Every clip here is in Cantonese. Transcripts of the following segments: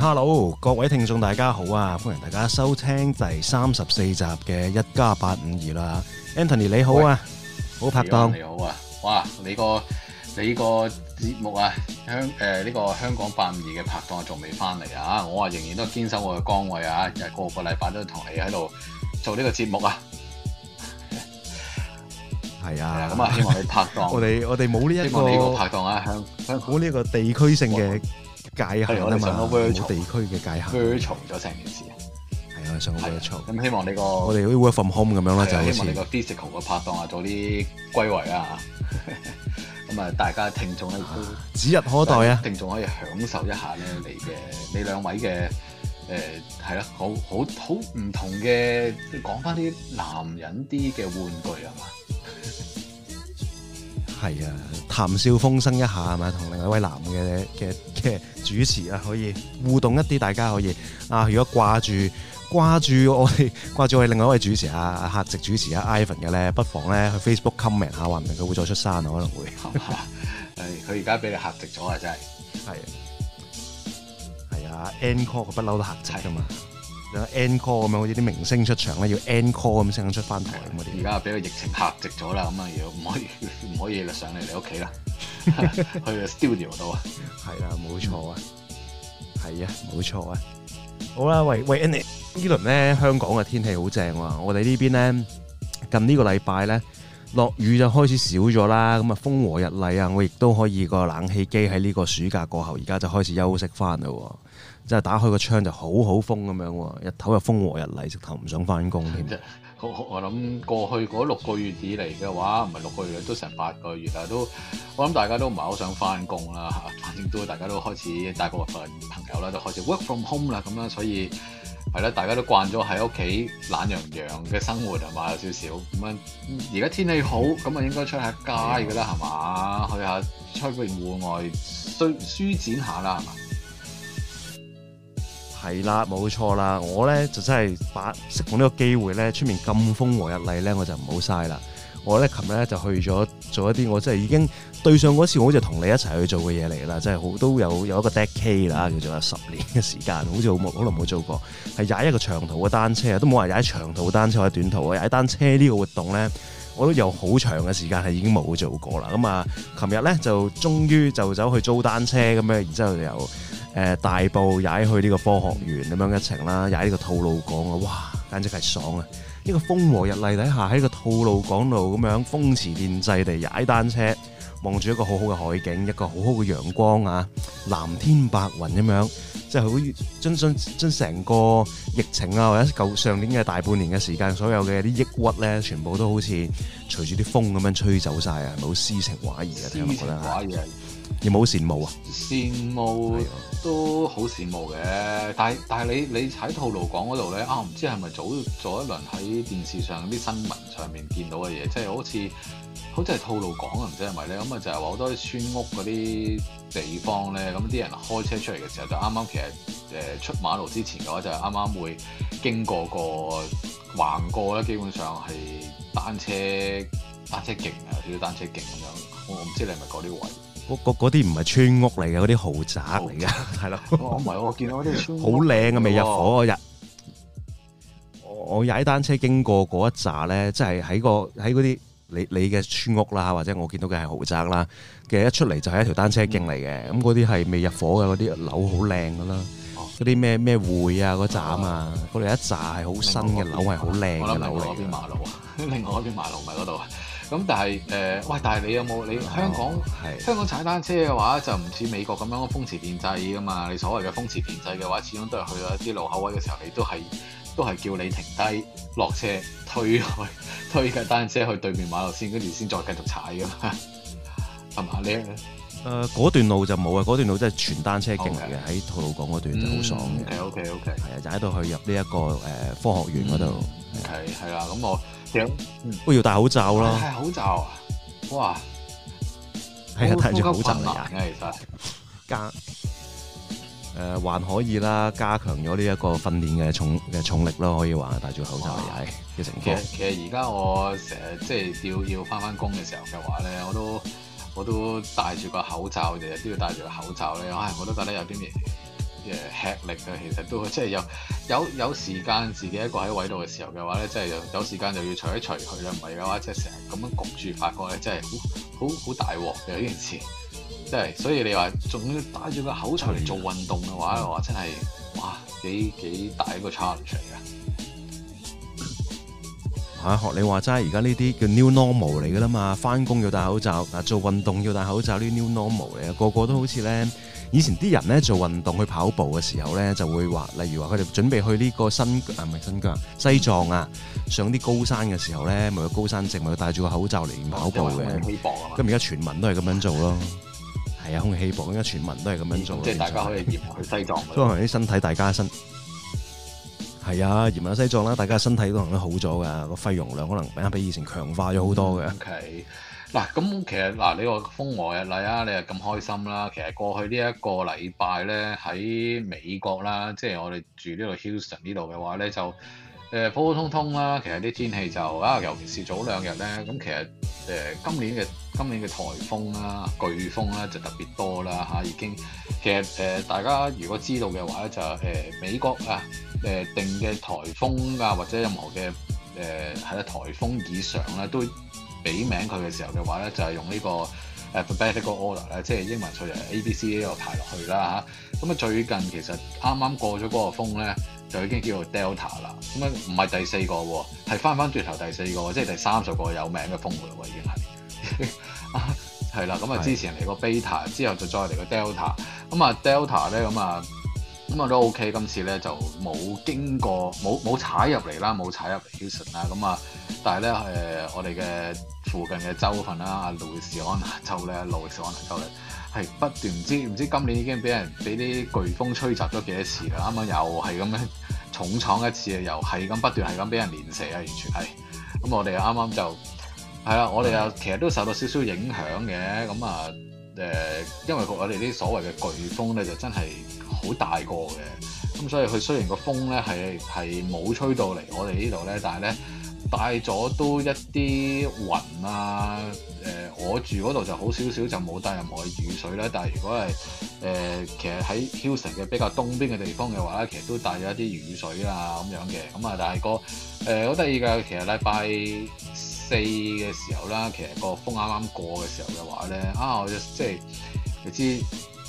Hello，各位聽眾大家好啊，歡迎大家收聽第三十四集嘅一家八五二啦。Anthony 你好啊，好拍檔你，你好啊，哇，你個你個節目啊，香誒呢個香港八五二嘅拍檔仲未翻嚟啊？我啊，仍然都堅守我嘅崗位啊，就係個個禮拜都同你喺度做呢個節目啊。係啊，咁啊希望你拍檔，我哋我哋冇呢一個，這個這個、拍檔啊香，冇呢個地區性嘅界我哋嘛，冇地區嘅界限 virtual 咗成件事啊，係啊，想個 virtual 咁希望呢個我哋好似 work from home 咁樣啦，就好希望呢個 physical 嘅拍檔啊，做啲歸位啊。咁 啊、嗯，大家聽眾咧、啊、指日可待啊，聽眾可以享受一下咧，你嘅你兩位嘅誒係啦，好好好唔同嘅，講翻啲男人啲嘅玩具啊。嘛？ 係啊，談笑風生一下啊嘛，同另外一位男嘅嘅嘅主持啊，可以互動一啲，大家可以啊，如果掛住掛住我哋掛住我哋另外一位主持啊，客席主持啊，Ivan 嘅咧，不妨咧去 Facebook comment 下，話唔定佢會再出山啊，可能會。佢而家俾你客席咗啊，真係。係。係啊，anchor 佢不嬲都客席噶嘛。N call 咁樣，好似啲明星出場咧，要 N call 咁先肯出翻台咁嗰啲。而家俾個疫情嚇直咗啦，咁 啊，又唔可以唔可以上嚟你屋企啦，去 studio 度啊。係啦，冇錯啊，係、嗯、啊，冇錯啊。好啦、啊，喂喂 Annie，呢輪咧香港嘅天氣好正喎。我哋呢邊咧近這個星期呢個禮拜咧落雨就開始少咗啦，咁啊風和日麗啊，我亦都可以、那個冷氣機喺呢個暑假過後而家就開始休息翻嘞。即係打開個窗就好好風咁樣喎，日頭又風和日麗，直頭唔想翻工添。我我諗過去嗰六個月以嚟嘅話，唔係六個月都成八個月啦，都我諗大家都唔係好想翻工啦嚇。反正都大家都開始大部分朋友啦都開始 work from home 啦咁啦，所以係啦，大家都慣咗喺屋企懶洋洋嘅生活係嘛，有少少。咁啊，而家天氣好，咁啊應該出下街㗎啦係嘛，去下出邊戶外舒舒展下啦係嘛？係啦，冇錯啦，我咧就真係把握呢個機會咧，出面咁風和日麗咧，我就唔好嘥啦。我咧琴日咧就去咗做一啲，我真係已經對上嗰次，我好似同你一齊去做嘅嘢嚟啦，真係好都有有一個 decade 啦，叫做十年嘅時間，好似好耐冇做過，係踩一個長途嘅單車，都冇話踩長途單車或者短途嘅踩單車呢個活動咧，我都有好長嘅時間係已經冇做過啦。咁啊，琴日咧就終於就走去租單車咁樣，然之後又，呃、大埔踩去呢個科學園咁樣一程啦，踩呢個吐露港啊，哇！簡直係爽啊！呢、呢個風和日麗底下喺個吐露港度咁樣風馳電掣地踩單車，望住一個好好嘅海景，一個好好嘅陽光啊，藍天白雲咁樣，即係好似將將將成個疫情啊或者舊上年嘅大半年嘅時間，所有嘅啲抑鬱咧，全部都好似隨住啲風咁樣吹走晒啊！係咪好詩情畫意啊？聽落覺得、哎有冇好羨慕，羨慕，很羨慕的啊？羨慕都好羨慕嘅，但係但係你你喺吐露港嗰度咧啊，唔知係咪早做一輪喺電視上啲新聞上面見到嘅嘢，即係好似好似係吐露港啊，唔知係咪咧咁啊？就係、是、話好，好是是是是很多啲村屋嗰啲地方咧，咁啲人開車出嚟嘅時候就啱啱，其實誒、呃、出馬路之前嘅話就係啱啱會經過個橫過咧，基本上係單車單車徑啊，叫做單車徑咁樣。我唔知你係咪過嗰啲位。嗰嗰嗰啲唔係村屋嚟嘅，嗰啲豪宅嚟嘅，係啦。我唔係，我見到啲村屋好靚嘅，未入伙嗰日。我我踩單車經過嗰一紮咧，即係喺個喺嗰啲你你嘅村屋啦，或者我見到嘅係豪宅啦。其實一出嚟就係一條單車徑嚟嘅，咁嗰啲係未入伙嘅嗰啲樓好靚嘅啦。嗰啲咩咩會啊嗰紮啊嘛，嗰度有一紮係好新嘅樓，係好靚嘅樓嚟。嗰邊馬路，另外一邊馬路唔係嗰度。咁但係誒喂，但係、呃、你有冇你香港、oh, okay. 香港踩單車嘅話，就唔似美國咁樣風馳電掣噶嘛？你所謂嘅風馳電掣嘅話，始終都係去到一啲路口位嘅時候，你都係都係叫你停低落車，推去，推架單車去對面馬路先，跟住先再繼續踩噶嘛？係咪呢？你誒嗰段路就冇啊，嗰段路真係全單車徑嚟嘅，喺吐露港嗰段就好爽 O K O K O K，係啊，就喺度、okay, okay, okay. 去入呢、這、一個誒、呃、科學園嗰度。OK，係啦，咁、嗯 okay, 我。都、嗯、要戴口罩啦！戴口罩啊！哇，係啊，戴住口罩嚟嘅，其實加誒、呃、還可以啦，加強咗呢一個訓練嘅重嘅重力咯，可以話戴住口罩嚟嘅情況。其實其實而家我成日即係要要翻翻工嘅時候嘅話咧，我都我都戴住個口，口罩，日日都要戴住個口罩咧，唉，我都覺得有啲咩。誒、yeah, 吃力啊，其實都即係有有有時間自己一個喺位度嘅時候嘅話咧，即係有有時間就要除一除佢啦。唔係嘅話，即係成日咁樣焗住發覺咧，真係好好好大鑊嘅呢件事。即係所以你話仲要戴住個口罩嚟做運動嘅話，我、嗯、真係哇幾幾大一個 challenge 啊！啊，學你話齋，而家呢啲叫 new normal 嚟噶啦嘛，翻工要戴口罩，嗱做運動要戴口罩，呢 new normal 嚟啊，個個都好似咧～以前啲人咧做運動去跑步嘅時候咧，就會話，例如話佢哋準備去呢個新唔係、啊、新疆西藏啊，上啲高山嘅時候咧，咪、嗯、有高山植物戴住個口罩嚟跑步嘅。咁而家全民都係咁樣做咯。係啊，啊，空氣薄，而家全民都係咁樣做。即、啊、係、嗯、大家可以去西藏。可能啲身體大家身係、嗯、啊，移民去西藏啦，大家身體都可能好咗㗎，個肺容量可能比以前強化咗好多嘅。嗯 okay. 嗱，咁其實嗱，你話風和日麗啊，你又咁開心啦。其實過去呢一個禮拜咧，喺美國啦，即係我哋住呢個 Houston 呢度嘅話咧，就誒、是、普普通通啦。其實啲天氣就啊，尤其是早兩日咧，咁其實誒、呃、今年嘅今年嘅颱風啦、颶風啦，就特別多啦嚇。已經其實誒、呃、大家如果知道嘅話咧，就誒、呃、美國啊誒、呃、定嘅颱風啊或者任何嘅誒係啦颱風以上咧都。俾名佢嘅時候嘅話咧，就係、是、用呢個誒 alphabetical order 咧，即係英文序號 A B C A 又排落去啦嚇。咁啊、嗯，最近其實啱啱過咗嗰個風咧，就已經叫做 Delta 啦。咁、嗯、啊，唔係第四個喎，係翻返轉頭第四個，即係第三十個有名嘅風喎，已經係。係、啊嗯、 啦，咁、嗯、啊，的之前嚟個 Beta，之後就再嚟個 Delta、嗯。咁啊，Delta 咧，咁、嗯、啊，咁、嗯、啊、嗯嗯、都 OK。今次咧就冇經過，冇冇踩入嚟啦，冇踩入 Houston 啦。咁啊。嗯嗯但係咧，誒、呃，我哋嘅附近嘅州份啦，阿路易斯安那州咧，路易斯安那州咧，係不斷唔知唔知今年已經俾人俾啲颶風吹襲咗幾多次啦。啱啱又係咁樣重創一次啊，又係咁不斷係咁俾人連射啊，完全係咁、哎。我哋啱啱就係啊，我哋啊，其實都受到少少影響嘅。咁啊，誒、呃，因為我哋啲所謂嘅颶風咧，就真係好大個嘅。咁所以佢雖然個風咧係係冇吹到嚟我哋呢度咧，但係咧。帶咗都一啲雲啊！誒、呃，我住嗰度就好少少就冇帶任何雨水咧。但係如果係誒、呃，其實喺 Houston 嘅比較東邊嘅地方嘅話咧，其實都帶咗一啲雨水啊咁樣嘅。咁啊，但係、那個誒，我第二個其實禮拜四嘅時候啦，其實，其實個風啱啱過嘅時候嘅話咧，啊，我就即係你知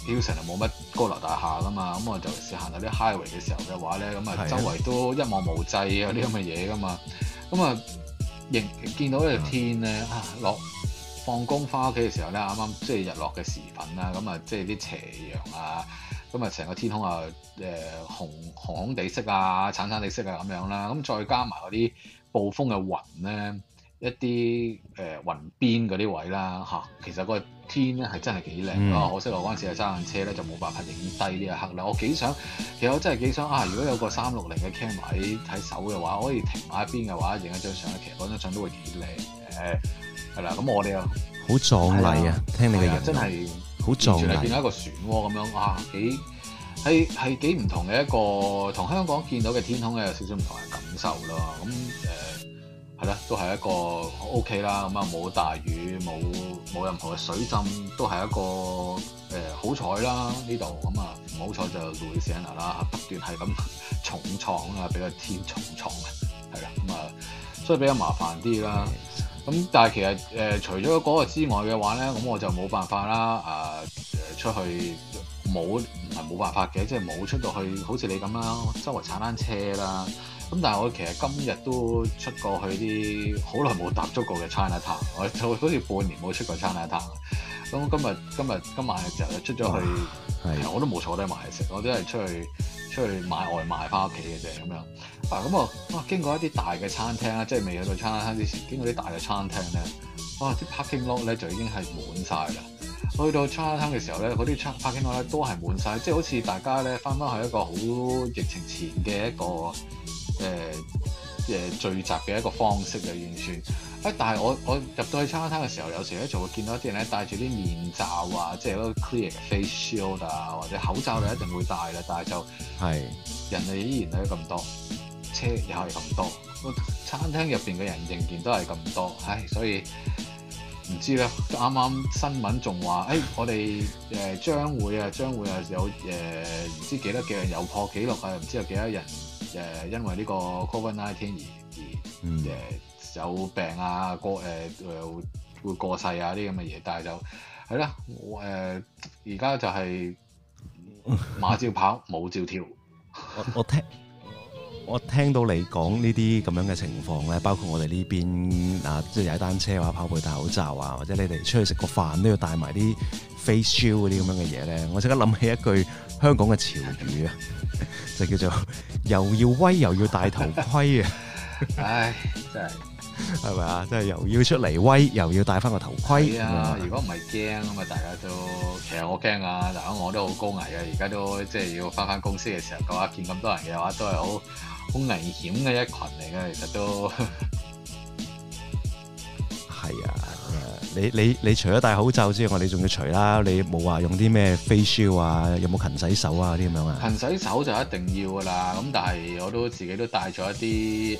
Houston 係冇乜高樓大廈噶嘛，咁我就時行下啲 highway 嘅時候嘅話咧，咁啊，周圍都一望無際啊啲咁嘅嘢噶嘛。咁啊，見到呢個天咧啊，落放工返屋企嘅時候咧，啱啱即係日落嘅時分啦，咁啊，即係啲斜陽啊，咁啊成個天空啊誒、呃、紅紅地色啊，橙橙地色啊咁樣啦，咁再加埋嗰啲暴風嘅雲咧。一啲誒、呃、雲邊嗰啲位啦嚇、啊，其實嗰個天咧係真係幾靚咯。可惜我嗰陣時係揸緊車咧，就冇辦法影低呢一刻啦。我幾想，其實我真係幾想啊！如果有個三六零嘅 cam 喺手嘅話，可以停埋一邊嘅話，影一張相咧，其實嗰張相都會幾靚嘅。係啦，咁我哋又好壯麗啊！哎、聽你嘅形容，真係好壯麗，變咗一個船喎、啊、咁樣啊，幾係係幾唔同嘅一個同香港見到嘅天空有少少唔同嘅感受咯。咁、嗯。都係一個 OK 啦，咁啊冇大雨，冇冇任何嘅水浸，都係一個誒好彩啦呢度，咁啊唔好彩就累死人啦，不斷係咁重創啊，俾個天重創，係啦，咁啊所以比較麻煩啲啦。咁但係其實誒、呃、除咗嗰個之外嘅話咧，咁我就冇辦法啦，啊、呃、出去冇唔係冇辦法嘅，即係冇出到去，好似你咁啦，周圍踩單車啦。咁但係我其實今日都出過去啲好耐冇踏足過嘅 China Town，我 China Town 我。我就好似半年冇出過 China Town。咁今日今日今晚嘅時候，出咗去，我都冇坐得埋食，我都係出去出去買外賣翻屋企嘅啫。咁樣啊，咁啊啊，經過一啲大嘅餐廳咧，即係未去到 China Town 之前，經過啲大嘅餐廳咧，哇、啊，啲 parking lot 咧就已經係滿晒啦。去到 China Town 嘅時候咧，嗰啲 parking lot 咧都係滿晒，即係好似大家咧翻翻去一個好疫情前嘅一個。誒、呃、誒、呃、聚集嘅一個方式就完全誒，但係我我入到去餐廳嘅時候，有時咧就會見到一啲人咧戴住啲面罩啊，即係嗰個 clear face shield 啊，或者口罩就一定會戴啦、嗯。但係就係人哋依然係咁多，車又係咁多，餐廳入邊嘅人仍然都係咁多，唉，所以唔知咧。啱啱新聞仲話誒，我哋誒、呃、將會啊將會啊有誒唔、呃、知幾多人有破紀錄啊，唔知有幾多人。因為呢個 Covid nineteen 而而有病啊，過、呃、會過世啊啲咁嘅嘢，但係就係啦，我而家、呃、就係馬照跑，舞照跳，我 我我聽到你講呢啲咁樣嘅情況咧，包括我哋呢邊啊，即係踩單車啊、跑步戴口罩啊，或者你哋出去食個飯都要戴埋啲 face shield 嗰啲咁樣嘅嘢咧，我即刻諗起一句香港嘅潮語啊， 就叫做又要威又要戴頭盔啊！ 唉，真係。係咪啊？即係又要出嚟威，又要戴翻個頭盔。係啊，如果唔係驚啊嘛，大家都其實我驚啊。大家，我都好高危啊。而家都即係要翻翻公司嘅時候嘅話，見咁多人嘅話，都係好好危險嘅一群嚟嘅。其實都係啊。你你你除咗戴口罩之外，你仲要除啦。你冇話用啲咩 face shield 啊？有冇勤洗手啊？啲咁樣啊？勤洗手就一定要噶啦。咁但係我都自己都戴咗一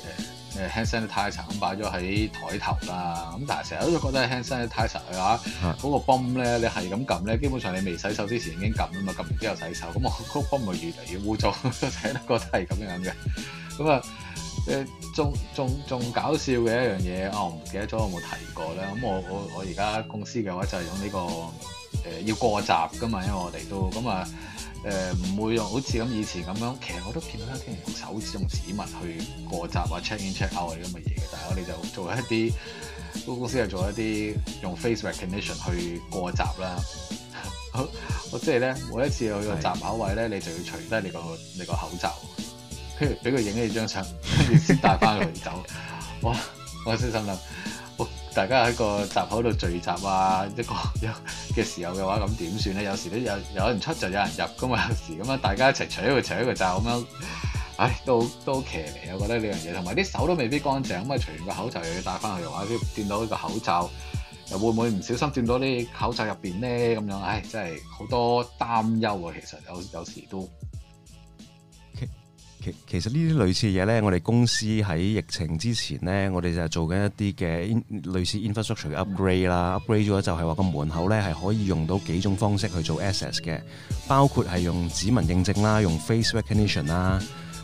啲誒。Hand sanitizer 咁擺咗喺台頭啦。咁但係成日都覺得 hand sanitizer 嘅話，嗰個泵咧，你係咁撳咧，基本上你未洗手之前已經撳啊嘛，撳完之後洗手，咁我個泵咪越嚟越污糟，睇得覺得係咁樣嘅。咁啊誒，仲仲仲搞笑嘅一樣嘢啊！我唔記得咗有冇提過啦。咁、嗯、我我我而家公司嘅話就係用呢、呢個誒、呃、要過閘噶嘛，因為我哋都咁啊。嗯嗯誒、呃、唔會用好似咁以前咁樣，其實我都見到有啲人用手指用指紋去過閘啊、mm -hmm. check in check out 啊啲咁嘅嘢嘅，但係我哋就做一啲，公司就做一啲用 face recognition 去過閘啦。好，我即係咧，每一次去個閘口位咧，你就要除低你個你你口罩，跟住俾佢影你張相，跟住先帶翻嚟走。哇！我先心諗。大家喺個閘口度聚集啊，一個嘅時候嘅話，咁點算咧？有時都有有人出就有人入噶嘛，有時咁樣大家一齊除一個除一個罩咁樣，唉，都都騎嚟我覺得呢樣嘢，同埋啲手都未必乾淨，咁啊除完個口罩又要戴翻去嘅話，掂到個口罩又會唔會唔小心掂到啲口罩入邊咧咁樣？唉，真係好多擔憂啊！其實有有時都。其實呢啲類似嘢呢，我哋公司喺疫情之前呢，我哋就係做緊一啲嘅類似 infrastructure upgrade 啦，upgrade 咗就係話個門口呢係可以用到幾種方式去做 access 嘅，包括係用指紋認證啦，用 face recognition 啦，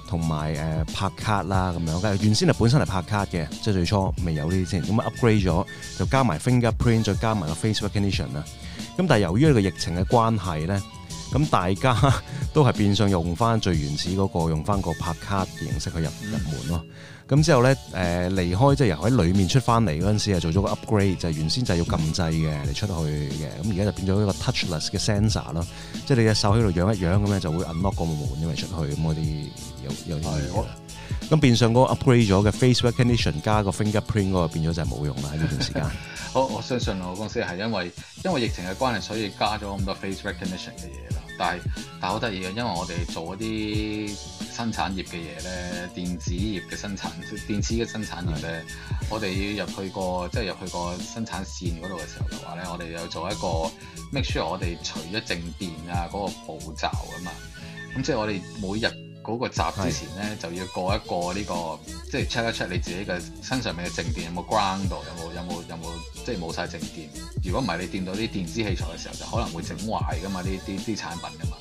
同埋誒拍卡啦咁樣。原先係本身係拍卡嘅，即係最初未有呢啲先，咁 upgrade 咗就加埋 fingerprint，再加埋個 face recognition 啦。咁但係由於呢個疫情嘅關係呢。咁大家都係變相用翻最原始嗰、那個，用翻個拍卡形式去入入門咯。咁、mm -hmm. 之後咧，誒、呃、離開即係、就是、由喺裏面出翻嚟嗰陣時，係做咗個 upgrade，就原先就要撳掣嘅嚟出去嘅。咁而家就變咗一個 touchless 嘅 sensor 咯，即係你嘅手喺度樣一樣咁咧，就會 unlock 個門，因為出去咁嗰啲有有咁、mm -hmm. 變相個個 upgrade 咗嘅 face recognition 加個 fingerprint 嗰個變咗就係冇用啦呢段時間。我 我相信我公司係因為因為疫情嘅關係，所以加咗咁多 face recognition 嘅嘢啦。但係，但係好得意嘅，因為我哋做一啲生產業嘅嘢咧，電子業嘅生產，電子嘅生產業咧，我哋要入去個，即係入去個生產線嗰度嘅時候嘅話咧，我哋有做一個 make sure 我哋除咗靜電啊嗰個步驟啊嘛，咁即係我哋每日，嗰、那個集之前咧，就要過一個呢、這個，即係 check 一 check 你自己嘅身上面嘅靜電有冇 ground 到，有冇有冇有冇即係冇晒靜電。如果唔係，你掂到啲電子器材嘅時候，就可能會整壞噶嘛，呢啲啲產品噶嘛。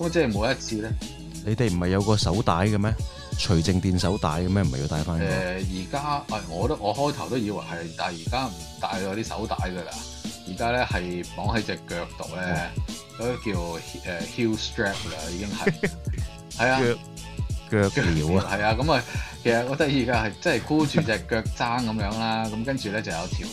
咁即係每一次咧，你哋唔係有個手帶嘅咩？除靜電手帶嘅咩？唔係要戴翻嘅？誒，而家啊，我都我開頭都以為係，但係而家唔戴咗啲手帶噶啦。而家咧係綁喺隻腳度咧，嗰、哦、啲叫誒 heel strap 啦，已經係。 係啊，腳條啊，係啊，咁啊，其實我得意嘅係真係箍住隻腳踭咁樣啦，咁 跟住咧就有條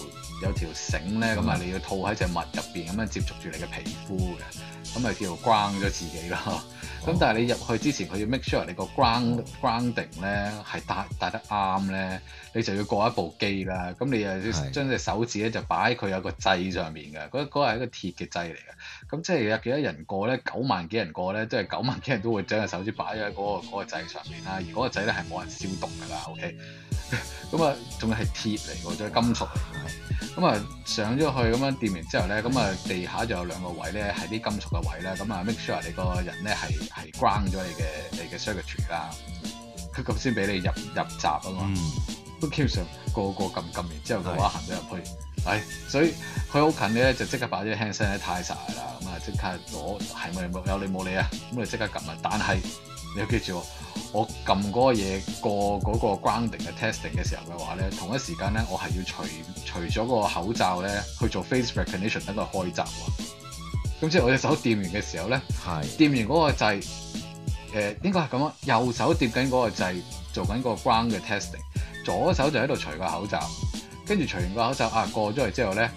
有條繩咧，咁、嗯、啊你要套喺隻襪入邊咁樣接觸住你嘅皮膚嘅，咁啊叫做 ground 咗自己咯。咁、哦、但係你入去之前，佢要 make sure 你個 ground、哦、grounding 咧係帶帶得啱咧，你就要過一部機啦。咁你又要將隻手指咧就擺喺佢有個掣上面嘅，嗰個係一個鐵嘅掣嚟嘅。咁即係有幾多,多人過咧？九萬幾人過咧，即係九萬幾人都會將個手指擺喺嗰個嗰掣、那個、上面啦。而嗰個掣咧係冇人消毒㗎啦。O.K. 咁 啊，仲係鐵嚟喎，即係金屬嚟嘅。咁、嗯、啊，上咗去咁樣掂完之後咧，咁、嗯、啊，地下就有兩個位咧，係啲金屬嘅位咧。咁啊，make sure 你個人咧係係 ground 咗你嘅你嘅 secretary 啦，咁先俾你入入閘啊嘛。嗯、都基本上個個撳撳完之後嘅、嗯、話行咗入去。嗯係，所以佢好近咧，就即刻把啲聲聲得太晒啦。咁啊，即刻攞係咪冇有你冇你啊？咁你即刻撳啊。但係你要記住，我撳嗰個嘢過嗰個 grounding 嘅 testing 嘅時候嘅話咧，同一時間咧，我係要除除咗個口罩咧去做 face recognition 等佢開閘。咁即係我隻手掂完嘅時候咧，係掂完嗰個掣，誒、呃，應該係咁啊。右手掂緊嗰個掣，做緊個 ground 嘅 testing，左手就喺度除個口罩。跟住除完個口罩啊，過咗嚟之後咧，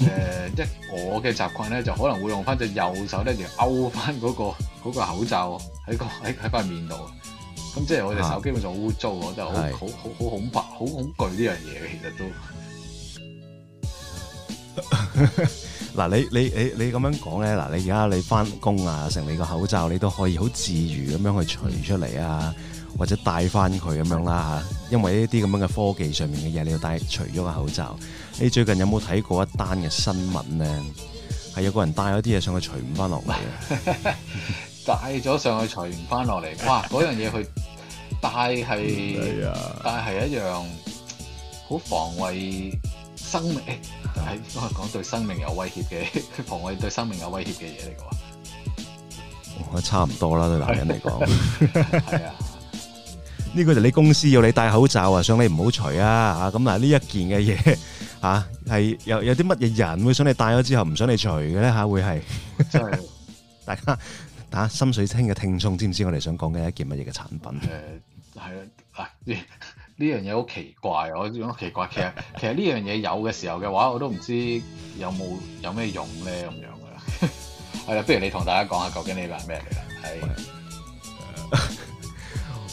誒、呃、 一我嘅習慣咧，就可能會用翻隻右手咧、嗰個，就勾翻嗰個口罩喺、嗰個喺喺塊面度。咁即係我隻手基本上污糟，真、啊、係好好好恐怖、好恐懼呢樣嘢，其實都。嗱， 你你你你咁樣講咧，嗱，你而家你翻工啊，成你個口罩你都可以好自如咁樣去除出嚟啊。或者戴翻佢咁樣啦吓，因為呢啲咁樣嘅科技上面嘅嘢你要戴，除咗個口罩，你最近有冇睇過一單嘅新聞咧？係有個人帶咗啲嘢上去除唔翻落嚟，帶咗 上去除唔翻落嚟，哇！嗰樣嘢佢帶係，但 係一樣好防衛生命，就係我講對生命有威脅嘅，防衛對生命有威脅嘅嘢嚟噶。我覺得差唔多啦，對男人嚟講，係啊。呢個就係你公司要你戴口罩啊，想你唔好除啊嚇！咁啊呢一件嘅嘢嚇係有有啲乜嘢人會想你戴咗之後唔想你除嘅咧嚇？會係即係大家大家心水清嘅聽眾知唔知我哋想講嘅一件乜嘢嘅產品？誒、呃、係啊呢呢樣嘢好奇怪，我覺得好奇怪。其實 其實呢樣嘢有嘅時候嘅話，我都唔知有冇有咩用咧咁樣嘅。係 啦、啊，不如你同大家講下究竟呢個係咩嚟啦？係。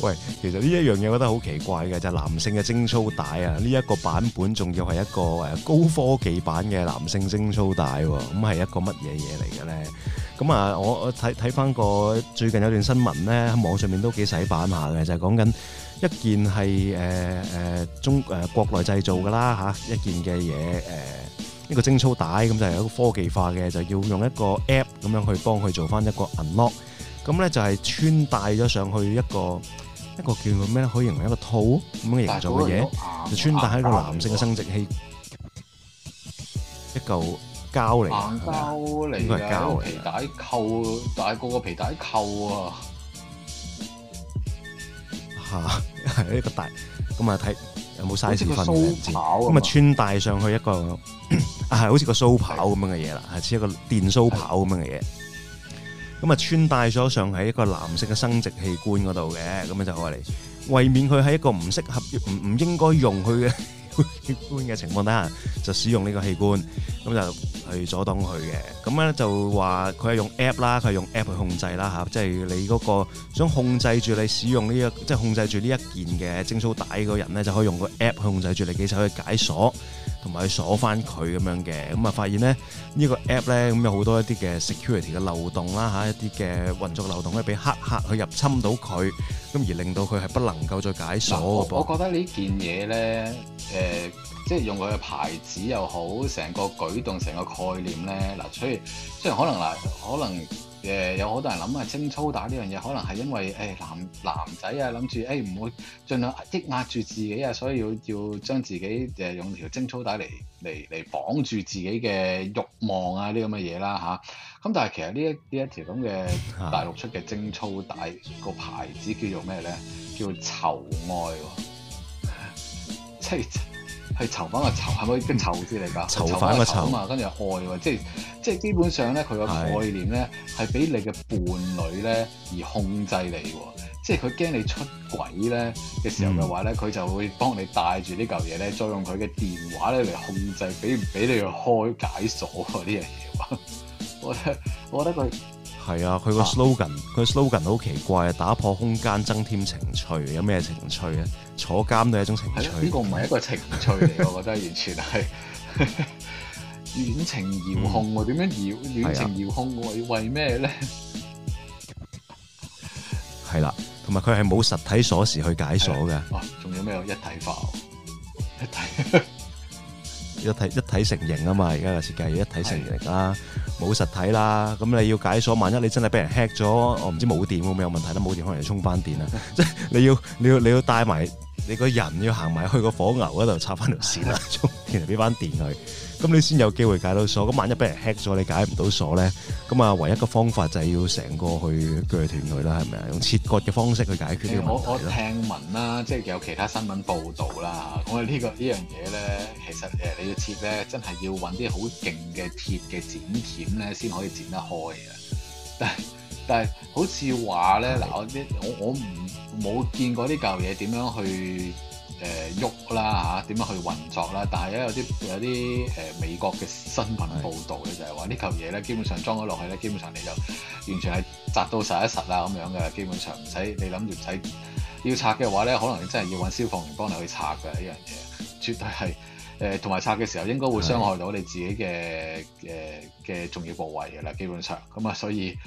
喂，其實呢一樣嘢我覺得好奇怪嘅就係男性嘅貞操帶啊！呢一個版本仲要係一個誒高科技版嘅男性貞操帶，咁係一個乜嘢嘢嚟嘅咧？咁啊，我我睇睇翻個最近有段新聞咧，喺網上面都幾洗版下嘅，就係講緊一件係誒誒中誒國內製造噶啦嚇，一件嘅嘢誒呢個貞操帶咁就係一個科技化嘅，就要用一個 app 咁樣去幫佢做翻一個 unlock，咁咧就係穿戴咗上去一個。一個叫做咩咧？可以形成一個套咁嘅形狀嘅嘢，就穿戴喺個男性嘅生殖器，一嚿膠嚟，硬膠嚟，皮帶扣大個個皮帶扣啊！吓，係一個大咁啊，睇有冇 size 分咁啊，穿戴上去一個係好似個鬚刨咁樣嘅嘢啦，係似一個電鬚刨咁樣嘅嘢。咁啊，穿戴咗上喺一個藍色嘅生殖器官嗰度嘅，咁樣就愛嚟，為免佢喺一個唔適合、唔唔應該用佢嘅器官嘅情況底下，就使用呢個器官，咁就去阻擋佢嘅。咁咧就話佢係用 app 啦，佢係用 app 去控制啦吓，即係你嗰個想控制住你使用呢個，即係控制住呢一件嘅貞操帶嘅人咧，就可以用個 app 去控制住你幾時去解鎖。同埋鎖翻佢咁樣嘅，咁啊發現咧呢個 app 咧咁有好多一啲嘅 security 嘅漏洞啦嚇，一啲嘅運作漏洞呢，俾黑客去入侵到佢，咁而令到佢係不能夠再解鎖。我，我覺得呢件嘢咧，誒，即係用佢嘅牌子又好，成個舉動、成個概念咧，嗱，所以雖然可能嗱，可能。誒有好多人諗啊，貞操帶呢樣嘢可能係因為誒、哎、男男仔啊，諗住誒唔會盡量抑壓住自己啊，所以要要將自己誒用條貞操帶嚟嚟嚟綁住自己嘅慾望啊，啲咁嘅嘢啦嚇。咁但係其實呢一呢一條咁嘅大陸出嘅貞操帶，這個牌子叫做咩咧？叫囚愛喎，即、啊、係。係囚犯個、啊、囚係咪嘅囚字嚟㗎？囚犯個、啊囚，啊、囚嘛，跟住開喎，即係即係基本上咧，佢個概念咧係俾你嘅伴侶咧而控制你喎，即係佢驚你出軌咧嘅時候嘅話咧，佢、嗯、就會幫你帶住呢嚿嘢咧，再用佢嘅電話咧嚟控制，俾唔俾你去開解鎖呢樣嘢喎？我覺得佢係啊，佢個 slogan 佢、啊、slogan 好奇怪啊！打破空間，增添情趣，有咩情趣咧？坐監都係一種情趣，呢、呢個唔係一個情趣嚟， 我覺得完全係遠程遙控喎？點樣遙遠程遙控？嗯、遙遙控為為咩咧？係啦，同埋佢係冇實體鎖匙去解鎖嘅。哦，仲、啊、有咩一體化？一體 一體一體成型啊嘛！而家嘅設計要一體成型啦，冇實體啦。咁你要解鎖，萬一你真係俾人 hack 咗，我唔知冇電會唔會有問題咧？冇電可能要充翻電啊！即 係你要你要你要帶埋。你個人要行埋去個火牛嗰度插翻條線啊，充電嚟俾翻電佢，咁你先有機會解到鎖。咁萬一俾人吃咗你解唔到鎖咧，咁啊唯一嘅方法就係要成個去鋸斷佢啦，係咪啊？用切割嘅方式去解決呢個問題咯。我我聽聞啦，即係有其他新聞報導啦，講話呢個呢樣嘢咧，其實誒你要切咧，真係要揾啲好勁嘅鐵嘅剪鉗咧，先可以剪得開啊。但但係好似話咧，嗱我我我唔。冇見過呢嚿嘢點樣去誒喐、呃、啦嚇，點、啊、樣去運作啦？但係咧有啲有啲誒、呃、美國嘅新聞報導咧，就係話呢嚿嘢咧，基本上裝咗落去咧，基本上你就完全係砸到實一實啊咁樣嘅。基本上唔使你諗住，唔使要拆嘅話咧，可能你真係要搵消防員幫你去拆㗎，呢樣嘢，絕對係誒同埋拆嘅時候應該會傷害到你自己嘅誒嘅重要部位㗎啦。基本上咁啊，所以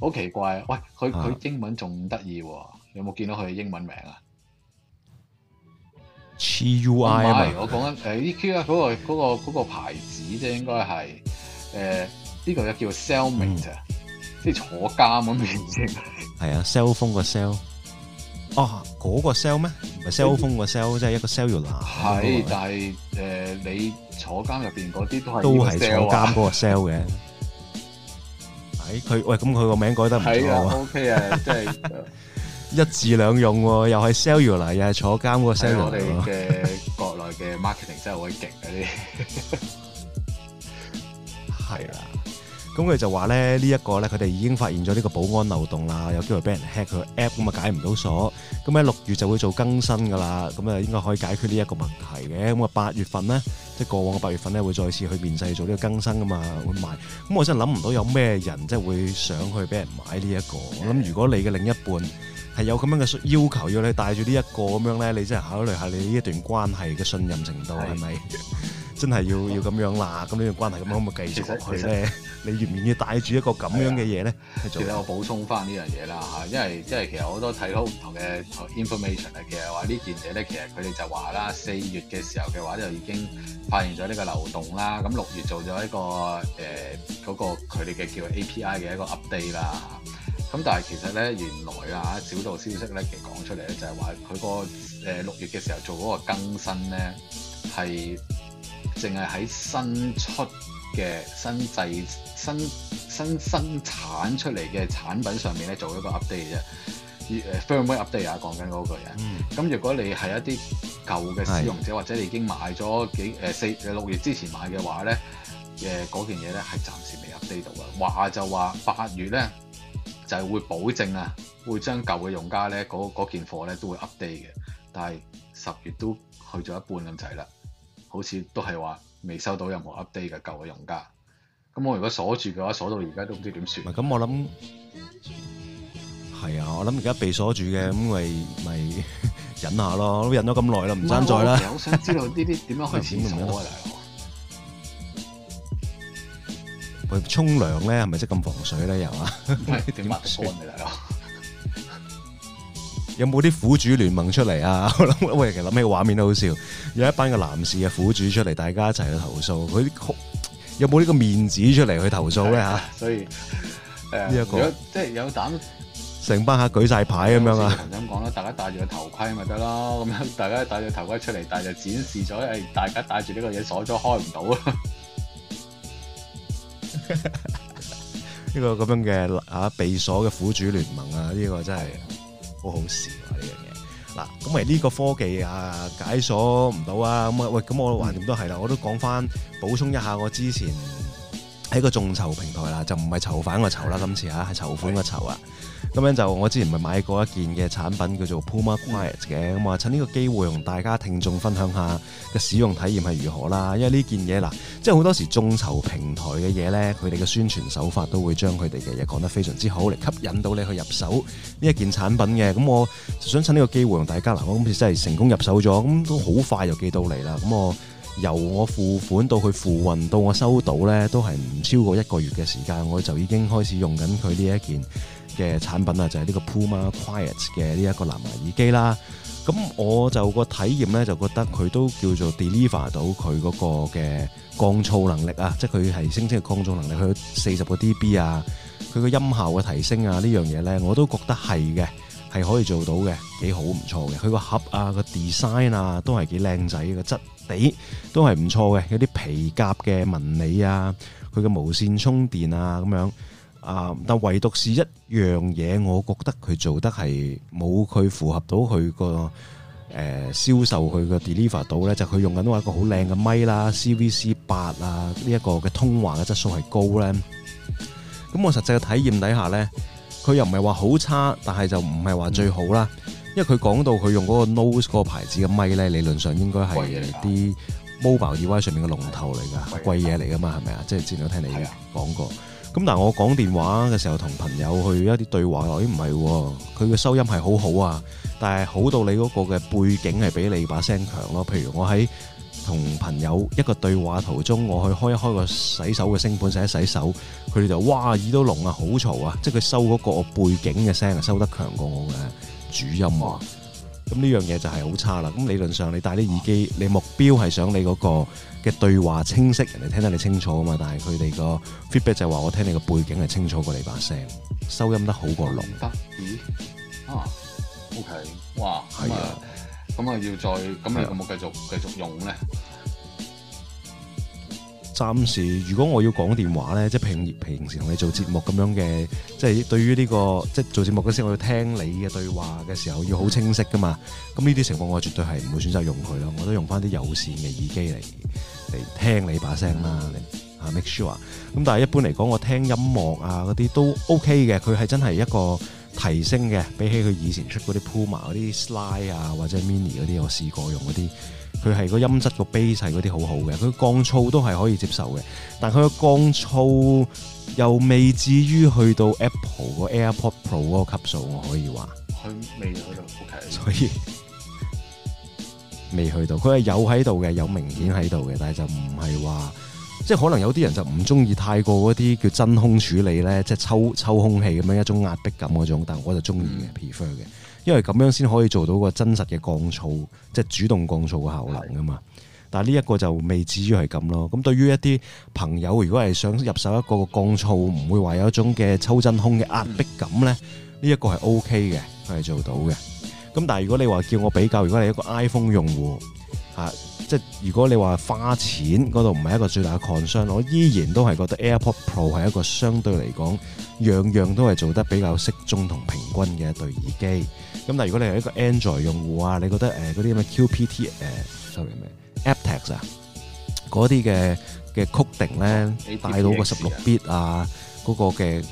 好奇怪，喂佢佢英文仲得意喎、啊！有冇見到佢嘅英文名啊？Cui 啊！我講緊誒 E Q 啊，嗰個嗰個嗰個牌子啫，應該係誒呢個又叫 cellmate，即係坐監咁嘅意思。係啊，cellphone 個 cell。哦，嗰個 cell 咩？唔係 cellphone 個 cell，即係一個 cellular。係，但係誒，你坐監入邊嗰啲都係都係坐監嗰個 cell 嘅。係佢喂，咁佢個名改得唔錯啊！O K 啊，即係。一字兩用，又係 sell 嚟，又係坐監個 sell 嚟。我哋嘅國內嘅 marketing 真係好勁，嗰啲，係 啦、啊。咁佢就話咧，這個、呢一個咧，佢哋已經發現咗呢個保安漏洞啦，有機會俾人 hack 佢 app，咁啊解唔到鎖。咁喺六月就會做更新噶啦，咁啊應該可以解決呢一個問題嘅。咁啊八月份咧，即、就、係、是、過往嘅八月份咧，會再次去面世做呢個更新噶嘛，會賣。咁我真係諗唔到有咩人即係會想去俾人買呢、這、一個。我諗如果你嘅另一半。係有咁樣嘅要求，要你帶住呢一個咁樣咧，你真係考慮一下你呢一段關係嘅信任程度係咪？真係要、嗯、要咁樣啦，咁呢段關係咁樣，可唔可以繼續落去咧？你願唔願意帶住一個咁樣嘅嘢咧。其實我補充翻呢樣嘢啦嚇，因為即係其實好多睇到唔同嘅 information 啊，其實話呢件嘢咧，其實佢哋就話啦，四月嘅時候嘅話就已經發現咗呢個漏洞啦，咁六月做咗一個誒嗰、呃那個佢哋嘅叫 API 嘅一個 update 啦。咁但係其實咧，原來啊，小道消息咧，其實講出嚟咧，就係話佢個誒、呃、六月嘅時候做嗰個更新咧，係淨係喺新出嘅新製新新、新生產出嚟嘅產品上面咧做一個 update 啫，誒 firmware update 啊，講緊嗰句啊。咁如果你係一啲舊嘅使用者，或者你已經買咗幾誒四誒六月之前買嘅話咧，誒、呃、嗰件嘢咧係暫時未 update 到啊。話就話八月咧。就係、是、會保證啊，會將舊嘅用家咧嗰件貨咧都會 update 嘅，但係十月都去咗一半咁滯啦，好似都係話未收到任何 update 嘅舊嘅用家。咁我如果鎖住嘅話，鎖到而家都唔知點算。咁我諗係啊，我諗而家被鎖住嘅咁咪咪忍下咯，都忍咗咁耐啦，唔爭在啦。咁我想知道呢啲點樣可以解沖涼咧，係咪即咁防水咧？又啊，點乜數人哋大佬？有冇啲苦主聯盟出嚟啊？我諗喂，其實諗起個畫面都好笑，有一班嘅男士嘅苦主出嚟，大家一齊去投訴，佢有冇呢個面子出嚟去投訴咧？吓，所以誒、呃這個，如果即係有膽，成班客舉晒牌咁樣啊？咁講啦，大家戴住個頭盔咪得咯，咁樣大家戴住頭盔出嚟，但係就展示咗，誒，大家戴住呢個嘢鎖咗開唔到咯。 呢 個咁樣嘅啊，被鎖嘅苦主聯盟啊，呢、這個真係好好笑啊！呢樣嘢嗱，咁啊呢個科技啊解鎖唔到啊，咁啊喂，咁我橫掂都係啦，我都講翻補充一下，我之前喺個眾籌平台啦，就唔係囚犯個囚啦，今次吓係籌款個籌啊。咁樣就我之前咪買過一件嘅產品，叫做 Puma Quiet 嘅。咁我趁呢個機會同大家聽眾分享下嘅使用體驗係如何啦。因為呢件嘢嗱，即係好多時眾籌平台嘅嘢呢，佢哋嘅宣傳手法都會將佢哋嘅嘢講得非常之好嚟吸引到你去入手呢一件產品嘅。咁我就想趁呢個機會同大家嗱，啊，我今次真係成功入手咗，咁都好快就寄到嚟啦。咁我由我付款到去付運到我收到呢，都係唔超過一個月嘅時間，我就已經開始用緊佢呢一件嘅產品啊，就係、是、呢個 Puma Quiet 嘅呢一個藍牙耳機啦。咁我就個體驗咧，就覺得佢都叫做 deliver 到佢嗰個嘅降噪能力啊，即係佢係聲稱嘅降噪能力去四十個 dB 啊。佢個音效嘅提升啊，樣呢樣嘢咧，我都覺得係嘅，係可以做到嘅，幾好唔錯嘅。佢個盒啊，個 design 啊，都係幾靚仔，個質地都係唔錯嘅，有啲皮夾嘅紋理啊，佢嘅無線充電啊，咁樣。啊、嗯！但唯獨是一樣嘢，我覺得佢做得係冇佢符合到佢個誒銷售佢個 deliver 到咧，就佢、是、用緊一個好靚嘅咪啦，CVC 八啊呢一個嘅通話嘅質素係高咧。咁我實際嘅體驗底下咧，佢又唔係話好差，但係就唔係話最好啦、嗯。因為佢講到佢用嗰個 Nose 嗰個牌子嘅咪咧，理論上應該係啲 mobile 耳威上面嘅龍頭嚟㗎，貴嘢嚟㗎嘛，係咪啊？咪啊是是即係之前都聽你過、啊、講過。咁但我講電話嘅時候同朋友去一啲對話，咦唔係喎，佢嘅、啊、收音係好好啊，但係好到你嗰個嘅背景係比你把聲強咯、啊。譬如我喺同朋友一個對話途中，我去開一開個洗手嘅聲盤洗一洗手，佢哋就哇耳都聾啊，好嘈啊，即係佢收嗰個背景嘅聲係收得強過我嘅主音啊。咁呢樣嘢就係好差啦。咁理論上你戴啲耳機，你目標係想你嗰、個嘅對話清晰，人哋聽得你清楚啊嘛。但係佢哋個 feedback 就係話，我聽你個背景係清楚過你把聲，收音得好過龍。咦，啊，OK，哇，係啊，咁啊，要再咁，你有冇繼續繼續用咧？暫時，如果我要講電話咧，即係平，平時平時同你做節目咁樣嘅，即係對於呢個即係做節目嗰時，我要聽你嘅對話嘅時候，要好清晰噶嘛。咁呢啲情況，我絕對係唔會選擇用佢咯。我都用翻啲有線嘅耳機嚟。聽你把聲啦，啊，make sure。咁但係一般嚟講，我聽音樂啊嗰啲都 OK 嘅。佢係真係一個提升嘅，比起佢以前出嗰啲 Puma 嗰啲 Slide 啊或者 Mini 嗰啲，我試過用嗰啲，佢係個音質個 base 係嗰啲好好嘅，佢降噪都係可以接受嘅。但佢個降噪又未至於去到 Apple 個 AirPod Pro 嗰個級數，我可以話。佢未去到。所以。未去到，佢係有喺度嘅，有明顯喺度嘅，但係就唔係話，即係可能有啲人就唔中意太過嗰啲叫真空處理咧，即係抽抽空氣咁樣一種壓迫感嗰種，但係我就中意嘅 prefer 嘅，因為咁樣先可以做到個真實嘅降噪，即係主動降噪嘅效能噶嘛。嗯。但係呢一個就未至於係咁咯。咁對於一啲朋友，如果係想入手一個降噪，唔會話有一種嘅抽真空嘅壓迫感咧，呢一個係 O K 嘅，佢係做到嘅。咁但係如果你話叫我比較，如果係一個 iPhone 用戶，嚇，即係如果你話花錢嗰度唔係一個最大嘅 concern，我依然都係覺得 AirPod Pro 係一個相對嚟講，樣樣都係做得比較適中同平均嘅一對耳機。咁但係如果你係一個 Android 用戶啊，你覺得誒嗰啲咁嘅 QPT 誒，sorry 咩？aptx 啊，嗰啲嘅嘅 coding 咧，你帶到個十六 bit 啊，嗰個嘅。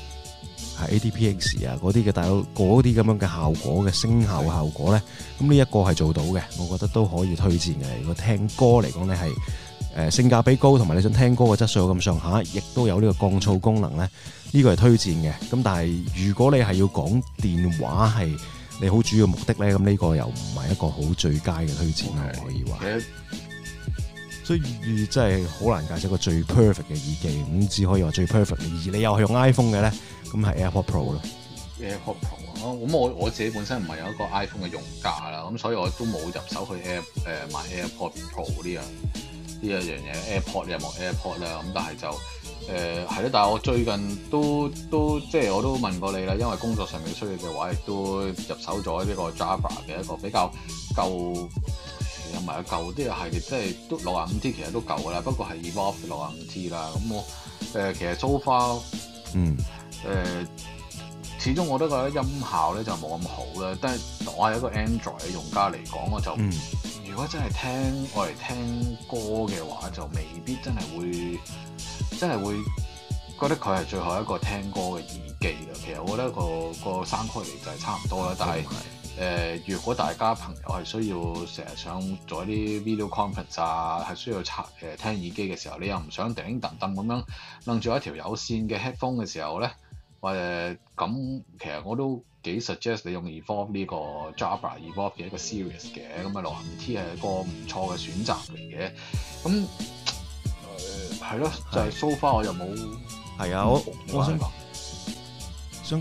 係 ADPX 啊，嗰啲嘅，大嗰啲咁樣嘅效果嘅聲效效果咧，咁呢一個係做到嘅，我覺得都可以推薦嘅。如果聽歌嚟講咧，係、呃、誒性價比高，同埋你想聽歌嘅質素咁上下，亦都有呢個降噪功能咧，呢、這個係推薦嘅。咁但係如果你係要講電話係你好主要的目的咧，咁呢個又唔係一個好最佳嘅推薦咯，可以話。所以真係好難解釋個最 perfect 嘅耳機，咁只可以話最 perfect，嘅而你又係用 iPhone 嘅咧，咁係 AirPod Pro 啦。AirPod Pro 咁、啊、我我自己本身唔係有一個 iPhone 嘅用家啦，咁所以我都冇入手去 Air 誒、呃、買 AirPod Pro 呢樣呢一樣嘢。AirPod 你有冇 AirPod 咧？咁但係就誒係啦。但係我最近都都即係我都問過你啦，因為工作上面需要嘅話，亦都入手咗呢個 Jabra 嘅一個比較夠。有埋舊啲啊，係，即係都六廿五 T 其實都夠噶啦。不過係 Evolve 六廿五 T 啦。咁我誒、呃、其實 so far，嗯，誒、呃、始終我都覺得音效咧就冇咁好啦。但係我係一個 Android 嘅用家嚟講，我就、嗯、如果真係聽我嚟聽歌嘅話，就未必真係會真係會覺得佢係最後一個聽歌嘅耳機啦。其實我覺得、嗰個、嗯嗰個三區就係差唔多啦、嗯，但係。嗯誒、呃，如果大家朋友係需要成日想做一啲 video conference 啊，係需要插誒、呃、聽耳機嘅時候，你又唔想叮叮噹咁樣掟住一條有線嘅 headphone 嘅時候咧，或誒咁，其實我都幾 suggest 你用 Evolve 呢個 Jabra Evolve 嘅一個 series 嘅咁嘅六零 T 係一個唔錯嘅選擇嚟嘅。咁係咯，就係 so far 我又冇係啊，我、嗯、我想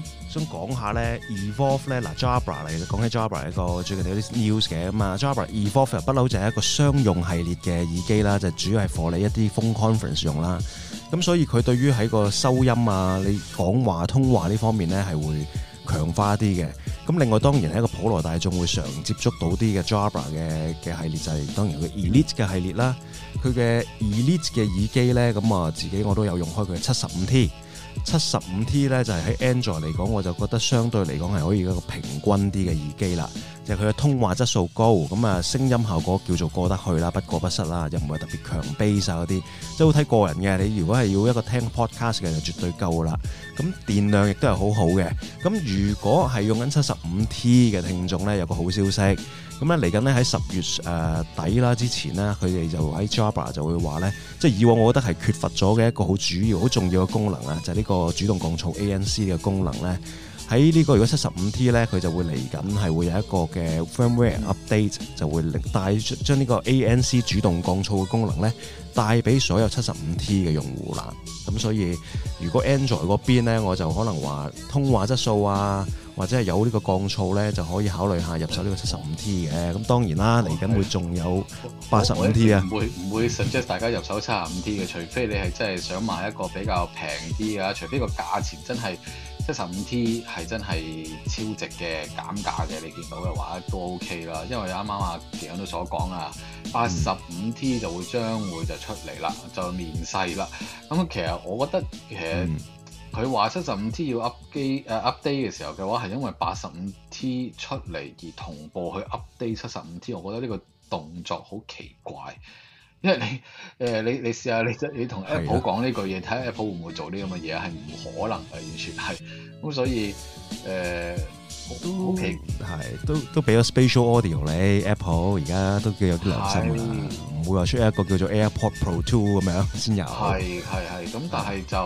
想。想講下咧，Evolve 咧，嗱、啊、Jabra 嚟嘅，講起 Jabra 一個最近有啲 news 嘅咁啊，Jabra Evolve 不嬲就係一個商用系列嘅耳機啦，就是、主要係畀你一啲 phone conference 用啦。咁所以佢對於喺個收音啊、你講話通話呢方面咧，係會強化啲嘅。咁另外當然係一個普羅大眾會常接觸到啲嘅 Jabra 嘅嘅系列，就係、是、當然佢 Elite 嘅系列啦。佢嘅 Elite 嘅耳機咧，咁啊自己我都有用開佢七十五 T。七十五 T 咧就係喺 Android 嚟講，我就覺得相對嚟講係可以一個平均啲嘅耳機啦。就係佢嘅通話質素高，咁啊聲音效果叫做過得去啦，不過不失啦，又唔係特別強 Bass 啊嗰啲，即係好睇個人嘅。你如果係要一個聽 podcast 嘅就絕對夠啦。咁電量亦都係好好嘅。咁如果係用緊七十五 T 嘅聽眾呢，有個好消息。咁咧嚟緊呢，喺十月底啦之前呢，佢哋就喺 Jabra 就會話呢，即係以往我覺得係缺乏咗嘅一個好主要、好重要嘅功能啊，就係呢個主動降噪 ANC 嘅功能呢。喺呢個如果七十五 T 咧，佢就會嚟緊，係會有一個嘅 firmware update，就會帶將呢個 ANC 主動降噪嘅功能咧帶俾所有七十五 T 嘅用戶啦。咁所以如果 Android 嗰邊咧，我就可能話通話質素啊，或者係有呢個降噪咧，就可以考慮下入手呢個七十五 T 嘅。咁當然啦，嚟、okay. 緊會仲有八十五 T 啊，唔會唔會 suggest 大家入手七十五 T 嘅， 除非你係真係想買一個比較平啲啊，除非個價錢真係。七十五 T 係真係超值嘅，減價嘅你見到嘅話都 OK 啦。因為啱啱啊，其他都所講啊，八十五 T 就會將會就出嚟啦，就面世啦。咁其實我覺得其實佢話七十五 T 要 up 機誒 update 嘅時候嘅話，係因為八十五 T 出嚟而同步去 update 七十五 T，我覺得呢個動作好奇怪。因為你，誒你你試下你你同 Apple 講呢句嘢，睇下 Apple 會唔會做呢咁嘅嘢？係唔可能係完全係。咁所以誒，都係都都俾咗 Spatial Audio 你 Apple，而家都叫有啲良心啦，唔會話出一個叫做 AirPods Pro Two 咁樣先有。係係係，咁但係就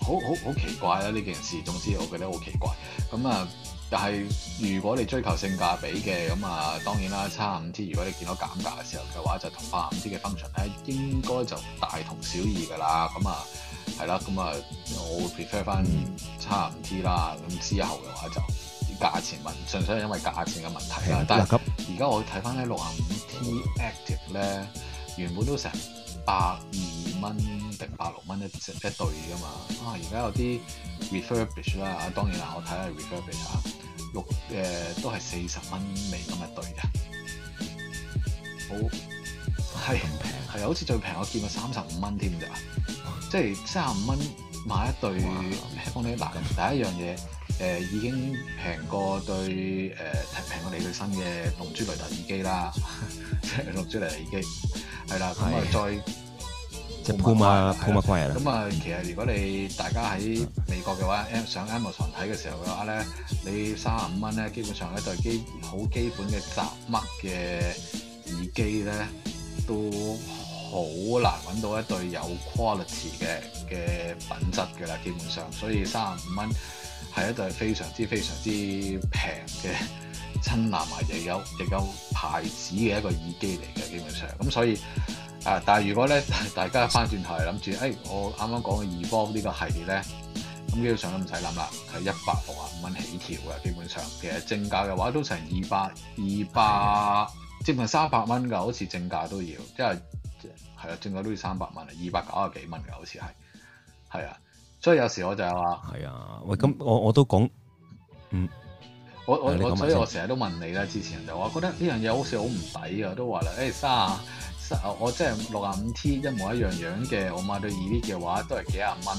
好好好奇怪啦呢件事。總之我覺得好奇怪。咁啊～但係如果你追求性價比嘅咁啊，當然啦，七十五 T 如果你見到減價嘅時候嘅話，就同八十五 T 嘅 function 咧應該就大同小異㗎啦。咁啊係啦，咁啊我會 prefer 翻七十五 T 啦。咁、嗯、之後嘅話就啲價錢問，純粹係因為價錢嘅問題啦。但係而家我睇翻咧六十五 T Active 咧，原本都成百二蚊定百六蚊一一對噶嘛？啊，而家有啲 refurbished 啦，當然啦，我睇下 refurbished 啊，六誒、呃、都係四十蚊美金一對嘅，好係咁平係啊，好似最平我見過三十五蚊添咋，即係三十五蚊買一對咩？幫你拿 第一樣嘢。誒、呃、已經平過對誒平、呃、過你對新嘅龍珠雷達耳機啦，即係 龍珠雷達耳機係啦。咁啊，再再高級高級啲啦。咁啊、嗯，其實如果你大家喺美國嘅話、嗯，上 Amazon 睇嘅時候嘅話咧，你三十五蚊咧，基本上一對基好基本嘅雜乜嘅耳機咧，都好難揾到一對有 quality 嘅嘅品質嘅啦。基本上，所以三十五蚊。係一對非常之非常之平嘅親民，埋亦有亦有牌子嘅一個耳機嚟嘅，基本上咁所以啊，但係如果咧大家翻轉頭嚟諗住，誒、哎、我啱啱講嘅二波呢個系列咧，咁基本上都唔使諗啦，係一百六啊五蚊起跳嘅，基本上其實正價嘅話都成二百二百接近三百蚊㗎，好似正價都要，即係係啊，正價都要三百蚊啊，二百九啊幾蚊㗎，好似係係啊。所以有時候我就係話，係啊，喂，咁我我都講，嗯，我我我，說所以我成日都問你咧，之前就話覺得呢樣嘢好似好唔抵啊，我都話啦，誒、欸、三啊我即係六啊五 T 一模一樣樣嘅，我買到二啲嘅話都係幾十蚊，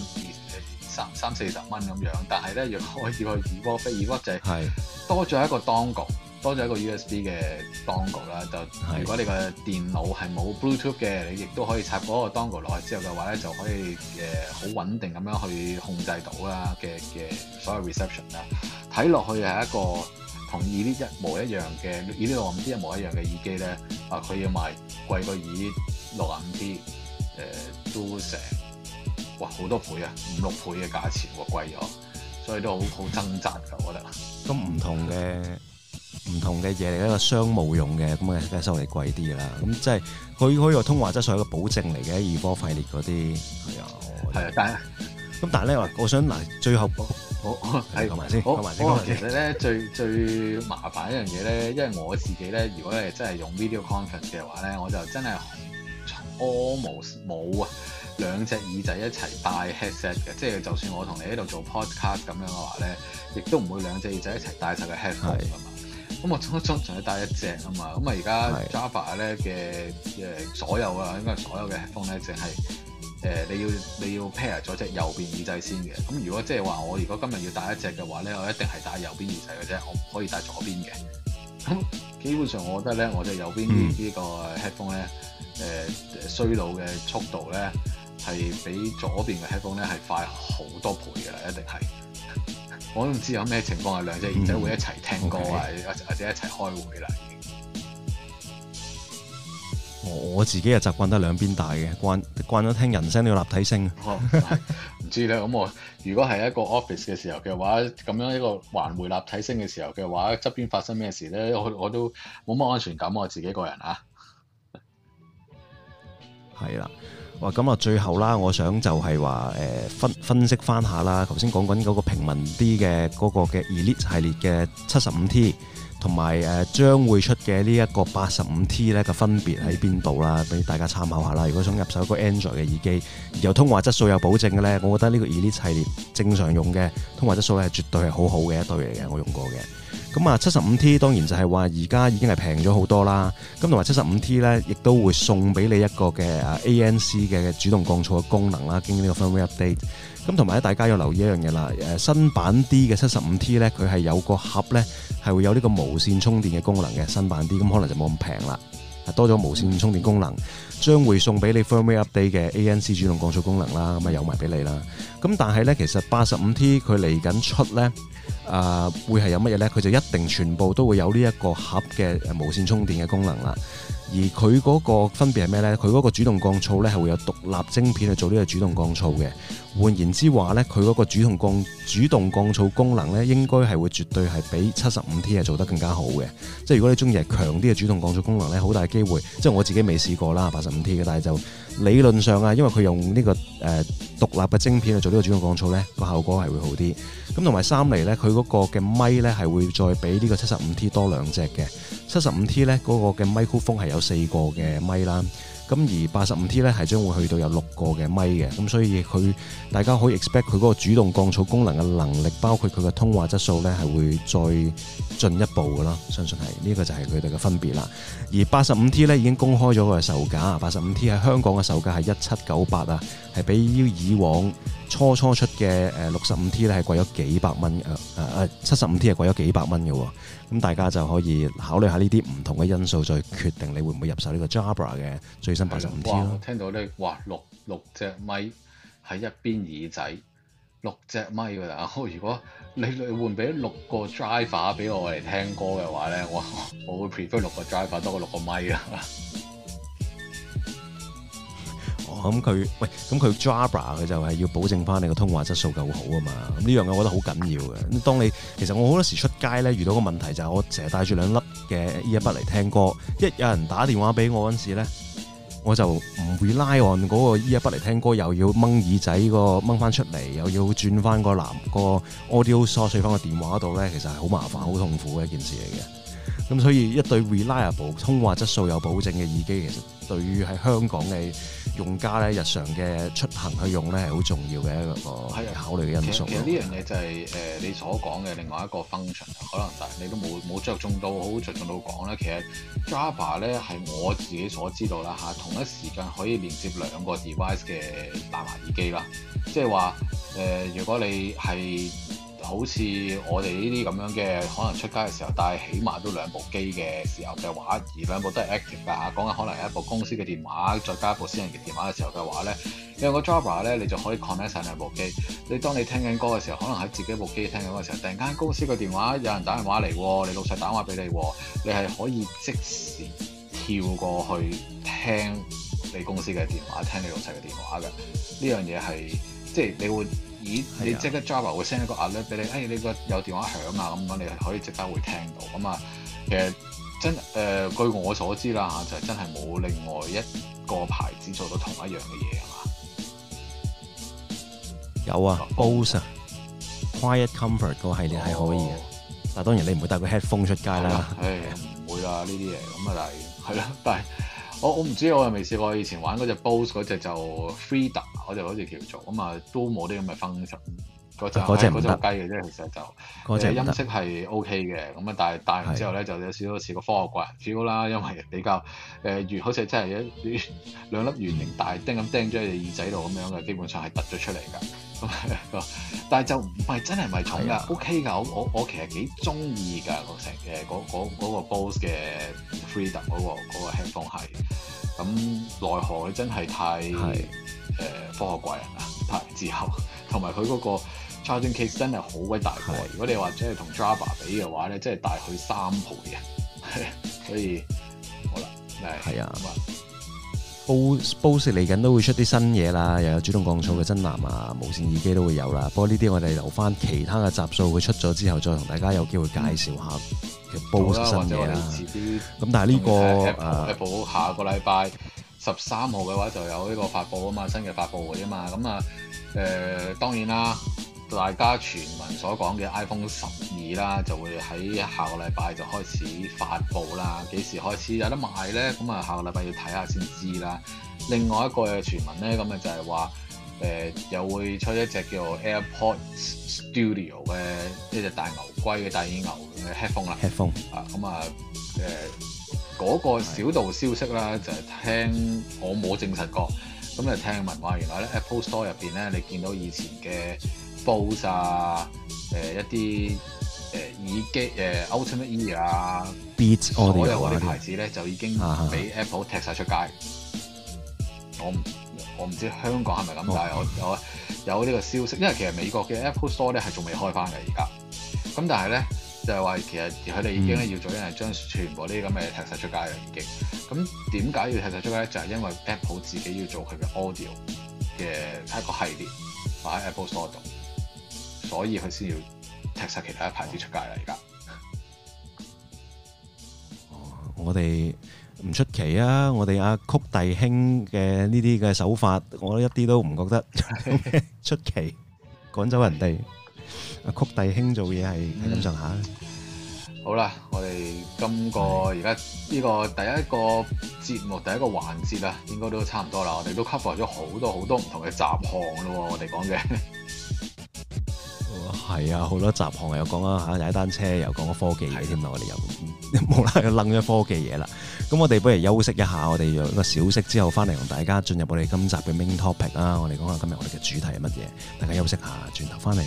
三三四十蚊咁樣，但係咧若可以去耳波飛耳波仔就係多咗一個當局。多咗一個 USB 嘅 Dongle 啦，就如果你個電腦係冇 Bluetooth 嘅，你亦都可以插嗰個 Dongle 落去之後嘅話咧，就可以誒好穩定咁樣去控制到啦嘅嘅所有 reception 啦。睇落去係一個同 Elite 一模一樣嘅 Elite 六五 D 一模一樣嘅耳機咧，啊，佢要賣貴過耳六五 D 誒都成哇好多倍啊，五六倍嘅價錢喎，貴咗，所以都好好掙扎噶，我覺得都唔同嘅。唔同嘅嘢嚟，一個商務用嘅咁啊，收嚟貴啲啦。咁即係佢佢個通話質素係個保證嚟嘅，二波費列嗰啲係啊係啊。但係咁，但係咧，我想嗱，最後好講埋先，講埋先。哦先哦先哦、我其我覺咧最最麻煩嘅一樣嘢咧，因為我自己咧，如果係真係用 video conference 嘅話咧，我就真係 almost 冇啊兩隻耳仔一齊戴 headset 嘅，即、就、係、是、就算我同你喺度做 podcast 咁樣嘅話咧，亦都唔會兩隻耳仔一齊戴晒嘅 headphone 㗎。咁我通常仲要戴一隻啊嘛，咁啊而家 Java 咧嘅誒所有啊，應該係所有嘅 headphone 咧，淨係誒你要你要 pair 咗隻右邊耳仔先嘅。咁如果即係話我如果今日要戴一隻嘅話咧，我一定係戴右邊耳仔嘅啫，我唔可以戴左邊嘅。咁基本上我覺得咧，我嘅右邊個呢個 headphone 咧，誒、呃、衰老嘅速度咧，係比左邊嘅 headphone 咧係快好多倍嘅喇，一定係。我都唔知有咩情況，係兩隻耳仔會一齊聽歌啊，嗯、或者一齊開會啦、啊。我自己啊習慣得兩邊大嘅，慣慣咗聽人聲都要立體聲。唔、哦、 知咧，咁我如果係一個 office 嘅時候嘅話，咁樣一個環回立體聲嘅時候嘅話，側邊發生咩事咧，我我都冇乜安全感，我自己個人啊，係啦。哇！咁啊，最後啦，我想就係話誒分分析翻下啦，頭先講緊嗰個平民啲嘅嗰個嘅 Elite 系列嘅七十五 T，同埋誒將會出嘅呢一個八十五 T 咧嘅分別喺邊度啦？俾大家參考下啦。如果想入手個 Android 嘅耳機，由通話質素有保證嘅咧，我覺得呢個 Elite 系列正常用嘅通話質素咧，絕對係好好嘅一對嚟嘅，我用過嘅。咁啊，七十五 T 當然就係話而家已經係平咗好多啦。咁同埋七十五 T 呢，亦都會送俾你一個嘅 ANC 嘅主動降噪嘅功能啦，經呢個 firmware update。咁同埋大家要留意一樣嘢啦。誒，新版 D 嘅七十五 T 呢，佢係有個盒呢，係會有呢個無線充電嘅功能嘅。新版 D 咁可能就冇咁平啦，多咗無線充電功能。將會送俾你 firmware update 嘅 ANC 主動降噪功能啦，咁啊有埋俾你啦。咁但係咧，其實八十五 T 佢嚟緊出咧，啊、呃、會係有乜嘢咧？佢就一定全部都會有呢一個盒嘅無線充電嘅功能啦。而佢嗰個分別係咩呢？佢嗰個主動降噪呢，係會有獨立晶片去做呢個主動降噪嘅。換言之話呢，佢嗰個主動降主動降噪功能呢，應該係會絕對係比七十五 T 係做得更加好嘅。即係如果你中意強啲嘅主動降噪功能呢，好大機會。即係我自己未試過啦，八十五 T 嘅，但係就理論上啊，因為佢用呢個、呃、獨立嘅晶片去做呢個主動降噪呢，個效果係會好啲。咁同埋三嚟呢，佢嗰個嘅咪呢，係會再比呢個七十五 T 多兩隻嘅。七十五 T 咧嗰個嘅 microphone 係有四個嘅咪啦，咁而八十五 T 咧係將會去到有六個嘅咪嘅，咁所以佢大家可以 expect 佢嗰個主動降噪功能嘅能力，包括佢嘅通話質素咧係會再進一步噶啦。相信係呢個就係佢哋嘅分別啦。而八十五 T 咧已經公開咗個售價，八十五 T 喺香港嘅售價係一七九八啊，係比以往初初出嘅誒六十五 T 咧係貴咗幾百蚊，誒誒七十五 T 係貴咗幾百蚊嘅喎。咁大家就可以考慮下呢啲唔同嘅因素，再決定你會唔會入手呢個 Jabra 嘅最新八十五 T 咯。我聽到呢哇，六六隻咪喺一邊耳仔，六隻咪㗎啦、哦。如果你你換俾六個 driver 俾我哋聽歌嘅話咧，我我會 prefer 六個 driver 多過六個咪啊。咁、哦、佢喂，咁佢 Jabra 佢就係要保證翻你個通話質素夠好啊嘛。咁呢樣嘢我覺得好緊要嘅。當你其實我好多時出街咧遇到個問題就係我成日帶住兩粒嘅 earbud 嚟聽歌，一有人打電話俾我嗰陣時咧，我就唔 rely on 嗰個 earbud 嚟聽歌，又要掹耳仔個掹翻出嚟，又要轉翻個藍個 audio source 去翻個電話度咧，其實係好麻煩、好痛苦嘅一件事嚟嘅。咁所以一對 reliable 通話質素有保證嘅耳機，其實對於喺香港嘅。用家咧日常嘅出行去用咧係好重要嘅一,一個考慮嘅因素。其實呢樣嘢就係、是呃呃、你所講嘅另外一個 function，可能就係你都冇冇着重到，好着重到講咧。其實 Jabra 咧係我自己所知道啦、啊、同一時間可以連接兩個 device 嘅藍牙耳機啦，即係話誒，如果你係。好似我哋呢啲咁樣嘅，可能出街嘅時候但係起碼都兩部機嘅時候嘅話，而兩部都係 active 嘅、啊，講緊可能有一部公司嘅電話，再加一部私人嘅電話嘅時候嘅話咧，你用個 Jabra 咧，你就可以 connect 曬兩部機。你當你聽緊歌嘅時候，可能喺自己部機聽緊嘅時候，突然間公司嘅電話有人打電話嚟，你老細打電話俾你，你係可以即時跳過去聽你公司嘅電話，聽你老細嘅電話嘅。呢樣嘢係即係你會。咦，你即刻 Java 會 send 一個 alert 俾你，誒、哎，你個有電話響啊咁樣，你係可以即刻會聽到咁啊。其實真誒、呃，據我所知啦嚇，就係、是、真係冇另外一個牌子做到同一樣嘅嘢係嘛？有啊，啊 Bose，Bose Quiet Comfort 個系列係可以、哦，但係當然你唔會帶個 headphone 出街啦。誒唔會啦，呢啲嘢咁啊，但係係啦，但係。哦、我我唔知，我又未試過。以前玩嗰隻 BOSS 嗰隻就 Frida，嗰隻好似叫做咁啊，都冇啲咁嘅 function。嗰隻嗰隻雞嘅啫，其實就，嘅、那個、音色係 O K 嘅，咁、那、啊、個，但係戴完之後咧，就有少少似個科學怪人 feel 啦，因為比較誒圓、呃，好似真係一啲，兩粒圓形大釘咁釘咗喺耳仔度咁樣嘅，基本上係突咗出嚟㗎。咁、那個，但係就唔係真係唔係重㗎，O K 㗎，我我我其實幾中意㗎，嗰成嘅，嗰、那個那個 Bose 嘅 Freedom 嗰、那個嗰、那個 headphone 係。咁奈何佢真係太誒、呃、科學怪人啦，戴完之後，同埋佢嗰個。Charging case 真係好鬼大個，如果你話跟比的話真係同 Jabra 比嘅話咧，即係大佢三倍 啊。所以好啦，係啊。Bose 食嚟緊都會出啲新嘢啦，又有主動降噪嘅真藍啊、嗯，無線耳機都會有啦。不過呢啲我哋留翻其他嘅集數，佢出咗之後，再同大家有機會介紹一下嘅 Bose 新嘢啦。咁但係呢、呢個係 Apple,、啊 Apple、下個禮拜十三號嘅話就有呢個發佈啊嘛，新嘅發佈會啊嘛。咁啊誒，當然啦。大家傳聞所講嘅 iPhone 十二啦，就會喺下個禮拜就開始發布啦。幾時開始有得賣咧？咁啊，下個禮拜要睇下先知啦。另外一個嘅傳聞咧，咁啊就係話誒又會出一隻叫 AirPods Studio 嘅一隻大牛龜嘅大耳牛嘅 headphone 啦。headphone 啊，咁啊誒嗰個小道消息啦，是的就係、是、聽我冇證實過，咁啊聽聞話原來咧 Apple Store 入邊咧，你見到以前嘅。bose 啊，誒、呃、一啲誒耳機誒 Ultimate Ear 啊，beats 所有我哋牌子咧、right. 就已經俾 Apple 踢曬出街、uh -huh. 我。我我唔知香港係咪咁，okay. 但係我我有呢個消息，因為其實美國嘅 Apple Store 咧係仲未開翻嘅。而家咁，但係咧就係、是、話其實佢哋已經咧、mm. 要做緊係將全部呢啲咁嘅踢曬出街嘅。已經咁點解要踢曬出街咧？就係、是、因為 Apple 自己要做佢嘅 audio 嘅一個系列擺喺 Apple Store 度。所以佢先要踢晒其他牌子出街啦、哦！而、哦、家、哦，我哋唔出奇啊！我哋阿曲弟兄嘅呢啲嘅手法，我一都一啲都唔覺得 出奇。趕走人哋 阿曲弟兄做嘢係咁上下。好啦，我哋今、個而家呢個第一個節目、第一個環節啊，應該都差唔多啦。我哋都 cover 咗好多好多唔同嘅雜項咯。我哋講嘅。係啊，好多雜項又講啦嚇，踩單車又講個科技嘢添啦，我哋又冇啦，無無又楞咗科技嘢啦。咁我哋不如休息一下，我哋用一個小息之後翻嚟同大家進入我哋今集嘅 main topic 啊。我哋講下今日我哋嘅主題係乜嘢。大家休息下，轉頭翻嚟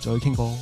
再傾過。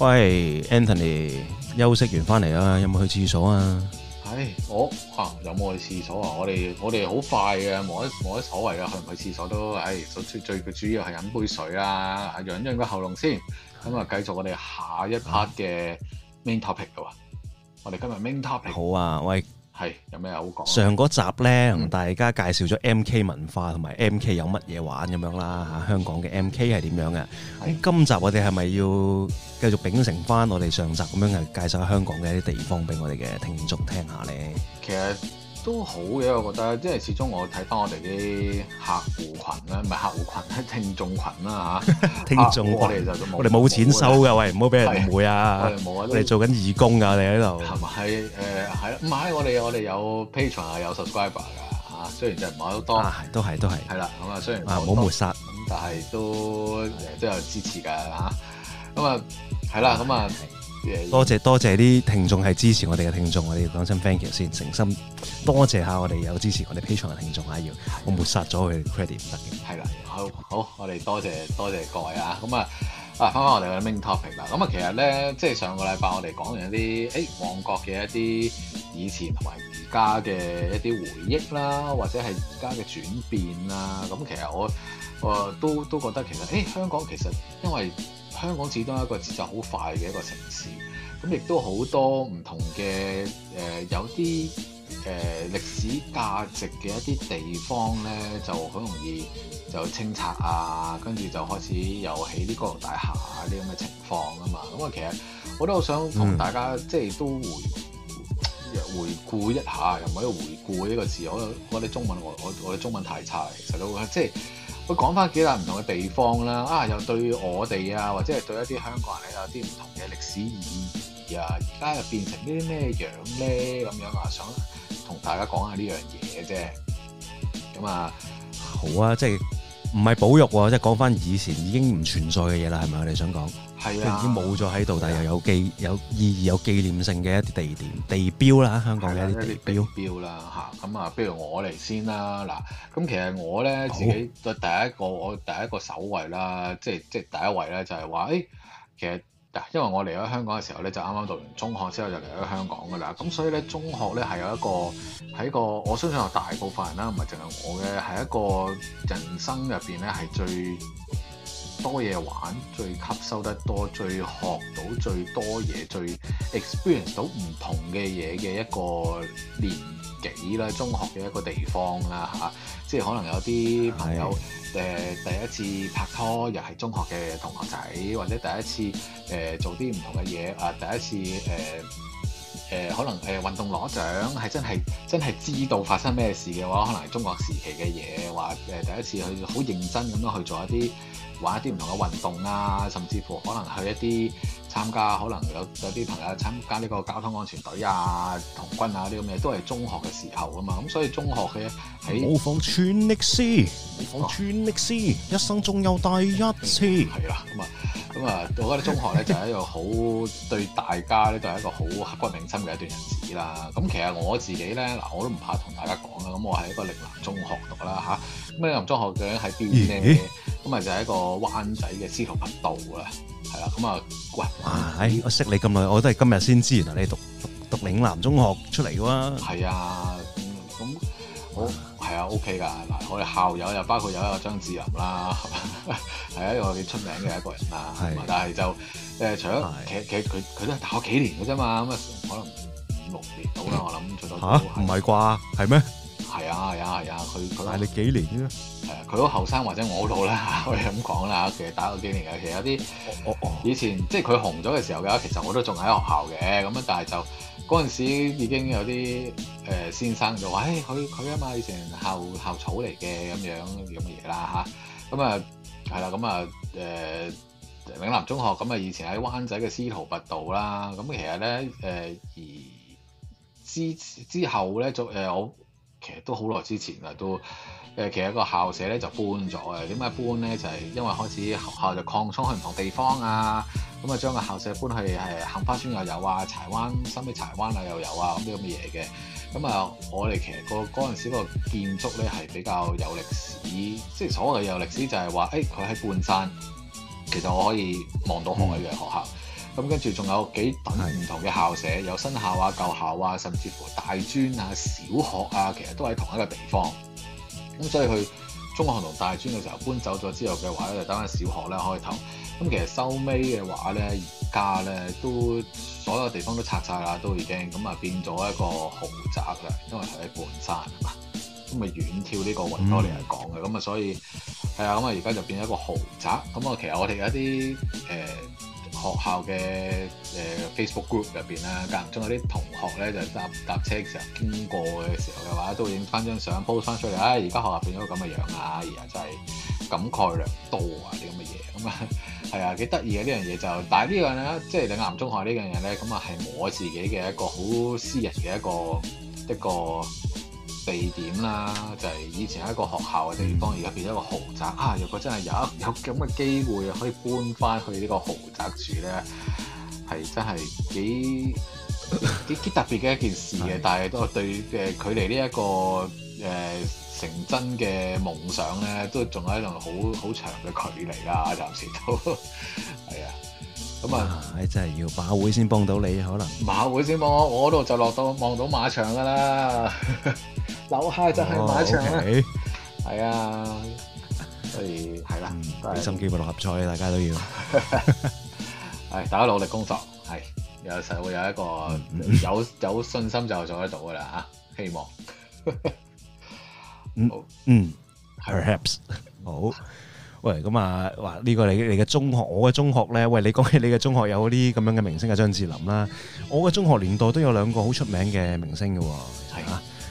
喂，Anthony，休息完返嚟啦，有冇去廁所、哎、啊？係哦，吓，有冇去廁所啊？我哋我哋好快嘅，冇乜冇乜所謂噶，是是去唔去廁所都，唉、哎，最最主要係飲杯水啊，潤一潤個喉嚨先。咁啊，繼續我哋下一 part 嘅 main topic 噶喎，我哋今日 main topic 好啊，喂。係有咩好講？上嗰集咧，同大家介紹咗 MK 文化同埋 MK 有乜嘢玩咁樣啦嚇，香港嘅 MK 係點樣嘅？咁今集我哋係咪要繼續秉承翻我哋上集咁樣，係介紹香港嘅一啲地方俾我哋嘅聽眾聽下咧？其實。都好嘅，我覺得，即係始終我睇翻我哋啲客戶群啦，唔係客戶群咧，聽眾群啦嚇， 聽眾群、啊，我哋其實都冇。我哋冇錢收嘅喂，唔好俾人誤會啊！我哋冇啊，你做緊義工噶，你喺度？係咪？誒係唔係我哋我哋有 patron 啊，有 subscriber 噶！啊，雖然就唔係好多，都係都係，係啦咁啊，是是是雖然啊唔好抹殺，咁但係都都有支持㗎嚇，咁啊係啦，咁啊。多謝多謝啲聽眾係支持我哋嘅聽眾，我哋講聲 thank you 先，謝謝，誠心多謝下我哋有支持我哋 Patreon 嘅聽眾阿耀，我抹殺咗佢 credit 唔得嘅。係啦，好，好，我哋多謝多謝各位啊，咁啊啊翻返我哋嘅 main topic 啦，咁啊其實咧即係上個禮拜我哋講完一啲誒，旺角嘅一啲以前同埋而家嘅一啲回憶啦，或者係而家嘅轉變啦。咁其實我我都都覺得其實誒、欸、香港其實因為。香港始終一個節奏好快嘅一個城市，咁亦都好多唔同嘅誒、呃，有啲誒、呃、歷史價值嘅一啲地方咧，就好容易就清拆啊，跟住就開始又起啲高樓大廈啊啲咁嘅情況啊嘛。咁啊，其實我都好想同大家、嗯、即係都回回，回顧一下，又唔可以回顧呢個字，我我覺得中文我我我嘅中文太差，其實都即係。講翻幾大唔同嘅地方啦，啊，又對我哋啊，或者係對一啲香港人咧有啲唔同嘅歷史意義啊，而家又變成呢啲咩樣咧？咁樣啊，想同大家講下呢樣嘢啫。咁啊，好啊，即係唔係保育喎？即係講翻以前已經唔存在嘅嘢啦，係咪？我哋想講。係啦、啊，已經冇咗喺度，但係又有記有意義、有紀念性嘅一啲地點、地標啦，香港嘅一啲地標啦，嚇咁啊！不、啊、如我嚟先啦，嗱，咁其實我咧自己，嘅第一個我第一個首位啦，即係即係第一位咧，就係、是、話，誒、欸，其實嗱，因為我嚟咗香港嘅時候咧，就啱啱讀完中學之後就嚟咗香港噶啦，咁所以咧中學咧係有一個喺個我相信有大部分人啦，唔係淨係我嘅，係一個人生入邊咧係最。多嘢玩，最吸收得多，最學到最多嘢，最 experience 到唔同嘅嘢嘅一個年紀啦。中學嘅一個地方啦，吓、啊，即係可能有啲朋友誒、呃、第一次拍拖，又係中學嘅同學仔，或者第一次誒、呃、做啲唔同嘅嘢啊，第一次誒誒、呃呃、可能誒運、呃、動攞獎，係真係真係知道發生咩事嘅話，可能係中學時期嘅嘢，或誒、呃、第一次去好認真咁樣去做一啲。玩一啲唔同嘅運動啊，甚至乎可能去一啲。參加可能有有啲朋友參加呢個交通安全隊啊、童軍啊啲咁嘅，都係中學嘅時候啊嘛，咁所以中學嘅喺模仿全力詩，模仿全力詩、啊，一生中有第一次，係啊咁啊咁啊，我覺得中學咧就係一個好對大家咧都係一個好刻骨銘心嘅一段日子啦。咁其實我自己咧嗱，我都唔怕同大家講啦。咁我係一個嶺南中學讀啦嚇，咁咧嶺南中學究竟喺邊咧？咁咪就係、是、一個灣仔嘅司徒拔道啊。係啦，咁啊，喂，哇，哎、我識你咁耐，我都係今日先知道，原來你讀讀讀嶺南中學出嚟嘅喎。係啊，咁、啊，我係、嗯、啊，OK 噶，嗱，我哋校友又包括有一個張智霖啦，係一個幾出名嘅一個人啦。係、啊，但係就誒，除咗其其佢佢都係大學幾年嘅啫嘛，咁啊可能五六年到啦，我、嗯、諗、啊、最多吓，唔係啩？係咩？係啊，係啊，係啊，佢佢。係你幾年啊？誒、呃，佢好後生，或者我好老啦。我係咁講啦。其實打咗幾年嘅，其實有啲，oh, oh, oh. 以前即係佢紅咗嘅時候嘅話，其實我都仲喺學校嘅咁啊。但係就嗰陣時已經有啲誒、呃、先生就話，誒、哎，佢佢啊嘛、呃，以前校校草嚟嘅咁樣咁嘅嘢啦嚇。咁啊係啦，咁啊誒嶺南中學咁啊，以前喺灣仔嘅司徒拔道啦。咁、啊、其實咧誒、呃、而之之後咧，就誒、呃、我。其實都好耐之前啊，都誒，其實個校舍咧就搬咗啊。點解搬咧？就係因為開始學校就擴充去唔同地方啊。咁啊，將個校舍搬去係杏花村又有啊，柴灣新地柴灣啊又有啊啲咁嘅嘢嘅。咁啊，我哋其實個嗰陣時個建築咧係比較有歷史，即係所謂有歷史就係話誒，佢喺半山，其實我可以望到我哋嘅學校。嗯。咁跟住仲有幾等唔同嘅校舍，有新校啊、舊校啊，甚至乎大專啊、小學啊，其實都喺同一個地方。咁所以佢中學同大專嘅時候搬走咗之後嘅話咧，就等翻小學咧開頭。咁其實收尾嘅話咧，而家咧都所有地方都拆晒啦，都已經咁啊變咗一個豪宅啦，因為喺半山啊嘛。咁啊遠眺呢個維多利亞港嘅，咁、嗯、啊所以係啊，咁啊而家就變咗一個豪宅。咁啊其實我哋有一啲學校嘅誒、呃、Facebook group 入邊啦，間中有啲同學咧就搭搭車嘅時候經過嘅時候嘅話，都影翻張相 post 翻出嚟。唉、哎，而家學校變咗個咁嘅樣啊，而家真係感慨良多啊啲咁嘅嘢，咁、嗯、啊係啊幾得意嘅呢樣嘢就，但係呢樣咧即係嶺南中學東西呢樣嘢咧，咁啊係我自己嘅一個好私人嘅一個一個。地點啦，就係、是、以前一個學校嘅地方，而家變咗一個豪宅啊！若果真係有有咁嘅機會，可以搬翻去呢個豪宅住咧，係真係幾幾幾特別嘅一件事嘅。 但係都對誒，距離呢一個誒、呃、成真嘅夢想咧，都仲有一段好好長嘅距離啦、啊。暫時都係 啊，咁啊，真係要馬會先幫到你，可能馬會先幫我，我嗰度就落到望到馬場噶啦。 樓下就係馬場啦，係啊，所以係啦，俾心機咪六合彩，大家都要。唉，大家努力工作，係有時候會有一個有有信心就做得到噶啦，吓，希望。嗯嗯，perhaps 好。喂，咁啊，話呢個你你嘅中學，我嘅中學咧，喂，你講起你嘅中學有嗰啲咁樣嘅明星啊，張智霖啦，我嘅中學年代都有兩個好出名嘅明星嘅，係啊。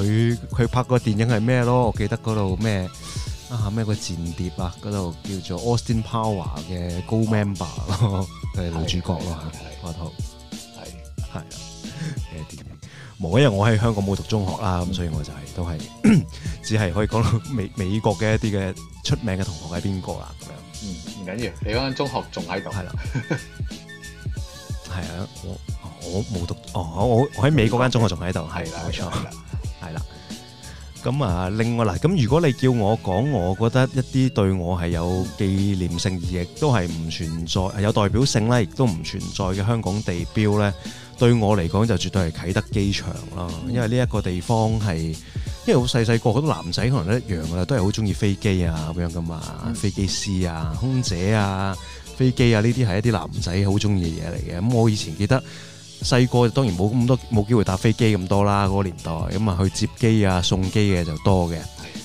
佢佢拍個電影係咩咯？我記得嗰度咩啊，咩個間諜啊，嗰度叫做 Austin Power 嘅 Goldmember 吧，佢係女主角咯嚇，嗰套係係嘅電影冇，啊啊、 因為我喺香港冇讀中學啦，咁所以我就係、是、都係 只係可以講到美美國嘅一啲嘅出名嘅同學係邊個啦咁樣。唔緊要，你間中學仲喺度。係啦，係 啊，我我冇讀哦，我喺美國間中學仲喺度，係啦，冇錯。 係啦，咁啊，另外嗱，咁如果你叫我講，我覺得一啲對我係有紀念性，亦都係唔存在有代表性啦，亦都唔存在嘅香港地標呢，對我嚟講就絕對係啟德機場啦，嗯，因為呢一個地方係因為好細細個好多男仔可能都一樣噶啦，都係好中意飛機啊咁樣噶嘛，嗯，飛機師啊，空姐啊、飛機啊呢啲係一啲男仔好中意嘅嘢嚟嘅，咁我以前記得。細個當然冇咁多冇機會搭飛機咁多啦，嗰個年代咁啊去接機啊送機嘅就多嘅，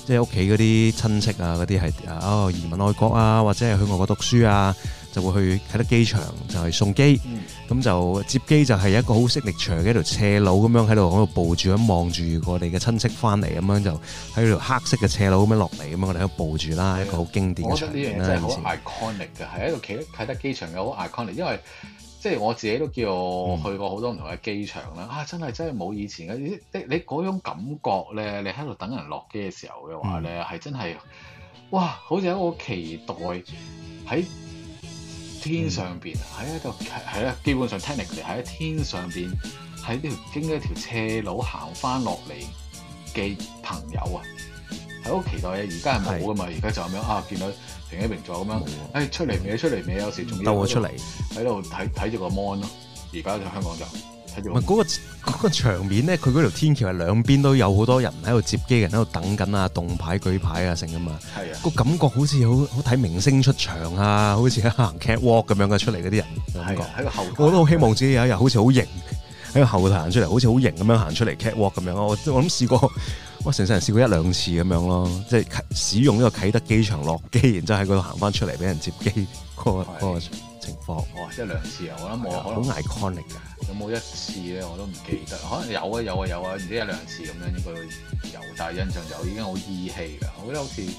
即係屋企嗰啲親戚啊嗰啲係啊移民外國啊或者係去外國讀書啊，就會去啟德機場就係送機，咁就接機就係一個好息力長嘅一條斜路咁樣喺度喺度步住咁望住我哋嘅親戚翻嚟咁樣就喺條黑色嘅斜路咁樣落嚟咁樣我哋喺度步住啦一個好經典嘅呢樣嘢真係好 iconic 嘅，係喺度企喺啟德機場嘅好 iconic，因為即係我自己都叫我去過好多唔同嘅機場啦、嗯，啊真係真係冇以前嘅，你你嗰種感覺咧，你喺度等人落機嘅時候嘅話咧，係、嗯、真係，哇！好似喺我期待喺天上邊，喺一個係啦、嗯，基本上 technically 喺天上邊，喺呢條經一條斜路行翻落嚟嘅朋友啊，係好期待嘅，而家係冇㗎嘛，而家就咁樣啊見到。平起平坐咁樣，啊哎、出嚟未出嚟未？有時仲兜我出嚟，喺度睇睇住個 mon 咯。而家喺香港就，唔係嗰個嗰、嗰個場面咧，佢嗰條天橋係兩邊都有好多人喺度接機，人喺度等緊啊，動牌舉牌啊，成啊嘛。啊，嗰個感覺好似好好睇明星出場啊，好似行 cat walk 咁樣嘅出嚟嗰啲人，我、啊嗰個、覺得、啊。我都好希望自己有一日好似好型喺個後台行出嚟，好似好型咁樣行出嚟 cat walk 咁樣啊！我我諗試過。我成世人試過一兩次咁樣咯，即係使用呢個啟德機場落機，然之後喺嗰度行翻出嚟俾人接機嗰個情況。哇，一兩次啊！我諗我好 iconic 㗎。有冇一次咧？我都唔記得。可能有啊，有啊，有啊，唔知一兩次咁樣。應該有，但印象就已經好意氣㗎。我覺得好似幾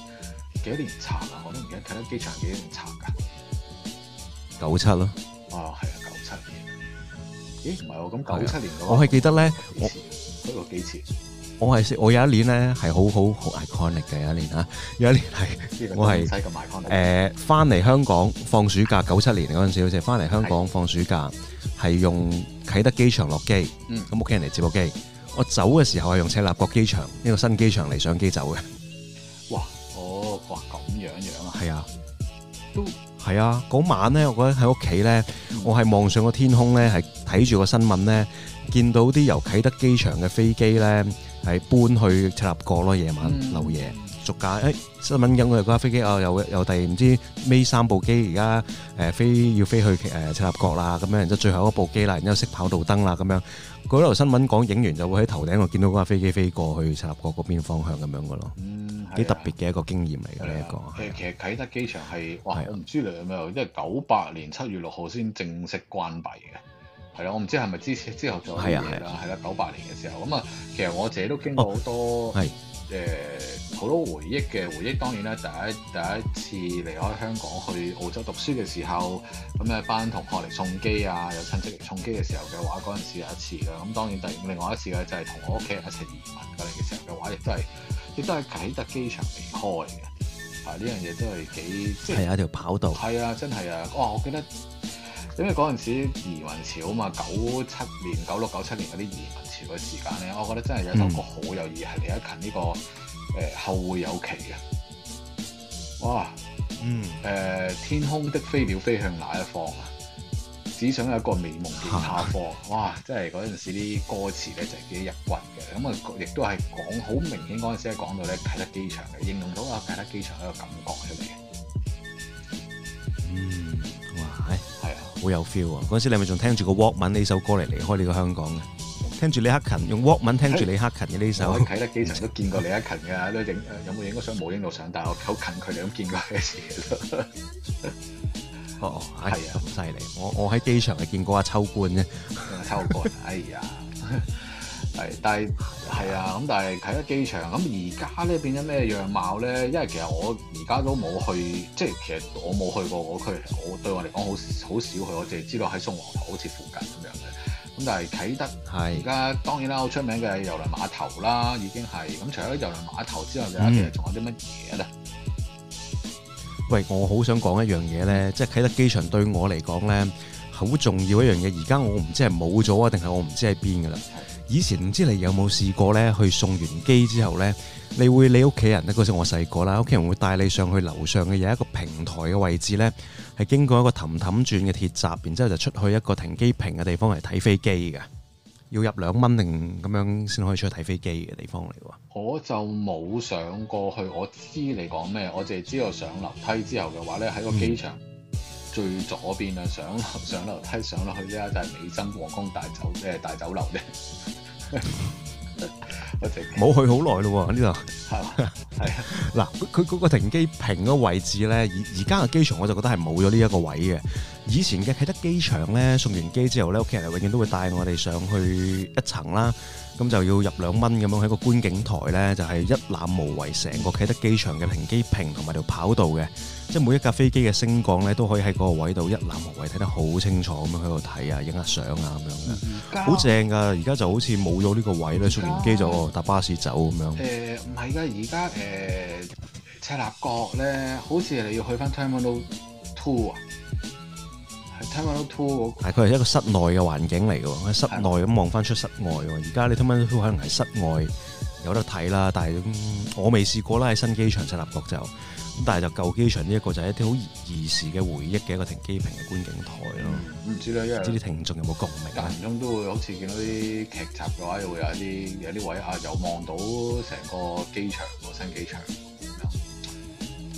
多年拆啊！我都唔記得啟德機場幾多年拆㗎。九七咯。啊，係啊，九七年。咦？唔係喎咁九七年，我係記得咧。我出過幾次。我係，我有一年咧係好好 iconic 嘅一年啊！有一年係、 這個、我係誒翻嚟香港放暑假，九、嗯、七年嗰陣時，好似翻嚟香港放暑假係、嗯、用啟德機場落機，咁屋企人嚟接我機。我走嘅時候係用赤鱲角機場呢、這個新機場嚟上機走嘅。哇！哦，哇咁樣樣啊，係啊，都、哦、係啊。嗰晚咧，我覺得喺屋企咧，嗯、我係望上個天空咧，係睇住個新聞咧，見到啲由啟德機場嘅飛機咧。係搬去赤鱲角咯，夜晚漏夜逐架。誒新聞影佢嗰架飛機，哦又又第唔知尾三部機而家誒飛要飛去誒赤鱲角啦，咁樣然之後最後一部機啦，然之後熄跑道燈啦，咁樣嗰條新聞講影完就會喺頭頂度見到嗰架飛機飛過去赤鱲角嗰邊方向咁樣嘅咯。嗯，幾特別嘅一個經驗嚟嘅呢一個。誒，其實啟德機場係哇，我唔知你有冇，因為九八年七月六號先正式關閉嘅。係咯，我唔知係咪之前之後做嘅嘢啦，係啦、啊，九八、啊、年嘅時候咁啊，其實我自己都經過好多誒好、哦呃、多回憶嘅回憶。當然咧，第一第一次離開香港去澳洲讀書嘅時候，咁啊班同學嚟送機啊，有親戚嚟送機嘅時候嘅話，嗰陣時有一次啦。咁當然第另外一次嘅就係同我屋企人一齊移民過嚟嘅時候嘅話，亦都係亦都係啟德機場離開嘅。係、啊、呢樣嘢都係幾即係條跑道。係啊，真係啊，哇、哦！我記得。因為嗰陣時移民潮啊嘛，九七年、九六、九七年嗰啲移民潮嘅時間呢，我覺得真係有首歌好有意義，係李克勤呢、這個、呃、後會有期啊、哇、嗯呃！天空的飛鳥飛向哪一方啊！只想有一個美夢見他方，哇！真係嗰陣時啲歌詞呢，就係幾入骨嘅，咁啊亦都係講好明顯嗰陣時係講到呢，啟德機場嘅，應用到啊啟德機場一個感覺出嚟嘅。好有 feel 啊！嗰陣時你係咪仲聽住個 Walkman 呢首歌嚟離開呢個香港嘅？聽住李克勤用 Walkman 聽住李克勤嘅呢首。我喺機場都見過李克勤嘅，都影有冇影過相？冇影到相，但係好近佢，你咁見過一次咯。哦哦，係啊，好犀利！我我喺機場係見過阿秋官嘅，秋官。哎呀！係，但係係啊，咁但係啟德機場咁而家咧變咗咩樣貌咧？因為其實我而家都冇去，即係其實我冇去過嗰區。我對我嚟講好好少去，我淨係知道喺宋皇台好似附近咁樣嘅。咁但係啟德係而家當然啦，好出名嘅郵輪碼頭啦，已經係。咁除咗郵輪碼頭之外，仲、嗯、有啲乜嘢咧？喂，我好想講一樣嘢咧，即係啟德機場對我嚟講咧好重要一樣嘢。而家我唔知係冇咗啊，定係我唔知喺邊㗎啦。以前唔知你有冇試過呢？去送完機之後呢，你會，你屋企人呢，嗰時我細個啦，屋企人會帶你上去樓上嘅有一個平台嘅位置呢，係經過一個氹氹轉嘅鐵閘，然之後就出去一個停機坪嘅地方嚟睇飛機嘅，要入兩蚊定咁樣先可以出去睇飛機嘅地方嚟㗎。我就冇上過去，我知你講咩，我淨係知道上樓梯之後嘅話呢，喺個機場。嗯最左邊啊，上樓上樓梯上落去咧，就係、是、美新皇宮大酒誒大酒樓咧。冇 去好耐咯喎，呢度係嘛係啊？嗱 是嗎，佢佢嗰個停機坪嗰位置咧，而而家嘅機場我就覺得係冇咗呢一個位嘅。以前嘅啟德機場咧，送完機之後咧，屋企人永遠都會帶我哋上去一層啦，咁就要入兩蚊咁樣喺個觀景台咧，就係一覽無遺成個啟德機場嘅停機坪同埋條跑道嘅，即係每一架飛機嘅升降咧都可以喺嗰個位度一覽無遺睇得好清楚咁樣喺度睇啊，影下相啊咁樣嘅，好正㗎！而家就好似冇咗呢個位咧，送完機就搭巴士走咁樣。誒唔係㗎，而家誒車立角赤鱲角咧，好似係你要去翻 Terminal Two 啊。Terminal 2，但係佢係一個室內嘅環境嚟嘅喎，喺室內咁望翻出室外。而家你 Terminal 2，可能係室外有得睇啦。但係我未試過啦，喺新機場新立國就，咁但係就舊機場呢一個就係一啲好兒時嘅回憶嘅一個停機坪嘅觀景台咯。唔知咧，因為唔知啲聽眾有冇共鳴。間唔中都會好似見到啲劇集嘅話，會有一啲有啲位啊，有望到成個機場個新機場。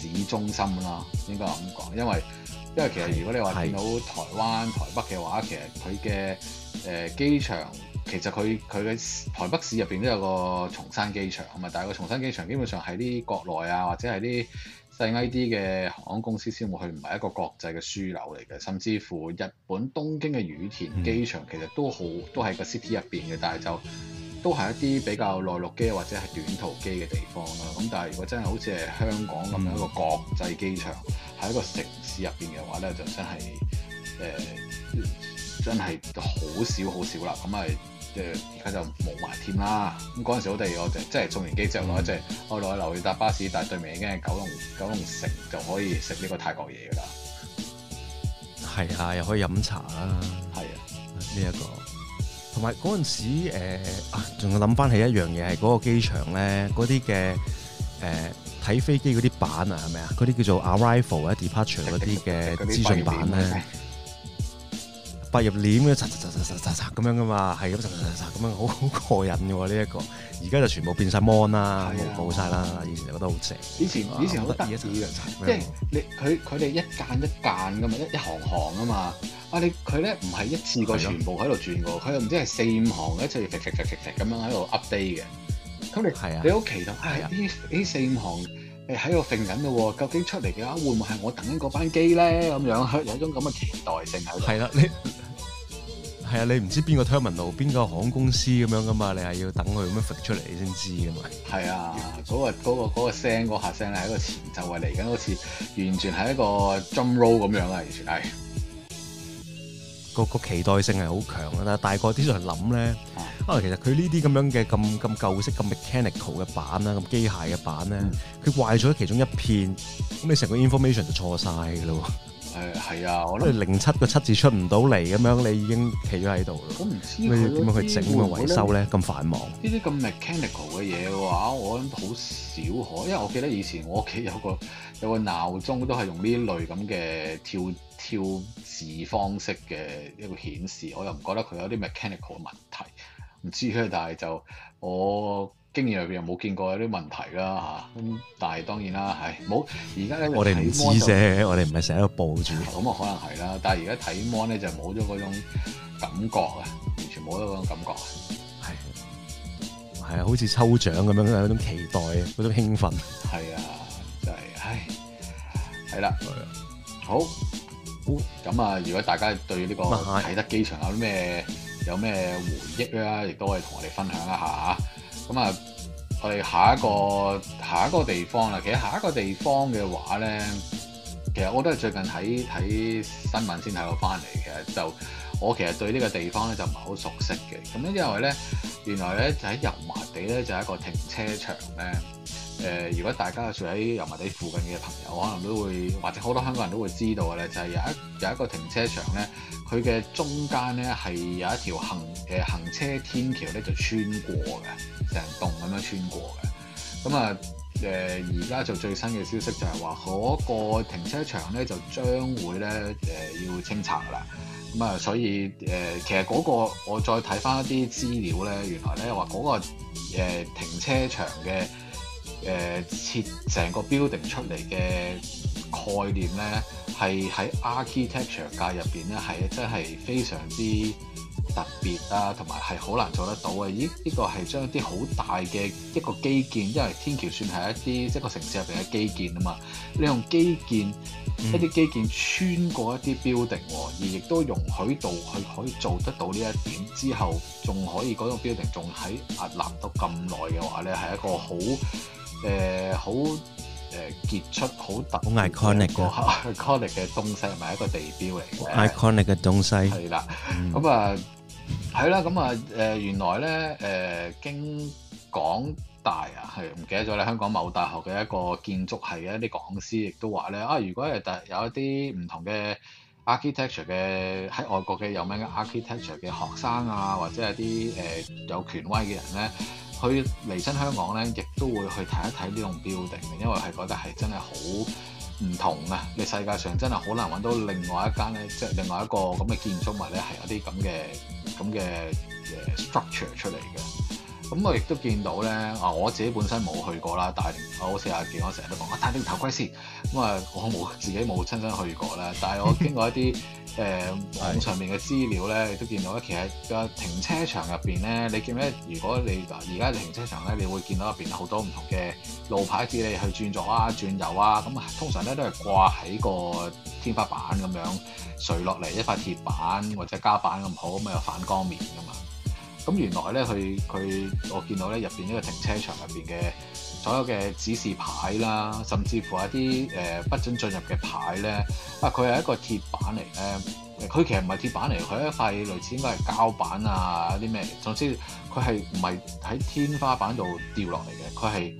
市中心啦，應該係咁講，因為因為其實如果你話見到台灣台北嘅話，其實佢嘅誒機場，其實佢佢嘅台北市入邊都有個松山機場，咁啊，但係個松山機場基本上係啲國內啊，或者係啲細啲啲嘅航空公司先會去，唔係一個國際嘅樞紐嚟嘅。甚至乎日本東京嘅羽田機場，其實都好、嗯、都係個 city 入邊嘅，但係就，都係一啲比較內陸機或者係短途機嘅地方啦、啊。咁但係如果真係好似係香港咁樣一個國際機場，喺、嗯、一個城市入面嘅話咧，就真係、呃、真係好少好少啦。咁咪、呃就是、即係而家就冇埋添啦。咁嗰陣時我哋我即係降完機之後，一隻我落去樓要搭巴士，但係對面已經係九龍九龍城就可以食呢個泰國嘢㗎啦。係啊，又可以飲茶啦。係啊，呢一、啊這個。同埋嗰陣時，誒啊，仲諗翻起一樣嘢，係、那、嗰個機場咧，嗰啲嘅誒睇飛機嗰啲板啊，係咪啊？嗰啲叫做 arrival 啊，departure 嗰啲嘅資訊板咧。八頁鏈嘅，刷刷咁樣噶嘛，係咁刷刷咁樣，好好過癮嘅喎呢一個。而家就全部變晒芒啦，冇晒啦。以前就覺得好正，以前以前好得意嘅，即係你佢佢哋一間一間噶嘛，一一行行啊嘛。啊，你佢咧唔係一次過全部喺度轉噶，佢又唔知係四五行一齊劈劈劈劈咁樣喺度 update 嘅。咁你啊？你好奇咯？係呢呢四五行。喺度揈緊嘅喎，究竟出嚟嘅話會唔會係我等緊嗰班機咧？咁樣有一種咁嘅期待性喺度。係啦，你係啊，你唔、啊、知邊個 terminal，邊個航空公司咁樣噶嘛？你係要等佢咁樣揈出嚟先知噶嘛？係啊，嗰、嗰個嗰嗰、嗰個聲下係一個前奏啊，嚟緊好似完全係一個 drum roll 咁樣啊，完全係。個期待性係好強啊！但係大概啲人諗咧，啊，其實佢呢啲咁樣嘅咁咁舊式、咁 mechanical 嘅板啦、咁機械嘅板咧，佢壞咗其中一片，咁你成個 information 就錯晒㗎咯。誒係啊！我諗佢零七個七字出唔到嚟咁樣，你已經企咗喺度啦。我唔知佢點樣去整個維修咧，咁繁忙。呢啲咁 mechanical 嘅嘢嘅話，我諗好少可，因為我記得以前我屋企有個有個鬧鐘都係用呢一類咁嘅跳跳字方式嘅一個顯示，我又唔覺得佢有啲 mechanical 嘅問題，唔知咧，但係就我經驗入邊又冇見過有啲問題啦嚇，咁但係當然啦，唉冇而家咧。我哋唔知啫，我哋唔係成日喺度報住。咁啊，可能係啦，但係而家睇魔咧就冇咗嗰種感覺啊，完全冇咗嗰種感覺係啊，係係啊，好似抽獎咁樣，有種期待，有種興奮。係啊，就係、係、唉，係啦、啊啊，好咁、哦、啊。如果大家對呢個啟德機場有啲咩、啊、有咩回憶啊，亦都可以同我哋分享一下、啊。咁啊，我哋下一個、下一個地方啦。其實下一個地方嘅話咧，其實我都係最近睇睇新聞先睇到翻嚟。其實就我其實對呢個地方咧就唔係好熟悉嘅。咁咧因為咧，原來咧就喺油麻地咧就係一個停車場咧。誒、呃，如果大家住喺油麻地附近嘅朋友，可能都會或者好多香港人都會知道嘅咧，就係、是、有一有一個停車場咧，佢嘅中間咧係有一條行誒行車天橋咧，就穿過嘅，成棟咁樣穿過嘅。咁啊誒，而家就最新嘅消息就係話嗰個停車場咧就將會咧誒、呃、要清拆啦。咁啊，所以誒、呃，其實嗰、那個我再睇返一啲資料咧，原來咧話嗰個、呃、停車場嘅。誒設成個 building 出嚟嘅概念咧，係喺 architecture 界入邊咧係真係非常之特別啊，同埋係好難做得到嘅。依、這、呢個係將一啲好大嘅一個基建，因為天橋算係一啲即係個城市入邊嘅基建啊嘛。你用基建、嗯、一啲基建穿過一啲 building，而亦都容許到佢可以做得到呢一點之後，仲可以嗰種、那個、building 仲喺阿南到咁耐嘅話咧，係一個好。誒好誒傑出，好特好 iconic 個 iconic 嘅東西，同埋、啊、 一個地標嚟嘅 iconic 嘅東西。係啦，咁、嗯、啊，係啦，咁啊、呃，原來咧，誒、呃、經港大啊，係唔記得咗咧。香港某大學嘅一個建築系一啲講師亦都話咧啊，如果係特有一啲唔同嘅 architecture 嘅喺外國嘅有名嘅 architecture 嘅學生啊，或者係啲、呃、有權威嘅人咧。佢嚟親香港咧，亦都會去睇一睇呢種 building 嘅，因為係覺得係真係好唔同呀。你世界上真係好難搵到另外一間咧，即係另外一個咁嘅建築物咧，係有啲咁嘅咁嘅誒 structure 出嚟嘅。咁、嗯、我亦都見到咧，啊我自己本身冇去過啦，但係好似阿健，我成日都講，我睇啲頭盔先。」咁、嗯、啊，我冇自己冇親身去過咧，但係我經過一啲誒、 呃、網上面嘅資料咧，亦都見到咧，其實個停車場入邊咧，你見咧，如果你而家停車場咧，你會見到入邊好多唔同嘅路牌指你去轉左啊、轉右啊，咁、嗯、通常咧都係掛喺個天花板咁樣垂落嚟一塊鐵板或者膠板咁好，咁啊有反光面噶嘛。咁、嗯、原來咧，佢佢我見到咧入邊呢個停車場入邊嘅。所有嘅指示牌啦，甚至乎一啲誒、呃、不准進入嘅牌咧，啊，佢係一個鐵板嚟咧，佢、呃、其實唔係鐵板嚟，佢係一塊類似應該係膠板啊啲咩嘅。總之，佢係唔係喺天花板度掉落嚟嘅，佢係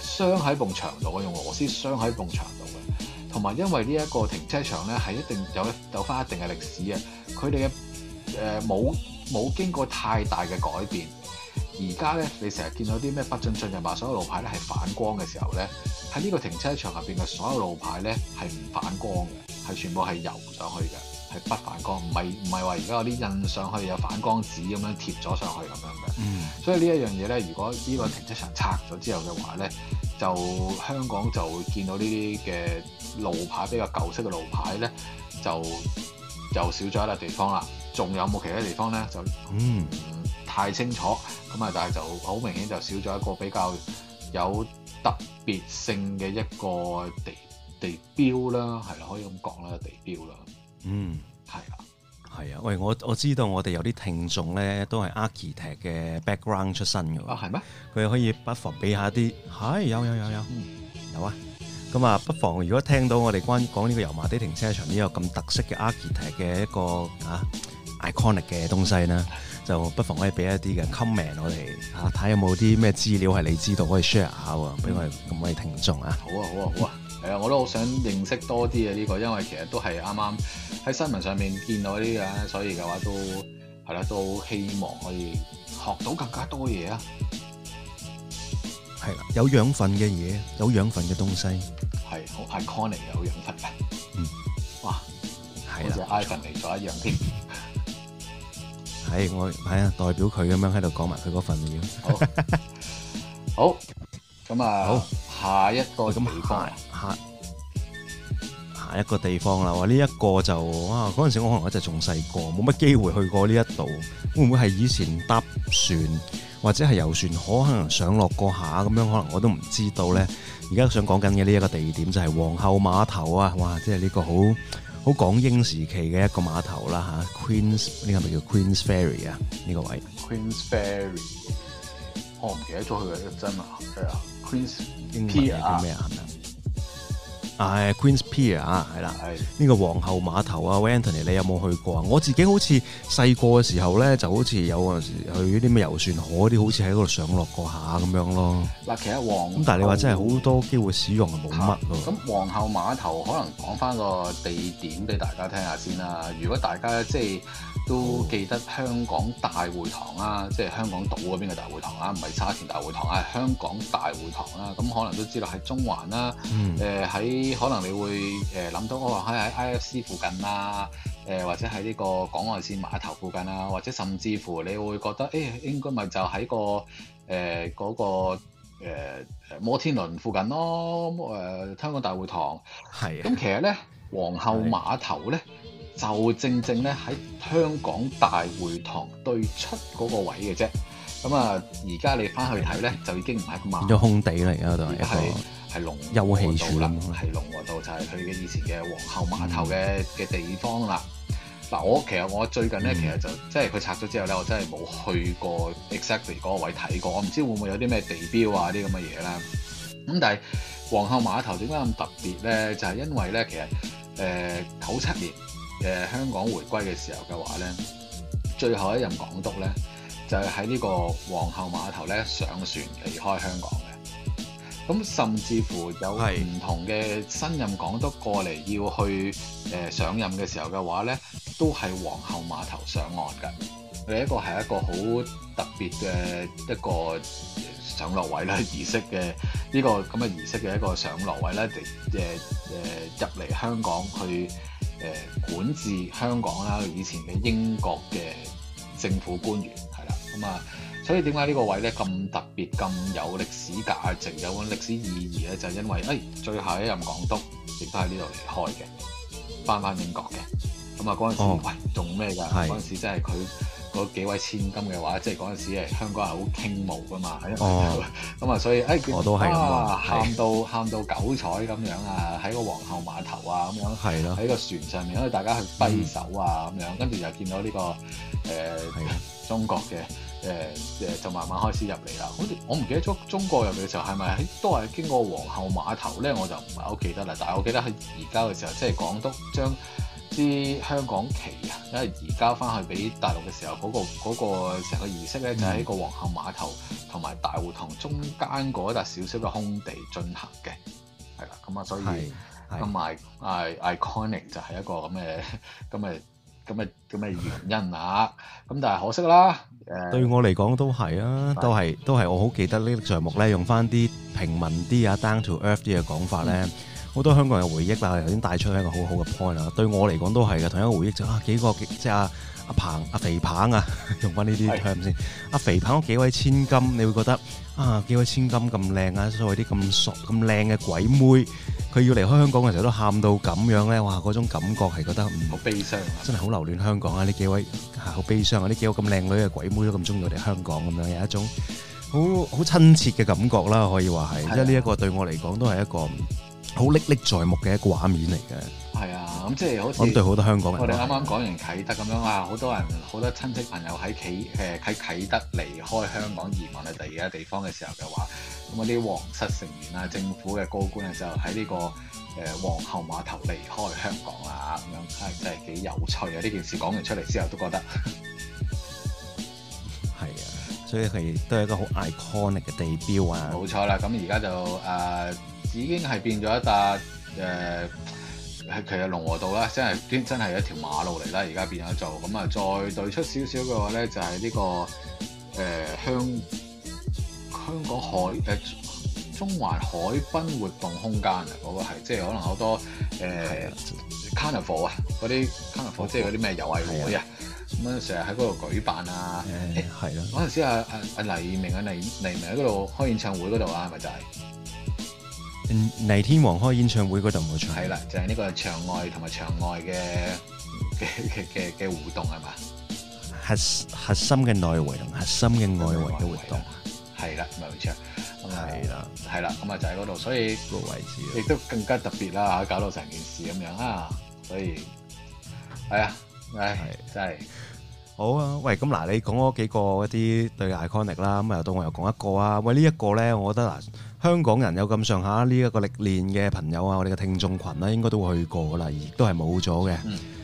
鑲喺埲牆度用螺絲鑲喺埲牆度嘅。同埋因為呢一個停車場咧係一定有有返一定嘅歷史啊，佢哋嘅誒冇冇經過太大嘅改變。而家咧，你成日見到啲咩不進進入埋所有路牌咧，係反光嘅時候咧，喺呢個停車場入邊嘅所有路牌咧係唔反光嘅，係全部係油上去嘅，係不反光，唔係唔係話而家有啲印上去有反光紙咁樣貼咗上去咁樣嘅。嗯。所以呢一樣嘢咧，如果呢個停車場拆咗之後嘅話咧，就香港就會見到呢啲嘅路牌比較舊式嘅路牌咧，就又少咗一笪地方啦。仲有冇其他地方咧？就嗯。太清楚咁啊！但係就好明顯就少咗一個比較有特別性嘅一個地地標啦，係啦，可以咁講啦，地標啦。嗯，係啊，係啊。喂，我我知道我哋有啲聽眾咧都係 architect 嘅 background 出身㗎喎。啊，係咩？佢可以不妨俾下啲係有有有有，有啊。咁啊，不妨如果聽到我哋關講呢個油麻地停車場呢個咁特色嘅 architect 嘅一個啊 iconic 嘅東西咧。就不妨可以俾一啲嘅 comment 我哋嚇，睇有冇啲咩資料係你知道可以 share 下喎，俾我哋咁多位聽眾啊！好啊，好啊，好啊！係、嗯、啊，我都好想認識多啲嘅呢個，因為其實都係啱啱喺新聞上面見到啲個，所以嘅話都係啦，都希望可以學到更加多嘢啊！係啦，有養分嘅嘢，有養分嘅東西係好 iconic 有養分嘅，嗯，哇，我只 iPhone 嚟咗一樣添。嗯 係，我係啊，代表佢咁樣喺度講埋佢嗰份嘢。好， 好，咁啊，好下一個咁下下下一個地方啦。哇，呢一個就哇，嗰陣時我可能我就仲細個，冇乜機會去過呢一度。會唔會係以前搭船或者係遊船，可能上落過一下咁樣？可能我都唔知道咧。而家想講緊嘅呢一個地點就係皇后碼頭啊！哇，即係呢個好。好港英時期嘅一個碼頭啦，吓、啊、Queens，呢個係咪叫 Queens Ferry 啊？呢、這個位，Queens Ferry，我、哦、唔記得咗佢嘅出身啊。Queens，英文，叫咩啊？係咪啊？啊，Queen's Pier 啊，係啦，呢、這個皇后碼頭啊 Wenton 你有冇去過？我自己好似細個嘅時候咧，就好似有嗰陣時去啲咩遊船河啲，好似喺嗰度上落過下咁樣咯。嗱，其實皇后咁，但你話真係好多機會使用係冇乜咯。咁、啊、皇后碼頭可能講翻個地點俾大家聽下先啦。如果大家即係。都記得香港大會堂啊，嗯、即係香港島嗰邊嘅大會堂啊，唔係沙田大會堂啊，係香港大會堂啦、啊。咁可能都知道喺中環啦、啊，誒、嗯、喺、呃、可能你會誒諗到，我、哦、能喺喺 IFC 附近啊，誒、呃、或者喺呢個港外線碼頭附近啊，或者甚至乎你會覺得，誒、哎、應該咪就喺個誒嗰、呃那個誒、呃、摩天輪附近咯，誒、呃、香港大會堂。係。咁其實呢，皇后碼頭呢。就正正咧喺香港大會堂對出嗰個位嘅啫，咁啊而家你翻去睇咧就已經唔係咗空地嚟啦，都係一個係龍和道啦，係龍和道就係佢嘅以前嘅皇后碼頭嘅嘅、嗯、地方啦。嗱，我其實我最近咧其實就、嗯、即係佢拆咗之後咧，我真係冇去過 exactly 嗰個位睇過，我唔知會唔會有啲咩地標啊啲咁嘅嘢啦。咁但係皇后碼頭點解咁特別咧？就係、是、因為咧其實誒九七年。誒、呃、香港回歸嘅時候嘅話咧，最後一任港督咧就係喺呢個皇后碼頭咧上船離開香港嘅。咁甚至乎有唔同嘅新任港督過嚟要去誒、呃、上任嘅時候嘅話咧，都係皇后碼頭上岸嘅。佢一個係一個好特別嘅一個上落位咧儀式嘅呢、這個咁嘅儀式嘅一個上落位咧，誒、呃、誒、呃、入嚟香港去。誒管治香港啦，以前嘅英國嘅政府官員係啦，咁啊，所以點解呢個位咧咁特別、咁有歷史價值、有歷史意義咧？就係、是、因為誒、哎、最後一任港督亦都喺呢度離開嘅，翻返英國嘅，咁啊嗰陣時候、哦，喂，做咩㗎？嗰陣時真係佢。嗰幾位千金嘅話，即係嗰陣時係香港人好傾慕噶嘛，喺、哦、度，咁、 哎、啊，所以我誒，哇，喊到喊到九彩咁樣啊，喺個皇后碼頭啊咁樣，喺個船上面，所以大家去揮手啊咁樣，跟、嗯、住又見到呢、這個誒、呃、中國嘅誒誒，就慢慢開始入嚟啦。好似我唔記得咗中國入嚟嘅時候係咪都係經過皇后碼頭咧，我就唔係好記得啦。但係我記得喺而家嘅時候，即係港督將。啲香港旗啊，因為移交翻去俾大陸嘅時候，嗰個嗰個成個儀式咧，就喺個皇后碼頭同埋大會堂中間嗰笪小小嘅空地進行嘅，係啦，咁啊，所以同埋啊，iconic 就係一個咁嘅咁嘅咁嘅咁嘅原因啦。咁但係可惜啦，誒，對我嚟講都係啊，都係都係我好記得呢個序幕咧，用翻啲平民啲啊，down to earth 啲嘅講法咧。好多香港人嘅回憶啦，頭先帶出一個好好嘅 point 啦。對我嚟講都係嘅，同一個回憶就啊幾個，即係阿阿鵬阿肥鵬啊，用翻呢啲係唔係先？阿肥鵬嗰幾位千金，你會覺得啊幾位千金咁靚啊，所謂啲咁熟咁靚嘅鬼妹，佢要離開香港嘅時候都喊到咁樣咧，哇！嗰種感覺係覺得唔好悲傷，真係好留戀香港啊！呢幾位好悲傷啊！呢幾個咁靚女嘅鬼妹都咁中意我哋香港咁樣，有一種好好親切嘅感覺啦，可以話係，即係呢一個對我嚟講都係一個。好歷歷在目嘅一個畫面嚟嘅，係啊，咁即係好似對好多香港人，我哋啱啱講完啟德咁樣 啊，好多人好多親戚朋友喺啟誒喺啟德離開香港移民嘅第二個地方嘅時候嘅話，咁啲皇室成員啊、政府嘅高官啊就喺呢個誒、呃、皇后碼頭離開香港啊，咁樣係、啊、真係幾有趣啊！呢件事講完出嚟之後都覺得係 啊，所以係都係一個好 iconic 嘅地標啊，冇錯啦。咁而家就、呃已經係變咗一笪、呃、其實龍和道真係真真係一條馬路嚟啦。而家變咗做咁啊、嗯，再對出少少嘅話咧，就係、是、呢、這個香、呃、香港海中環海濱活動空間嗰、那個係，即係可能好多誒 carnival 啊嗰啲 carnival，即係嗰啲咩遊藝會、嗯、在那裏啊，咁啊成日喺嗰度舉辦啊，誒係啦。嗰時啊黎明啊黎黎明喺嗰度開演唱會嗰度啊，係咪就係。黎天王開演唱會嗰度冇錯，係啦，就係呢個場外同埋場外嘅嘅嘅嘅互動係嘛？核核心嘅內圍同核心嘅外圍嘅活動，係啦，冇錯，係啦，係啦，咁啊就喺嗰度，所以個位置亦都更加特別啦吓，搞到成件事咁樣啊，所以係啊，係真係好啊！喂，咁嗱，你講咗幾個一啲對 iconic 啦，咁啊到我又講一個啊，喂，呢一個咧，我覺得嗱。香港人有咁上下呢一個歷練嘅朋友啊，我哋嘅聽眾群咧，應該都去過啦，亦都係冇咗嘅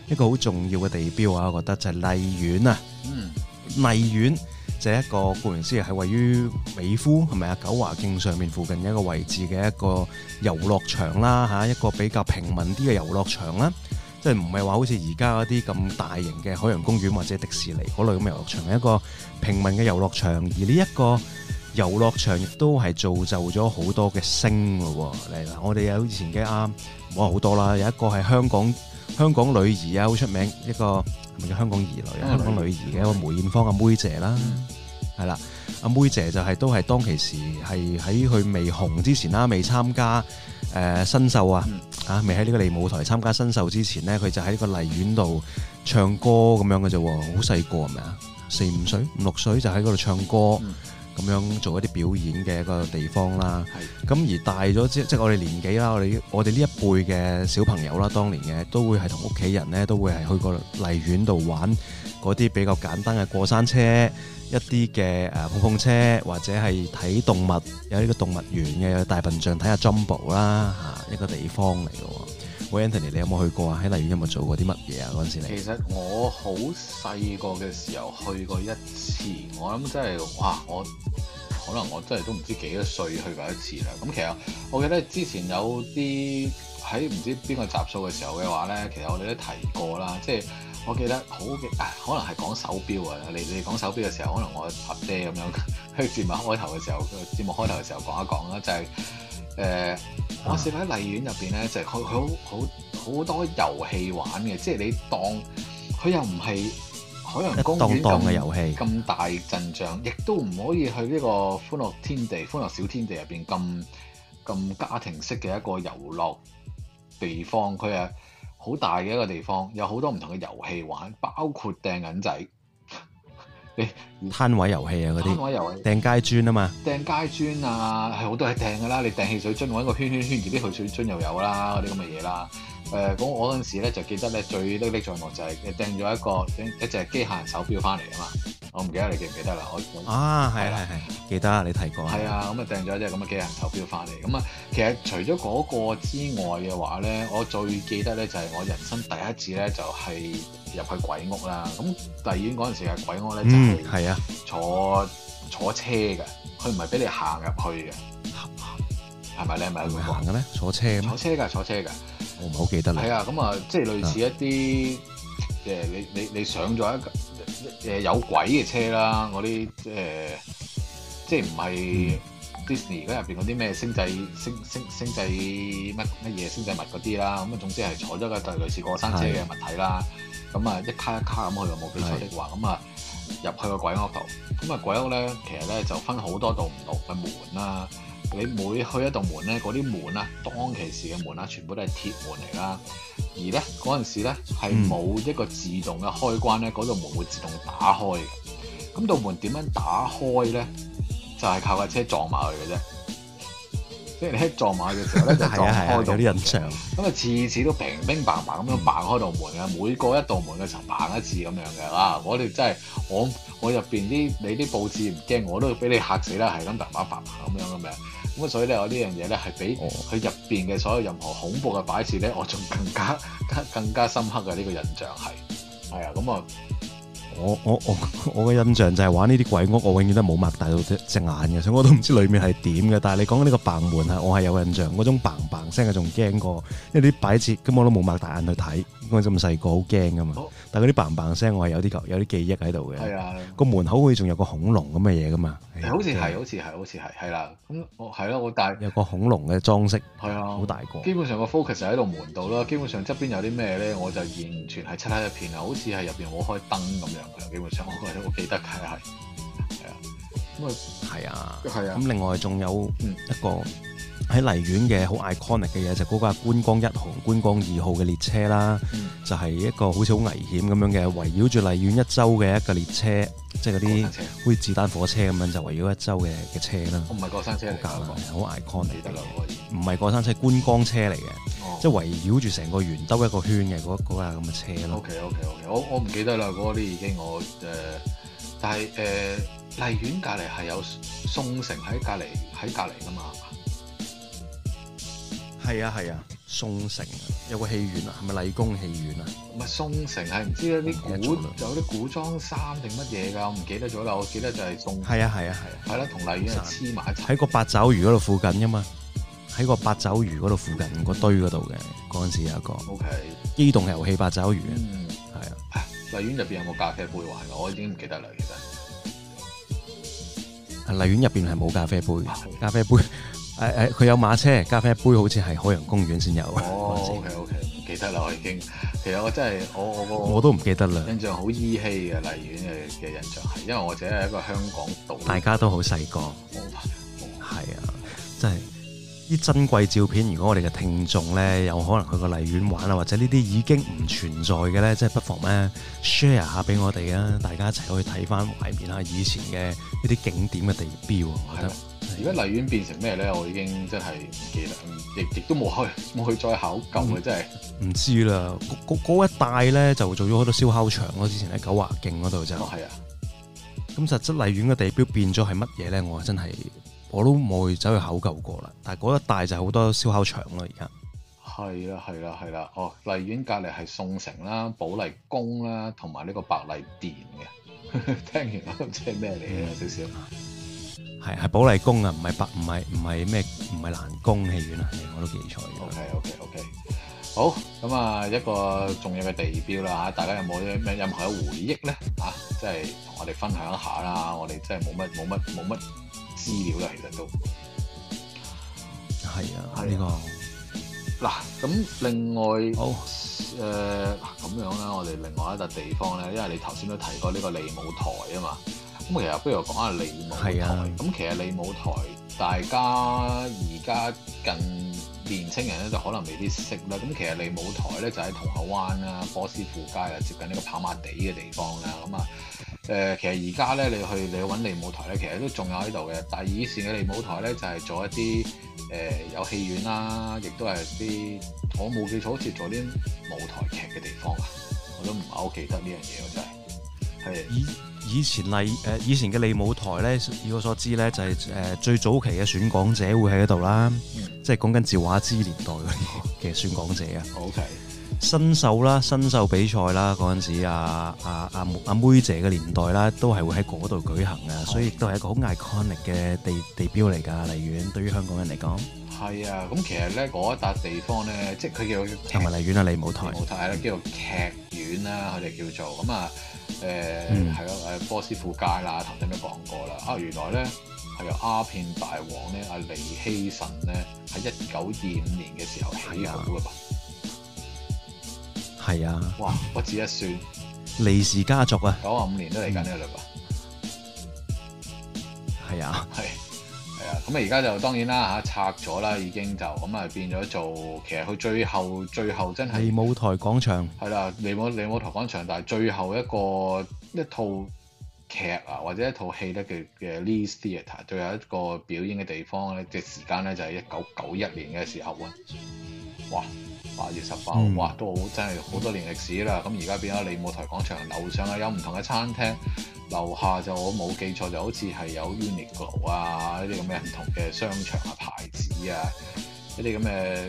一個好重要嘅地標啊，我覺得就係荔園啊。嗯，荔園就係一個顧名思義係位於美孚，係咪啊，九華徑上面附近嘅一個位置嘅一個遊樂場啦，吓，一個比較平民啲嘅遊樂場啦，即係唔係話好似而家嗰啲咁大型嘅海洋公園或者迪士尼嗰類咁嘅遊樂場，一個平民嘅遊樂場，而呢、這、一個遊樂場亦都係造就咗好多嘅星咯。嚟嗱，我哋有以前嘅啱，冇話好多啦。有一個係香港香港女兒啊，好出名一個叫香港兒女、香港女兒嘅、嗯嗯、梅艷芳阿妹姐啦，係、嗯、啦。阿妹姐就係、是、都係當其時係喺佢未紅之前啦，未參加誒、呃、新秀啊，嗯、啊未喺呢個利舞台參加新秀之前呢，佢就喺呢個荔園度唱歌咁樣嘅啫，好細個係咪啊？四五歲、五六歲就喺嗰度唱歌。咁樣做一啲表演嘅一個地方啦，咁而大咗即即係我哋年紀啦，我哋我哋呢一輩嘅小朋友啦，當年嘅都會係同屋企人咧，都會係去個荔園度玩嗰啲比較簡單嘅過山車，一啲嘅誒碰碰車，或者係睇動物，有呢個動物園嘅大笨象睇下 Jumbo 啦，Jumbo，一個地方嚟㗎喎。Anthony, 你有冇去過啊？喺荔園有冇做過啲乜嘢啊？嗰陣時你？其實我好細個嘅時候去過一次，我諗真係哇，我可能我真係都唔知幾多歲去過一次啦。咁其實我記得之前有啲喺唔知邊個集數嘅時候嘅話咧，其實我哋都提過啦。即係我記得好，誒、啊，可能係講手錶啊。你你講手錶嘅時候，可能我拍爹咁樣。去節目開頭嘅時候，節目開頭嘅時候講一講啦，就係、是。誒、呃，我成日喺荔園入邊咧，就佢佢好好好多遊戲玩嘅，即係你當佢又唔係海洋公園咁嘅遊戲，咁大陣仗，亦都唔可以去呢個歡樂天地、歡樂小天地入邊咁咁家庭式嘅一個遊樂地方。佢係好大嘅一個地方，有好多唔同嘅遊戲玩，包括掟銀仔。攤位遊戲啊嗰啲，掟、啊、街磚啊嘛，掟街磚啊係好多係掟噶啦，你掟汽水樽揾個圈圈圈，而啲汽水樽又有啦，啲咁嘅嘢啦。誒，咁我嗰陣時咧就記得咧最歷歷在目就係訂咗一個一隻機械人手錶翻嚟啊嘛，我唔記得你記唔記得啦，我我啊，係係係，記得，滴滴記得，記記得啊記得，你提過係啊，咁啊訂咗隻咁嘅機械人手錶翻嚟，咁、嗯、啊，其實除咗嗰個之外嘅話咧，我最記得咧就係、是、我人生第一次咧就係、是、入去鬼屋啦，咁第二段嗰陣時係鬼屋咧、就是，嗯，係啊，坐坐車嘅，佢唔係俾你行入去嘅，係咪咧？唔係行嘅咩？坐車嘅、啊，坐車嘅，坐車嘅。我唔係好記得啦。係啊，咁啊，即係類似一啲、啊，你你你上咗一個，個有鬼嘅車啦，啲、呃，即係即係唔係迪士尼嗰入面嗰啲咩星際星星星際乜乜嘢星際物嗰啲啦，咁啊總之係坐咗個就類似過山車嘅物體啦，咁啊一卡一卡咁去又冇比出的話，咁啊入去個鬼屋度，咁啊鬼屋咧其實咧就分好多道唔同嘅門啦。你每去一道門咧，嗰啲門啊，當其時嘅門啊，全部都係鐵門嚟啦。而咧嗰陣時咧，係冇一個自動嘅開關咧，嗰、嗯、度門會自動打開嘅。咁度門點樣打開咧？就係、是、靠架車撞埋去嘅啫。即係你一撞埋嘅時候咧， 就撞開到。啲印象。咁啊，次次都平平白白咁樣掹開度門嘅、嗯，每過一道門嘅時候掹一次咁樣嘅。啊，我哋真係我我入邊啲你啲報紙唔驚，我都會俾你嚇死啦，係咁白麻白咁樣。咁所以咧，我呢樣嘢咧，係比佢入邊嘅所有任何恐怖嘅擺設咧，我仲更加、更加深刻嘅呢個印象係，係啊，咁啊，我我我我嘅印象就係玩呢啲鬼屋，我永遠都冇擘大到隻眼嘅，所以我都唔知裏面係點嘅。但係你講緊呢個嘭門係，我係有印象嗰種嘭嘭聲嘅，仲驚過，因為啲擺設根本都冇擘大眼去睇。我咁細個好驚噶嘛，哦、但係嗰啲 bang bang 聲我係有啲有啲記憶喺度嘅。係啊，個門口好似仲有一個恐龍咁嘅嘢噶嘛。好似係，好似係、就是，好似係，係啦。咁我係咯，我但、啊、有個恐龍嘅裝飾，係啊，好大個。基本上 focus 在這個 focus 就喺度門度啦，基本上側邊有啲咩咧，我就完全係側喺入邊啊，好似係入邊我開燈咁樣嘅，基本上我覺得我記得嘅係。係啊，咁啊係啊，係啊。咁、啊啊啊、另外仲有一個。嗯喺荔園嘅好 iconic 嘅嘢就嗰、是、架觀光一號、觀光二號嘅列車啦、嗯，就係、是、一個好似好危險咁樣嘅圍繞住荔園一周嘅一個列車，即係嗰啲好似子彈火車咁樣就圍繞一周嘅嘅車啦。我唔係過山車，好 iconic 得唔係過山車，係觀光車嚟嘅,即、哦、係、就是、圍繞住成個園兜一個圈嘅嗰架咁嘅車咯、嗯。OK OK OK，我我唔記得啦，嗰啲已經我誒、呃，但係誒荔園隔離係有宋城喺隔離喺隔離噶嘛。係啊係啊，宋城有個戲院啊，係咪麗宮戲院啊？唔係宋城係唔知咧啲古有啲古裝衫定乜嘢噶，我唔記得咗啦。我記得就係宋城。係啊係啊係啊，係啦，同荔園黐埋一齊。喺個八爪魚嗰度附近噶嘛，喺個八爪魚嗰度附近個堆嗰度嘅嗰陣時有一個。O K。機動遊戲八爪魚啊，係啊。荔園入邊有冇咖啡杯玩噶？我已經唔記得啦，其實。荔園入邊係冇咖啡杯嘅，咖啡杯。誒、哎、誒，佢有馬車，咖啡杯，杯好似係海洋公園先有。哦，OK OK，唔記得了我已經，其實我真係，我我我我都唔記得啦，印象好依稀嘅荔園嘅嘅印象係，因為我只係一個香港導。大家都好細個，係、哦哦、啊，真係。啲珍貴照片，如果我哋嘅聽眾咧，有可能去個荔園玩啊，或者呢啲已經唔存在嘅咧，即係不妨咧 share 下俾我哋啊！大家一齊去睇翻畫面啦，以前嘅一啲景點嘅地標，我覺得而家荔園變成咩咧？我已經真係唔記得，亦亦都冇去冇去再考究啊、嗯，真係唔知啦。嗰一帶咧就做咗好多燒烤場咯。之前喺九華徑嗰度就咁，哦、實質荔園嘅地標變咗係乜嘢咧？我真係～我都唔會走去考究過啦，但係嗰一帶就係好多燒烤場咯，而家。係啦，係啦，係啦，哦，荔園隔離係宋城啦、保麗宮啦，同埋呢個白麗殿嘅，聽完即係咩嚟啊？少少。係、嗯、係保麗宮啊，唔係白唔係唔係咩唔係蘭宮戲院啊？我都記錯 OK OK OK，好咁啊，一個重要嘅地標啦嚇，大家有冇啲咩任何嘅回憶咧？嚇、啊，即係同我哋分享一下啦，我哋真係冇乜冇乜冇乜。資料嘅其實都係啊，呢、啊這個嗱咁、啊、另外好誒咁樣啦，我哋另外一笪地方咧，因為你頭先都提過呢個利舞台啊嘛，咁其實不如講下利舞台。咁、啊、其實利舞台大家而家近年青人咧就可能未必識啦，咁其實利舞台咧就喺銅鑼灣啦，波斯富街啊，接近呢個跑馬地嘅地方啦，咁啊。誒、呃，其實而家咧，你去你去揾利舞台咧，其實都仲有喺度嘅。但係以前嘅利舞台咧，就係、是、做一啲誒、呃、有戲院啦、啊，亦都係啲我冇記錯，好似做啲舞台劇嘅地方啊，我都唔係好記得呢樣嘢，真係係以以前利誒以前嘅利舞台咧，以我所知咧，就係、是、誒最早期嘅選港姐會喺嗰度啦，即係講緊趙雅芝年代嘅嘢、哦，其實選港姐、okay. 新秀啦，新秀比賽啦，嗰陣時阿阿阿妹姐嘅年代啦，都係會喺嗰度舉行嘅、哦，所以都係一個好 iconic 嘅地地標嚟㗎。利園對於香港人嚟講，係啊，咁其實咧嗰一笪地方咧，即係佢叫同埋利園啊，利舞臺舞台啦，叫做劇院啦、啊，佢哋叫做咁啊，誒係咯，誒、嗯啊、波斯富街啦、啊，頭先都講過啦，啊原來咧係有鴉片大王咧阿利希慎咧喺一九二五年嘅時候起好係啊！哇！屈指一算，利氏家族啊，九啊五年都嚟緊呢個樓啊！係啊，係係啊！咁啊，而家就當然啦吓，拆咗啦，已經就咁啊，變咗做，其實佢最後最後真係。利舞台廣場係啦，利利舞台廣場，但係最後一個一套劇啊，或者一套戲咧嘅嘅 Lee Theatre 最後一個表演嘅地方咧，即係時間咧就係一九九一年嘅時候啊！哇！八月十八號，哇，都好真係好多年歷史啦。咁而家變咗利舞臺廣場，樓上有唔同嘅餐廳，樓下就我冇記錯，就好似係有 Uniqlo 啊，一啲咁嘅唔同嘅商場啊，牌子啊，一啲咁嘅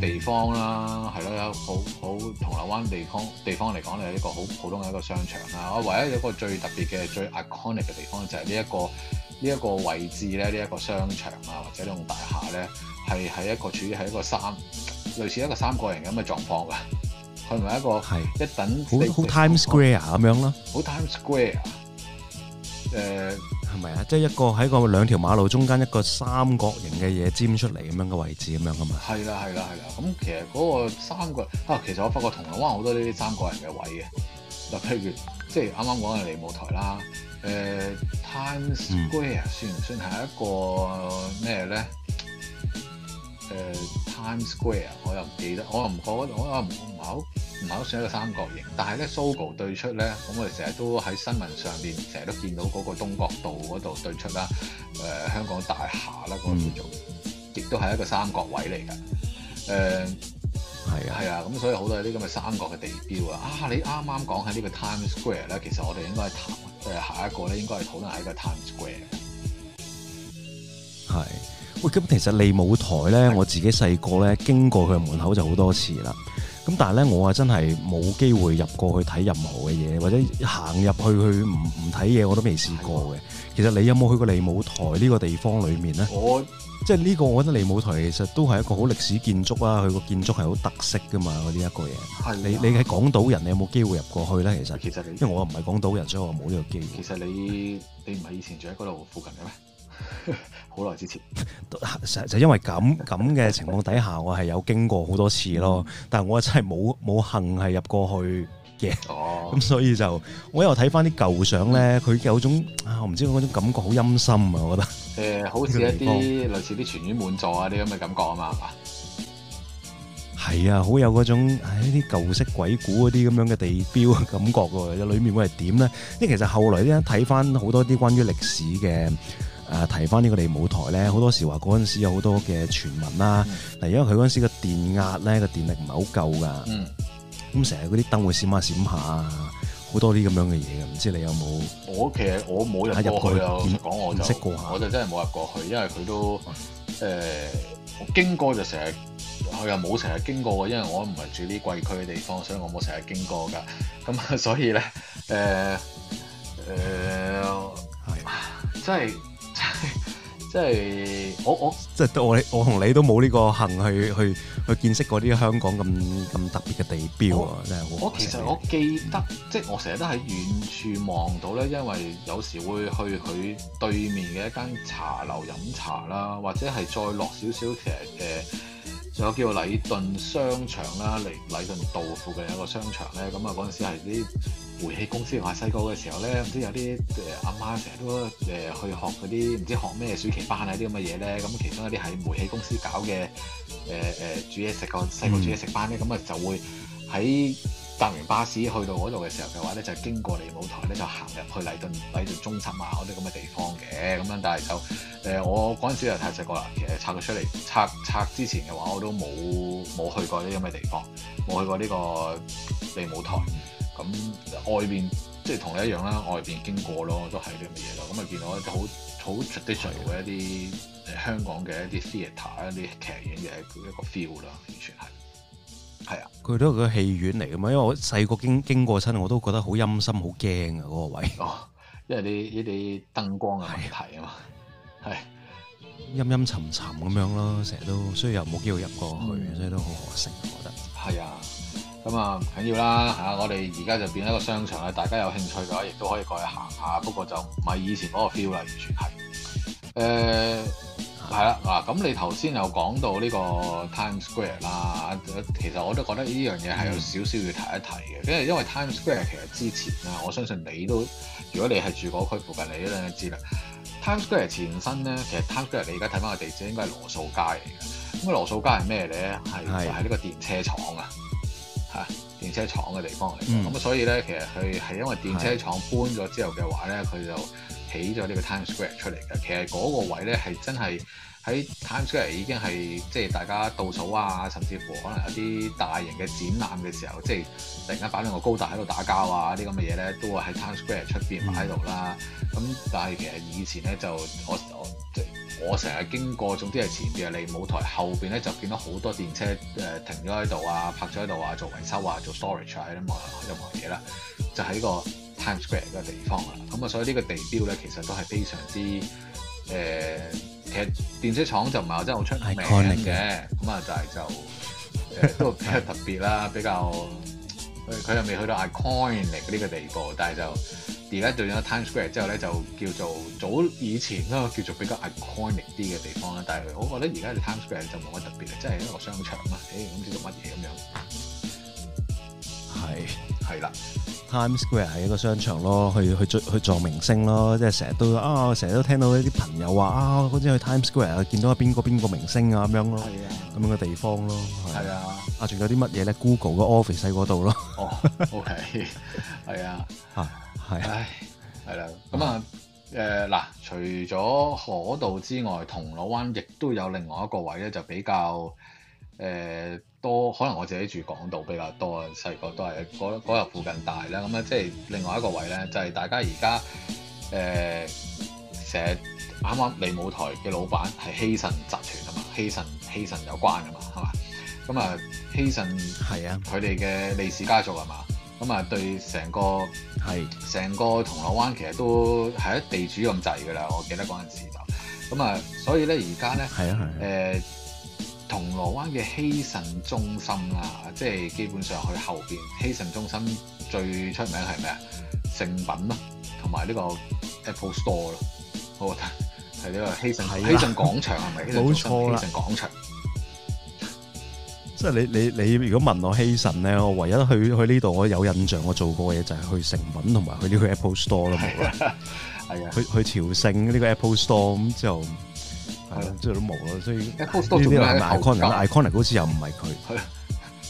地方啦，啊，係咯，好好銅鑼灣地方地方嚟講，係一個好普通嘅一個商場啦，啊。我唯一一個最特別嘅、最 iconic 嘅地方就係呢一個呢一、個位置咧，呢一個商場啊，或者呢棟大廈咧，係喺一個處於喺一個山。類似一個三角形咁嘅狀況嘅，係咪一個一等好好 Times Square 啊咁樣咯，好 Times Square 誒係咪啊？即、就、係、是、一個喺個兩條馬路中間一個三角形嘅嘢尖出嚟咁樣嘅位置咁樣啊嘛。係啦係啦係啦，咁、嗯、其實嗰個三角啊，其實我發覺銅鑼灣好多呢啲三角形嘅位嘅，嗱譬如即係啱啱講嘅利舞台啦，誒、呃、Times Square 算唔、嗯、算係一個咩咧？誒、uh, Times Square，我又唔記得，我又唔，我不我又唔係好，唔係好算一個三角形。但係咧，Sogo 對出咧，咁我哋成日都喺新聞上邊，成日都見到嗰個東角道嗰度對出啦，誒、uh, 香港大廈啦嗰、那個叫做，亦都係一個三角位嚟噶。誒，係啊，係啊，咁所以好多啲咁嘅三角嘅地標啊，啊，你啱啱講喺呢個 Times Square 咧，其實我哋應該係談，誒下一個咧應該係討論喺個 Times Square，係。喂，咁其實利舞台咧，我自己細個咧經過佢門口就好多次啦。咁但係咧，我啊真係冇機會入過去睇任何嘅嘢，或者行入去去唔唔睇嘢我都未試過嘅。其實你有冇去過利舞台呢個地方裏面咧？我即係呢個，我覺得利舞台其實都係一個好歷史建築啊。佢個建築係好特色噶嘛，嗰啲一個嘢。係。你你係港島人，你有冇機會入過去咧？其實，其實你因為我唔係港島人，所以我冇呢個機會。其實你你唔係以前住喺嗰度附近嘅咩？好 耐之前，就因為咁咁嘅情況底下，我係有經過好多次咯。但係我真係冇冇幸係入過去嘅，咁、哦嗯、所以就我又睇翻啲舊相咧，佢有種啊，我唔知嗰種感覺好陰森啊，我覺得。誒、欸，好似一啲、這個、類似啲全院滿座啊啲咁嘅感覺啊嘛，係啊，好有嗰種喺啲舊式鬼谷嗰啲咁樣嘅地標感覺噶，有裏面會係點咧？啲其實後來咧睇翻好多啲關於歷史嘅。誒提翻呢個利舞臺咧，好多時話嗰陣時有好多嘅傳聞啦。嗱、嗯，但因為佢嗰陣時個電壓咧，個電力唔係好夠噶，咁成日嗰啲燈會閃下閃下好多啲咁樣嘅嘢嘅，唔知你有冇？我其實我冇入過去，點講我，我就識過下，我就真係冇入過去，因為佢都、嗯呃、我經過就成日，佢又冇成日經過因為我唔係住啲貴區嘅地方，所以我冇成日經過噶。咁所以咧誒即係。呃呃即 係、就是、我我即係我我同你都冇呢個幸運去去去見識過啲香港咁咁特別嘅地標啊！我，真係好我其實我記得，嗯、即係我成日都喺遠處望到咧，因為有時會去佢對面嘅一間茶樓飲茶啦，或者係再落少少其實誒。仲有叫做禮頓商場啦，禮禮頓道附近有一個商場咧。咁啊，嗰陣時係啲煤氣公司，我係細個嘅時候咧，唔知有啲呃、阿媽成日都誒、呃、去學嗰啲唔知學咩暑期班啊啲咁嘅嘢咧。咁其中一啲喺煤氣公司搞嘅誒誒煮嘢食個細個煮嘢食班咧，咁、嗯、啊就會喺。搭完巴士去到嗰度嘅時候嘅話咧，就經過利舞臺咧，就行入去禮頓、禮頓中心啊嗰啲咁嘅地方嘅，咁樣。但係就誒，我嗰陣時就太細個啦，其實拆咗出嚟拆拆之前嘅話，我都冇冇去過呢啲咁嘅地方，冇去過呢個利舞臺。咁外邊即係同你一樣啦，外邊經過咯，都係啲咁嘅嘢咯。咁啊見到一啲好好 traditional 嘅一啲誒香港嘅一啲 theatre 一啲劇院嘅一個 feel 啦，完全係。係啊，佢都係個戲院嚟噶嘛，因為我細個經經過親，我都覺得好陰森，好驚啊嗰、那個位。哦，因為你你啲燈光嘅問題啊嘛，係陰陰沉沉咁樣咯，成日都，所以又冇機會入過去、嗯，所以都好可惜，我覺得。係啊，咁啊唔緊要啦吓，我哋而家就變一個商場啦，大家有興趣嘅話，亦都可以過去行下，不過就唔係以前嗰個 feel 啦，完全係。誒、呃。係啦，嗱，咁你頭先又講到呢個 Times Square 啦，其實我都覺得呢樣嘢係有少少要提一提嘅，因為因為 Times Square 其實之前咧，我相信你都，如果你係住嗰區附近，你一定都知啦。Times Square 前身咧，其實 Times Square 你而家睇翻個地址，應該係羅素街嚟嘅。咁羅素街係咩咧？係係呢個電車廠啊，係電車廠嘅地方嚟。咁啊，所以咧，其實佢係因為電車廠搬咗之後嘅話咧，佢就。起咗呢個 Times Square 出嚟嘅，其實嗰個位咧係真係。喺 Times Square 已經係即係大家倒數啊，甚至乎可能有啲大型嘅展覽嘅時候，即係突然間擺兩個高達喺度打交啊，啲咁嘅嘢咧，都會喺 Times Square 出邊擺喺度啦。咁、嗯、但係其實以前咧就我我即我成日經過，總之係前邊係舞台，後邊咧就見到好多電車誒、呃、停咗喺度啊，泊咗喺度啊，做維修啊，做 storage 啊，啲冇任何嘢啦，就喺個 Times Square 嘅地方啦。咁啊，所以呢個地標咧其實都係非常之～誒、欸、其實電車廠就唔係話真係好出名嘅，咁啊就係就，就都比較特別啦， 比較佢又未去到 iconic 呢個地步，但係就而家做咗 Times Square 之後咧，就叫做早以前都叫做比較 iconic 啲嘅地方啦。但係我覺得而家嘅 Times Square 就冇乜特別啦，即係一個商場啦，誒、欸、唔知做乜嘢咁樣。係。係啦，Times Square 係一個商場咯，去去追去撞明星咯，即係成日都啊，成日都聽到一啲朋友話啊，嗰次去 Times Square 啊，見到個邊個邊個明星啊咁樣咯，咁樣嘅地方咯，係啊，啊仲有啲乜嘢咧？Google 個 office 嗰度咯，哦，OK，係啊，係，係，係啦，咁啊，誒嗱，除咗河道之外，銅鑼灣亦都有另外一個位咧，就比較誒。多可能我自己住港島比較多啊，細個都係嗰日附近大啦，咁咧即係另外一個位咧就係、是、大家而家誒成日啱啱利舞台嘅老闆係希慎集團啊嘛，希慎希慎有關啊嘛，係嘛？咁啊希慎係啊，佢哋嘅利氏家族係嘛？咁啊是對成個係成、啊、個銅鑼灣其實都係喺地主咁滯噶啦，我記得嗰陣時就咁啊，所以咧而家咧係啊係誒、啊呃。銅鑼灣嘅希慎中心啊，即係基本上去後邊。希慎中心最出名係咩啊？誠品咯，同埋呢個 Apple Store 咯。好啊，係呢個希慎希慎廣場係咪？冇錯啦，希慎廣場。即係你你你，你你如果問我希慎咧，我唯一去去呢度，我有印象我做過嘅嘢就係去誠品同埋去呢個 Apple Store 咯。係啊，去去朝聖呢、呢個 Apple Store 咁就。係啦，之後都冇啦，所以 Apple Store iconic，iconic 好似又唔係佢，係咯，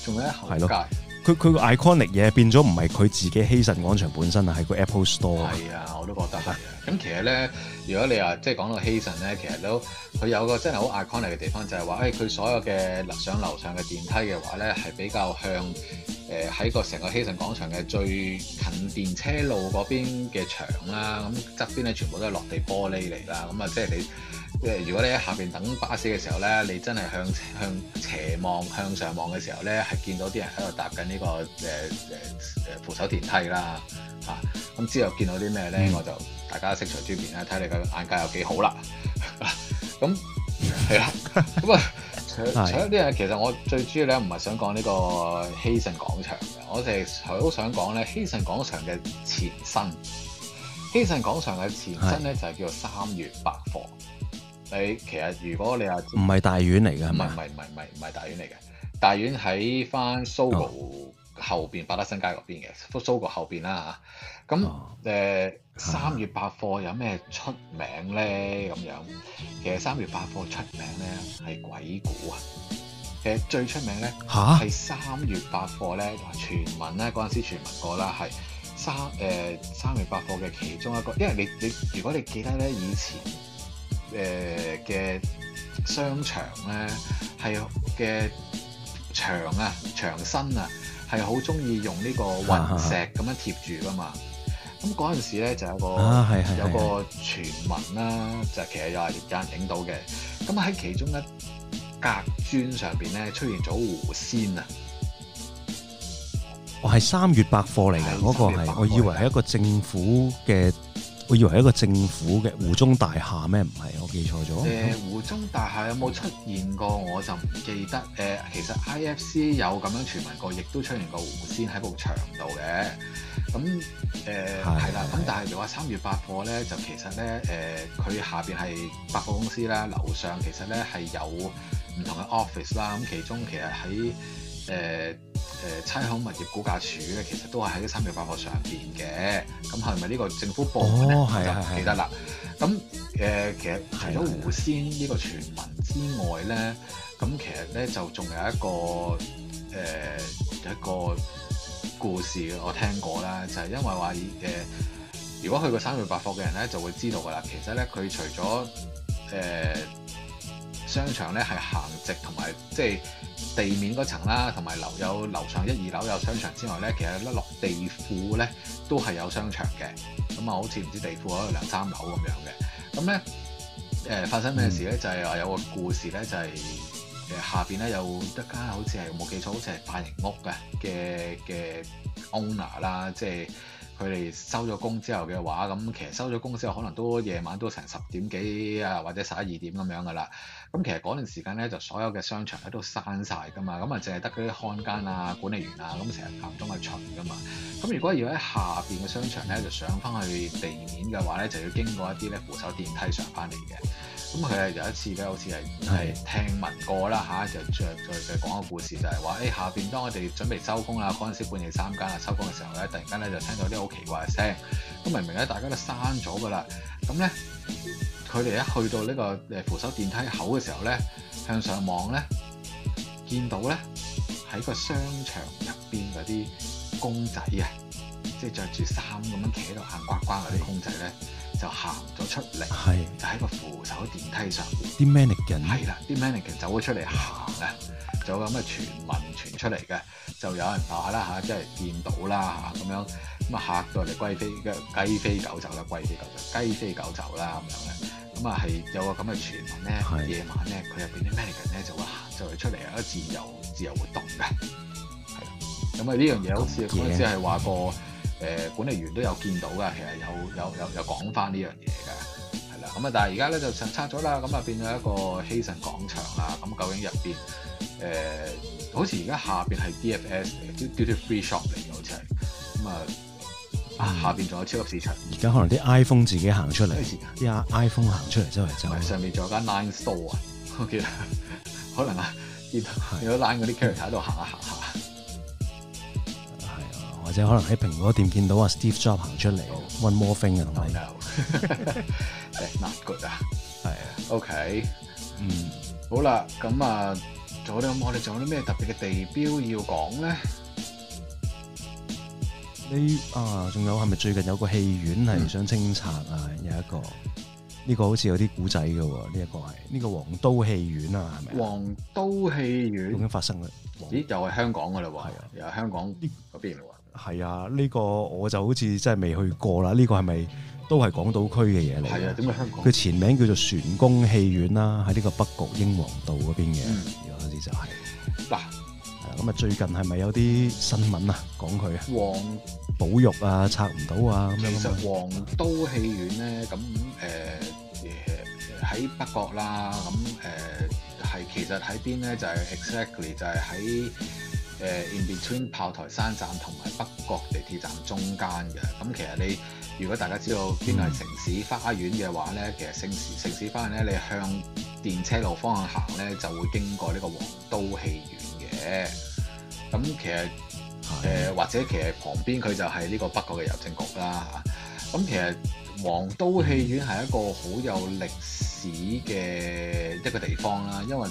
仲有係咯，佢佢個 iconic 嘢變咗唔係佢自己希慎廣場本身啊，係個 Apple Store 啊，係啊，我都覺得係。咁其實咧，如果你話即係講到希慎咧，其實都佢有一個真係好 iconic 嘅地方，就係話誒，佢所有嘅上樓上嘅電梯嘅話咧，係比較向誒喺、呃、個成個希慎廣場嘅最近電車路嗰邊嘅牆啦，咁側邊咧全部都係落地玻璃嚟啦，咁啊即係你。誒，如果你喺下邊等巴士嘅時候咧，你真係向向斜望向上望嘅時候咧，係見到啲人喺度搭緊呢個誒誒誒扶手電梯啦嚇。咁、啊嗯、之後見到啲咩咧？我就大家色彩珠辨啦，睇你個眼界有幾好、啊、啦。咁係啦，咁啊，除除咗啲嘢，其實我最主要咧唔係想講呢個希慎廣場嘅，我哋好想講咧希慎廣場嘅前身。希慎廣場嘅前身咧就係叫做三越百貨。你其實如果你話唔係大院嚟嘅，唔係唔係唔係唔係唔係大院嚟嘅，大院喺翻 SOGO 後邊、哦、百德新街嗰邊嘅，都 SOGO 後邊啦嚇。咁誒三越百貨有咩出名咧咁樣？其實三越百貨出名咧係鬼故啊。其實最出名咧嚇係三越百貨咧，傳聞咧嗰陣時傳聞過啦，係三誒三越百貨嘅其中一個，因為你你如果你記得咧以前。誒、呃、嘅商場咧，係嘅牆啊、牆身啊，係好中意用呢個雲石咁樣貼住噶嘛。咁嗰陣時咧，就有個、啊、有個傳聞啦、啊，就係、其實又係有人影到嘅。咁喺其中一格磚上邊咧，出現咗狐仙啊！我係三越百貨嚟嘅嗰個係，我以為係一個政府嘅。我以為一個政府嘅湖中大廈咩？唔係，我記錯咗。誒、呃、湖中大廈有冇出現過我就唔記得。誒、呃、其實 i f c 有咁樣傳聞過，亦都出現個狐仙喺部牆度嘅。咁誒係啦。咁、呃、但係又話三月百貨咧，就其實咧誒，佢下邊係百貨公司啦，樓上其實咧係有唔同嘅 office 啦。咁其中其實喺誒、呃、誒，差、呃、餉物業估價署其實都係喺三越百貨上邊嘅，咁係咪呢個政府部門咧？唔記得啦。咁誒、呃，其實除咗狐仙呢個傳聞之外咧，咁其實咧就仲有一個誒、呃、一個故事我聽過啦，就係、是、因為話誒、呃，如果去過三越百貨嘅人咧就會知道噶啦，其實咧佢除咗誒、呃、商場咧係行直同埋即係。地面嗰層啦，同埋樓有樓上一二樓有商場之外咧，其實一落地庫咧都係有商場嘅。咁啊，好似唔知地庫可能兩三樓咁樣嘅。咁咧誒發生咩事咧、嗯？就係、是、話有個故事咧，就係、是、誒下邊咧有一間好似係冇記錯，好似係髮型屋嘅嘅嘅 owner 啦，即係佢哋收咗工之後嘅話，咁其實收咗工之後可能都夜晚都成十點幾啊，或者十一二點咁樣噶啦。咁其實嗰段時間咧，就所有嘅商場咧都閂晒噶嘛，咁啊淨係得嗰啲看更啊、管理員啊，咁成日行中係巡噶嘛。咁如果要喺下邊嘅商場咧，就上翻去地面嘅話咧，就要經過一啲咧扶手電梯上翻嚟嘅。咁佢係有一次咧，好似係係聽聞過啦吓、啊，就着再再講個故事就係話，誒、欸、下邊當我哋準備收工啊嗰陣時半夜三更啊收工嘅時候咧，突然間咧就聽到啲好奇怪嘅聲音，咁明明咧大家都閂咗噶啦，咁咧。佢哋一去到呢個誒扶手電梯口嘅時候咧，向上望咧，見到咧喺個商場入邊嗰啲公仔啊，即係著住衫咁樣企喺度行呱呱嗰啲公仔咧，就行咗出嚟，就喺個扶手電梯上，啲 mannequin 係啦，啲 mannequin 走咗出嚟行啊。嗯。就咁嘅傳聞傳出嚟嘅，就有人打啦、啊、即係見到啦嚇咁樣咁啊，嚇到人哋貴飛嘅雞飛狗走啦，貴妃狗走雞飛狗走啦咁樣咧，咁啊係、啊、有個咁嘅傳聞咧，的他的夜晚咧佢入邊啲 manager 咧就話就出嚟啊，自由自由活動嘅係啦。咁啊呢樣嘢好似嗰陣時係話個、呃、管理員都有見到嘅，其實有有有有講翻、啊、呢樣嘢嘅係啦。咁啊但係而家咧就拆咗啦，咁啊變咗一個希慎廣場啦。咁、啊啊、究竟入邊？誒、呃，好似而家下邊係 D F S duty free shop 嚟嘅，好似係咁啊。啊，下邊仲有超級市場。而、嗯、家可能啲 iPhone 自己行出嚟，啲 iPhone 行出嚟周圍走。上面仲有一間 Line Store 啊。我見可能啊，見到，到 Line 嗰啲 character 喺度行下行下。係啊，或者可能喺蘋果店見到啊 Steve Jobs 行出嚟、哦、One More Thing 啊，同埋。 not good 啊，係啊，OK，嗯，好啦，咁啊。嗯、我哋仲有啲咩特別嘅地標要講咧？呢？啊，仲有係咪最近有個戲院係想清拆啊？嗯、有一個呢、呢個好似有啲古仔嘅喎，呢、呢、一個係呢、呢個係皇都戲院啊，係咪？皇都戲院，已經發生咗？咦，又係香港嘅嘞喎，又係香港嗰邊喎？係啊，呢、呢個我就好似真係未去過啦。呢、呢個係咪？都係港島區嘅嘢嚟，係啊，點解香港？佢前名叫做璇宮戲院啦，喺呢個北角英皇道嗰邊嘅，嗰、嗯、啲就係、是、嗱，咁啊，啊最近係咪有啲新聞啊，講佢啊？皇都保育啊拆唔到啊，咁其實皇都戲院咧，咁誒喺北角啦，咁誒係其實喺邊咧？就係、是、exactly 就係喺誒 in between 炮台山站同埋北角地鐵站中間嘅，咁其實你。如果大家知道邊度係城市花園嘅話咧、嗯，其實城市城市花園咧，你向電車路方向行咧，就會經過呢個皇都戲院嘅。咁其實誒、呃，或者其實旁邊佢就係呢個北角嘅郵政局啦。咁其實。皇都戲院係一個好有歷史嘅一個地方啦，因為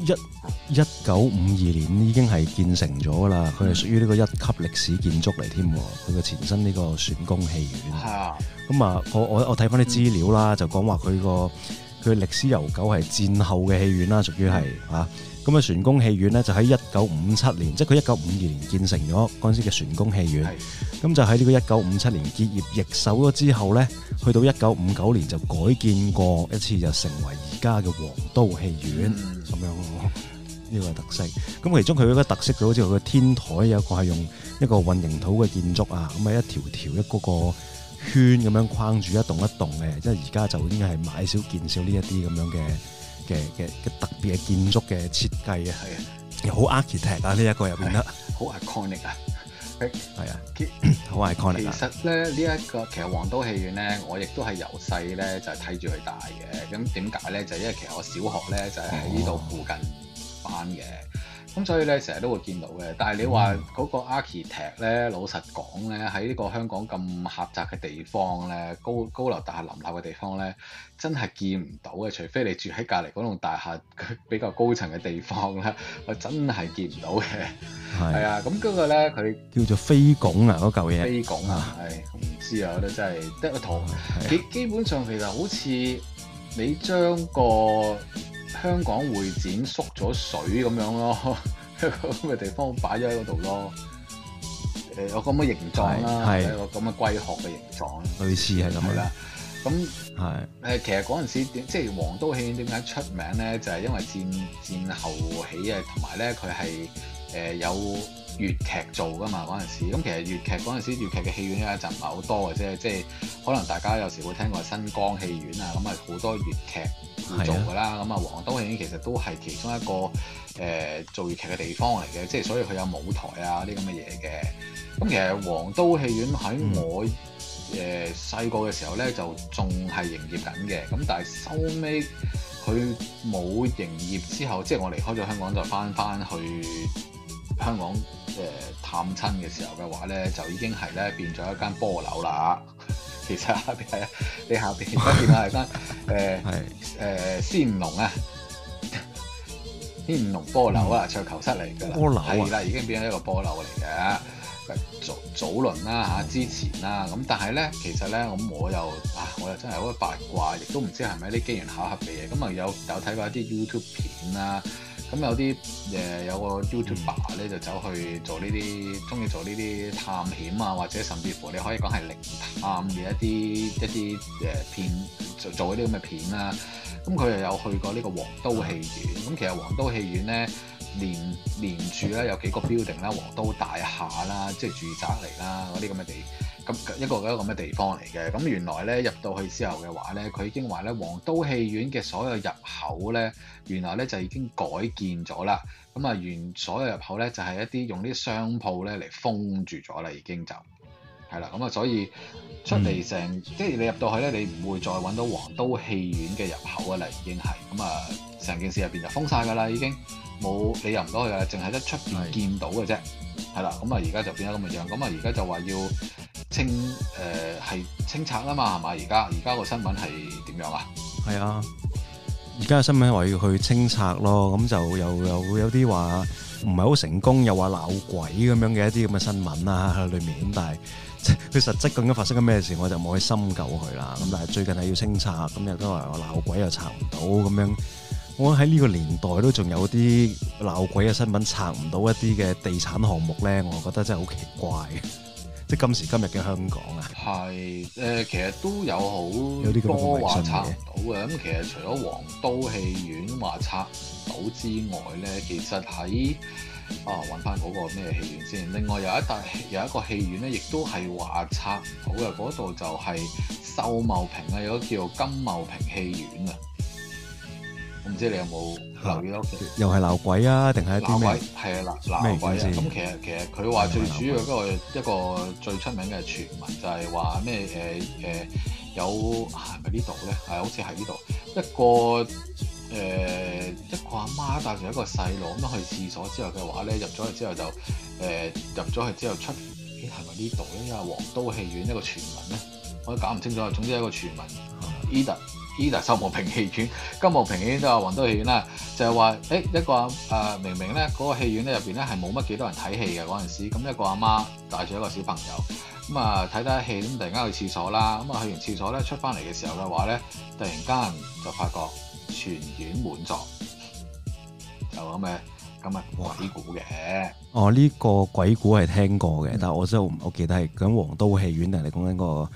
一一九五二年已經係建成咗啦，佢係屬於呢個一級歷史建築嚟添，佢嘅前身呢個璇宮戲院。係啊。咁啊，嗯、我我我睇翻啲資料啦，就講話佢個佢歷史悠久，係戰後嘅戲院啦，屬於係啊。嗯咁啊，璇宮戲院咧就喺一九五七年，即係佢一九五二年建成咗嗰陣時嘅璇宮戲院。咁就喺呢個一九五七年結業易手咗之後咧，去到一九五九年就改建過一次，就成為而家嘅皇都戲院咁樣呢個特色。咁其中佢有個特色，就好似佢個天台有個係用一個混凝土嘅建築啊，咁啊一條條一個個圈咁樣框住一棟一棟嘅。即係而家就應該係買少見少呢一啲咁樣嘅。嘅嘅嘅特別嘅建築嘅設計啊，係啊，又好 architect 啊呢一個入邊啦，好 iconic 啊，係啊，好 iconic 其實咧呢一、呢個其實皇都戲院咧，我亦都係由細咧就係睇住佢大嘅。咁點解咧？就係為呢就係、因為其實我小學咧就係喺呢度附近返嘅。哦咁所以咧，成日都會見到嘅。但係你話嗰個 architect 咧，老實講咧，喺呢個香港咁狹窄嘅地方咧，高高樓大廈林立嘅地方咧，真係見唔到嘅。除非你住喺隔離嗰棟大廈，佢比較高層嘅地方咧，我真係見唔到嘅。係啊，咁嗰個咧，佢叫做飛拱啊，嗰嚿嘢。飛拱啊，係，我唔知啊，我覺得真係得個圖。基、啊、基本上其實好似你將個。香港會展縮咗水咁樣咯，咁 嘅地方擺咗喺嗰度咯。誒、呃，有咁嘅形狀啦、啊，係一個咁嘅龜殼嘅形狀，類似係咁啦。咁、呃、其實嗰陣時即係皇都戲院點解出名咧？就係、是、因為戰，戰後起嘅，同埋咧佢係有。粵劇做噶嘛，嗰陣時，咁其實粵劇嗰陣時，粵劇嘅戲院咧就唔係好多嘅啫，即係可能大家有時會聽過新光戲院很啊，咁啊好多粵劇做㗎啦，咁啊皇都戲院其實都係其中一個誒、呃、做粵劇嘅地方嚟嘅，即係所以佢有舞台啊啲咁嘅嘢嘅。咁其實皇都戲院喺我誒細個嘅時候咧就仲係營業緊嘅，咁但係收尾佢冇營業之後，即係我離開咗香港就翻返去香港。誒探親嘅時候嘅話咧，就已經係咧變咗一間波樓啦。 其實下邊你下邊而家變咗係間誒仙龍啊， 仙龍波樓啊，桌、嗯、球室嚟噶啦。波樓啊，係啦，已經變咗一個波樓嚟嘅啊。早早輪啦嚇，之前啦、啊，咁但係咧，其實咧，咁我又啊，我又真係好八卦，亦都唔知係咪啲機緣巧合嘅嘢。咁啊有有睇過啲 YouTube 片啦、啊。咁有啲誒有個 YouTuber 咧就走去做呢啲，中意做呢啲探險啊，或者甚至乎你可以講係靈探嘅一啲一啲誒片，做做嗰啲咁嘅片啦、啊。咁佢又有去過呢個皇都戲院。咁其實皇都戲院咧連連住咧有幾個 building 啦，皇都大廈啦，即、就、係、是、住宅嚟啦，嗰啲咁嘅地。咁一個一個咁嘅地方嚟嘅，咁原來咧入到去之後嘅話咧，佢已經話咧皇都戲院嘅所有入口咧，原來咧就已經改建咗啦。咁啊，原所有入口咧就係、是、一啲用啲商鋪咧嚟封住咗啦，已經就係啦。咁啊，所以出嚟成、嗯、即係你入到去咧，你唔會再揾到皇都戲院嘅入口啊啦，已經係咁啊，成件事入邊就封晒噶啦，已經冇你入唔到去啦，淨係得出邊見到嘅啫。係啦，咁啊而家就變咗咁嘅樣，咁啊而家就話要清，誒、呃、係清拆啦嘛，係嘛？而家而家個新聞係點樣啊？係啊，而家嘅新聞話要去清拆咯，咁就又又有啲話唔係好成功，又話鬧鬼咁樣嘅一啲咁嘅新聞啦喺裏面，咁但係佢實質究竟發生緊咩事，我就冇去深究佢啦。咁但係最近係要清拆，咁又都話我鬧鬼又拆唔到咁樣。我喺呢個年代都仲有啲鬧鬼嘅新聞，拆唔到一啲嘅地產項目咧，我覺得真係好奇怪，即係今時今日嘅香港啊。係、呃、其實都有好多話拆唔到嘅。咁、這個呃、其實除咗皇都戲院話拆唔到之外咧，其實喺啊搵翻嗰個咩戲院先。另外有一有一個戲院咧，亦都係話拆唔到嘅。嗰度就係秀茂坪啊，有個叫金茂坪戲院啊。唔知你有冇留意到，啊，又係鬧鬼啊？定係一啲咩？係啊，鬧鬼是鬧鬼啊！咁其實其實佢話最主要的一個是是一個最出名嘅傳聞就係話咩？誒、呃、誒、呃、有行喺、啊、呢度咧，係好似喺呢度一個誒、呃、一個阿媽，媽帶住一個細路咁去廁所之後嘅話咧，入咗去之後就誒入咗去之後出咦？係、欸、咪呢度咧？啊，皇都戲院一個傳聞咧，我都搞唔清楚。總之一個傳聞 Eddie 呢度秀茂坪戲院，金茂坪戲院都有皇都戲院啦。就係、是、話，誒、欸、一個啊、呃，明明咧嗰、那個戲院咧入邊咧係冇乜幾多人睇戲嘅嗰陣時，咁一個阿媽，媽帶住一個小朋友，咁、嗯、啊睇睇戲，咁突然間去廁所啦，咁、嗯、啊去完廁所咧出翻嚟嘅時候嘅話咧，突然間就發覺全院滿座，就咁嘅。咁日鬼故嘅，哦呢、哦這個鬼故係聽過嘅、嗯，但係我真我記得係咁皇都戲院定係講緊個。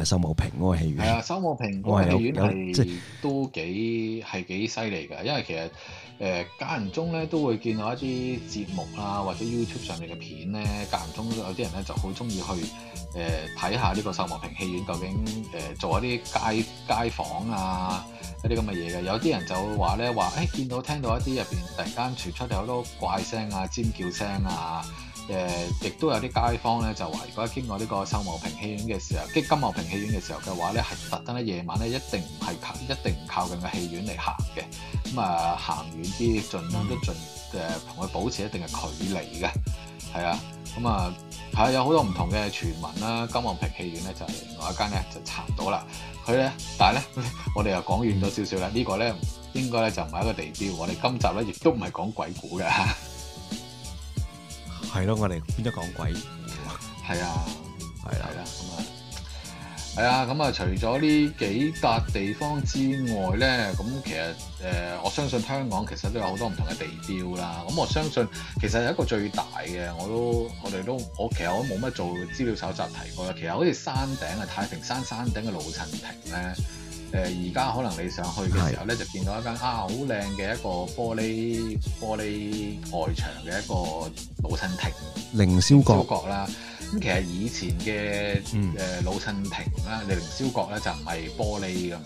誒秀茂坪嗰戲院係啊，秀茂坪嗰戲院係都幾係幾犀利㗎，因為其實誒間唔中咧都會見到一啲節目啊，或者 YouTube 上面嘅片咧，間唔中有啲人咧就好中意去誒睇下呢個秀茂坪戲院究竟誒、呃、做一啲街街坊啊一啲咁嘅嘢嘅，有啲人就會話咧話誒見到聽到一啲入邊突然間傳出嚟好多怪聲啊、尖叫聲啊。誒，亦都有啲街坊咧，就話如果經過呢個秀茂坪戲院嘅時候，即金茂坪戲院嘅時候嘅話咧，係特登咧夜晚咧，一定唔係靠一定唔靠近嘅戲院嚟行嘅。咁、嗯、啊，行遠啲，盡量都盡誒同佢保持一定嘅距離嘅。係啊，咁啊係啊，有好多唔同嘅傳聞啦。金茂坪戲院咧就係另外一間咧就查到啦。佢咧，但係咧，我哋又講遠咗少少啦。呢、呢個咧應該咧就唔係一個地標。我哋今集咧亦都唔係講鬼故嘅。係咯，我哋邊咗講鬼。係啊，係 啦，咁啊，係啊，咁啊，除咗呢幾笪地方之外咧，咁其實誒、呃，我相信香港其實都有好多唔同嘅地標啦。咁我相信其實有一個最大嘅，我都我哋都我其實我都冇乜做資料搜集提過啦。其實好似山頂啊，太平山山頂嘅老襯亭咧。誒、呃，而家可能你想去嘅時候咧，就見到一間啊好靚嘅一個玻璃玻璃外牆嘅一個老襯亭凌霄閣啦。咁、嗯、其實以前嘅老襯亭啦，你凌霄閣咧就唔係玻璃噶嘛，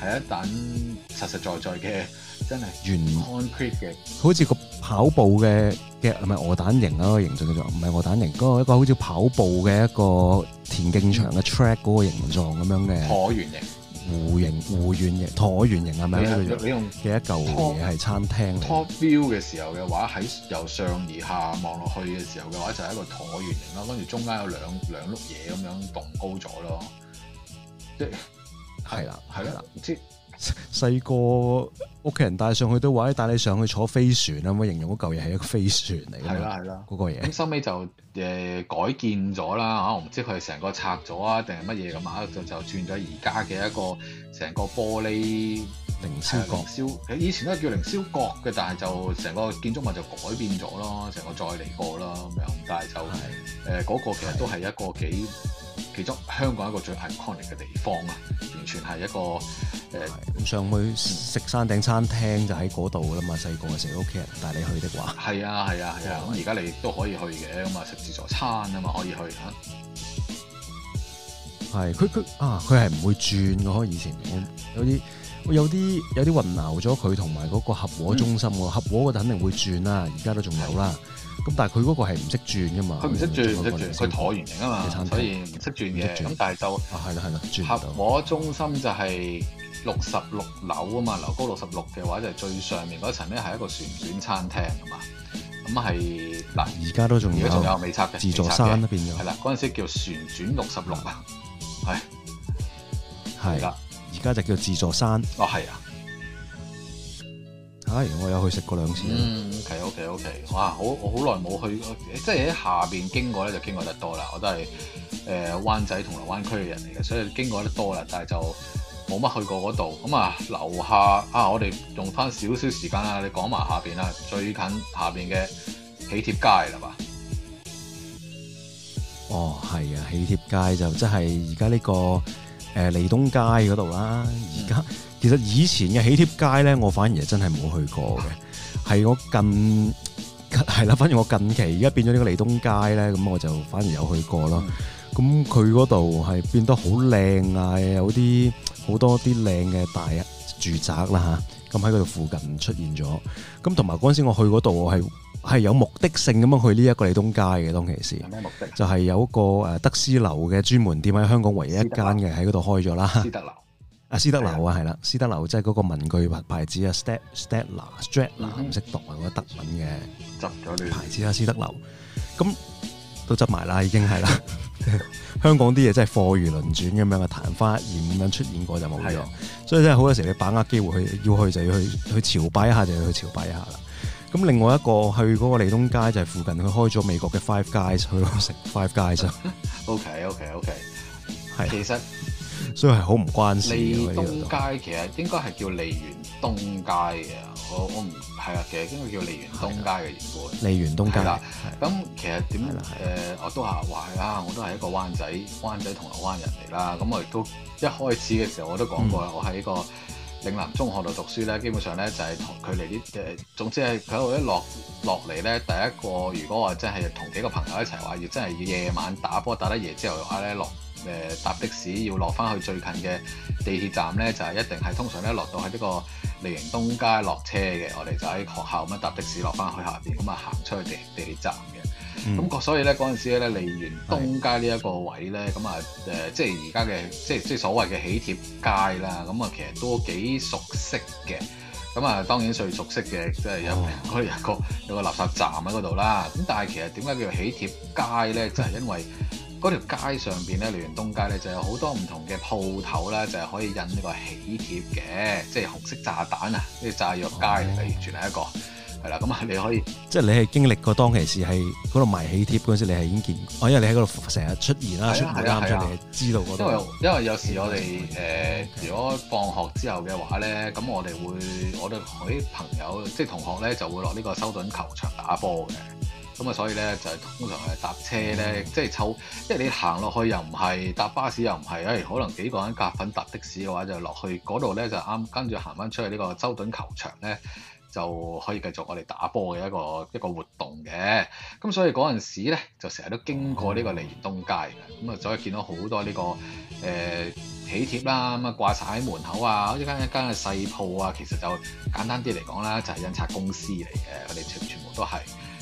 係一等實實在在嘅真係圓 concrete 嘅，好似個跑步嘅嘅唔係鵝蛋形啊，個形狀叫做唔係鵝蛋形嗰個，一個好似跑步嘅一個田徑場嘅 track 嗰個形狀咁、嗯、樣嘅橢圓形。弧形、弧圓形、橢圓形係咪、嗯？你用你一嚿嘢係餐廳 top view 嘅時候嘅話，喺由上而下望落去嘅時候嘅話，就係、是、一個橢圓形咯。跟住中間有兩兩碌嘢咁樣棟高咗咯，即係係啦，係啦，即細個屋企人帶上去都話，帶你上去坐飛船啊！咁形容嗰嚿嘢，係一個飛船嚟嘅，係咯係咯嗰個嘢。咁收尾就誒改建咗啦，吓我唔知佢成個拆咗啊，定係乜嘢咁啊？就就轉咗而家嘅一個成個玻璃凌霄閣。凌霄，以前都叫凌霄閣嘅，但係就成個建築物就改變咗咯，成個再嚟過咯咁樣。但係就誒嗰，欸嗰個其實都係一個幾其中香港一個最 icon 嘅地方啊，完全係一個誒，咁、呃、上去食山頂餐廳就喺嗰度啦嘛。細個嘅時候，屋企人帶你去的話，係啊係啊係啊。咁而家你都可以去嘅，咁啊，食自助餐啊嘛，可以去嚇。係佢佢啊，佢係唔會轉嘅。以前我有啲有啲有啲混淆咗佢同埋嗰個合和中心喎、嗯。合和嗰度肯定會轉啦，而家都仲有啦。咁但係佢嗰個係唔識轉嘅嘛，佢唔識轉，佢、唔識轉、橢圓形啊嘛，所以唔識轉嘅。咁但係到、啊、合和中心就係六十六樓啊嘛，樓高六十六嘅話就係最上面嗰層咧係一個旋轉餐廳啊嘛，咁係嗱而家都仲有，而家仲有未拆嘅自助山變咗，係啦，嗰陣時叫旋轉六十六啊，係係啦，而家就叫自助山，哦係啊。哎，我有去食過兩次。嗯，OK，OK，OK。Okay, okay, okay. 哇，好，我好耐冇去，即係喺下邊經過咧，就經過得多啦。我都係誒、呃、灣仔同埋銅鑼灣區嘅人嚟嘅，所以經過得多啦。但係就冇乜去過嗰度。咁啊，樓下啊，我哋用翻少少時間啊，你講埋下邊啦，最近下邊嘅喜帖街啦嘛。哦，係啊，喜帖街就即係而家呢個誒、呃、利東街嗰度啦，而、嗯、家。其實以前嘅喜帖街咧，我反而係真係冇去過嘅。係我近係啦，反而我近期而家變咗呢個利東街咧，咁我就反而有去過咯。咁佢嗰度係變得好靚啊，有啲好多啲靚嘅大住宅啦嚇。咁喺嗰度附近出現咗。咁同埋嗰陣時我去嗰度係係有目的性咁樣去呢一個利東街嘅，當其時。咩目的？就係、是、有一個誒德斯樓嘅專門店喺香港唯一一間嘅喺嗰度開咗啦。 啊，施德樓啊，係啦，施德樓即係嗰個文具牌子 Stetler, Stret, 藍色、嗯、文牌子啊，Stella，Stella 唔識讀啊，我覺得德文嘅，執咗啲牌子啊。施德樓，咁都執埋啦，已經係啦。香港啲嘢真係貨如輪轉咁樣嘅，曇花一現咁樣出現過就冇咗，所以真係好多時你把握機會去，要去就要去去朝拜一下，就要去朝拜一下啦。咁另外一個去嗰個利東街就係、是、附近，佢開咗美國嘅 Five Guys 去攞食 Five Guys，OK OK OK，係、okay.，其實。所以係好唔關事嘅。利東街其實應該係叫利源東街嘅，我我唔係啊，其實應該叫利源東街嘅原本。利源東街，咁其實點誒、呃？我都話係啦，我都係一個灣仔、灣仔銅鑼灣人嚟啦。咁我亦都一開始嘅時候我都講過，嗯、我喺個嶺南中學度讀書咧，基本上咧就係同佢嚟啲誒，總之係佢喺度一落落嚟咧。第一個，如果我真係同幾個朋友一齊話要真係要夜晚打波打得夜之後嘅話咧落。誒搭的士要落翻去最近嘅地鐵站咧，就係一定係通常咧落到喺呢個利園東街落車嘅，我哋就喺學校咁樣搭的士落翻去下邊，咁啊行出去地地鐵站嘅。咁、嗯、所以咧嗰陣時咧利園東街呢一個位咧，咁啊誒即係而家嘅即係即係所謂嘅喜帖街啦，咁啊其實都幾熟悉嘅。咁啊，當然最熟悉嘅即係有嗰、oh. 個有個垃圾站喺嗰度啦。咁但係其實點解叫做喜帖街呢？就係、是、因為嗰條街上邊呢聯東街呢就有好多唔同嘅鋪頭呢，就係可以印呢個喜帖嘅，即、就、係、是、紅色炸彈啊，呢啲炸藥街、oh. 就完全係一個。係啦，咁啊，你可以即係你係經歷過當其時係嗰度賣喜帖嗰陣時，你係已經見過，哦、因為你喺嗰度成日出現啦，出知道嗰度。因為有時我哋誒、啊呃，如果放學之後嘅話咧，咁我哋會我哋佢啲朋友即係同學咧，就會落呢個修頓球場打波嘅。咁啊，所以咧就係、是、通常係搭車咧，即係抽，即、就、係、是、你行落去又唔係搭巴士又唔係，誒，可能幾個人夾份搭的士嘅話就落去嗰度咧就啱，跟住行翻出去呢個修頓球場咧。就可以繼續我哋打波嘅一個一個活動嘅，咁所以嗰陣時咧就成日都經過呢個利園東街嘅，咁啊所以見到好多呢、這個誒喜、呃、帖啦，咁啊掛晒喺門口啊，一間一間嘅細鋪啊，其實就簡單啲嚟講啦，就係、是、印刷公司嚟，嘅。佢哋全全部都係，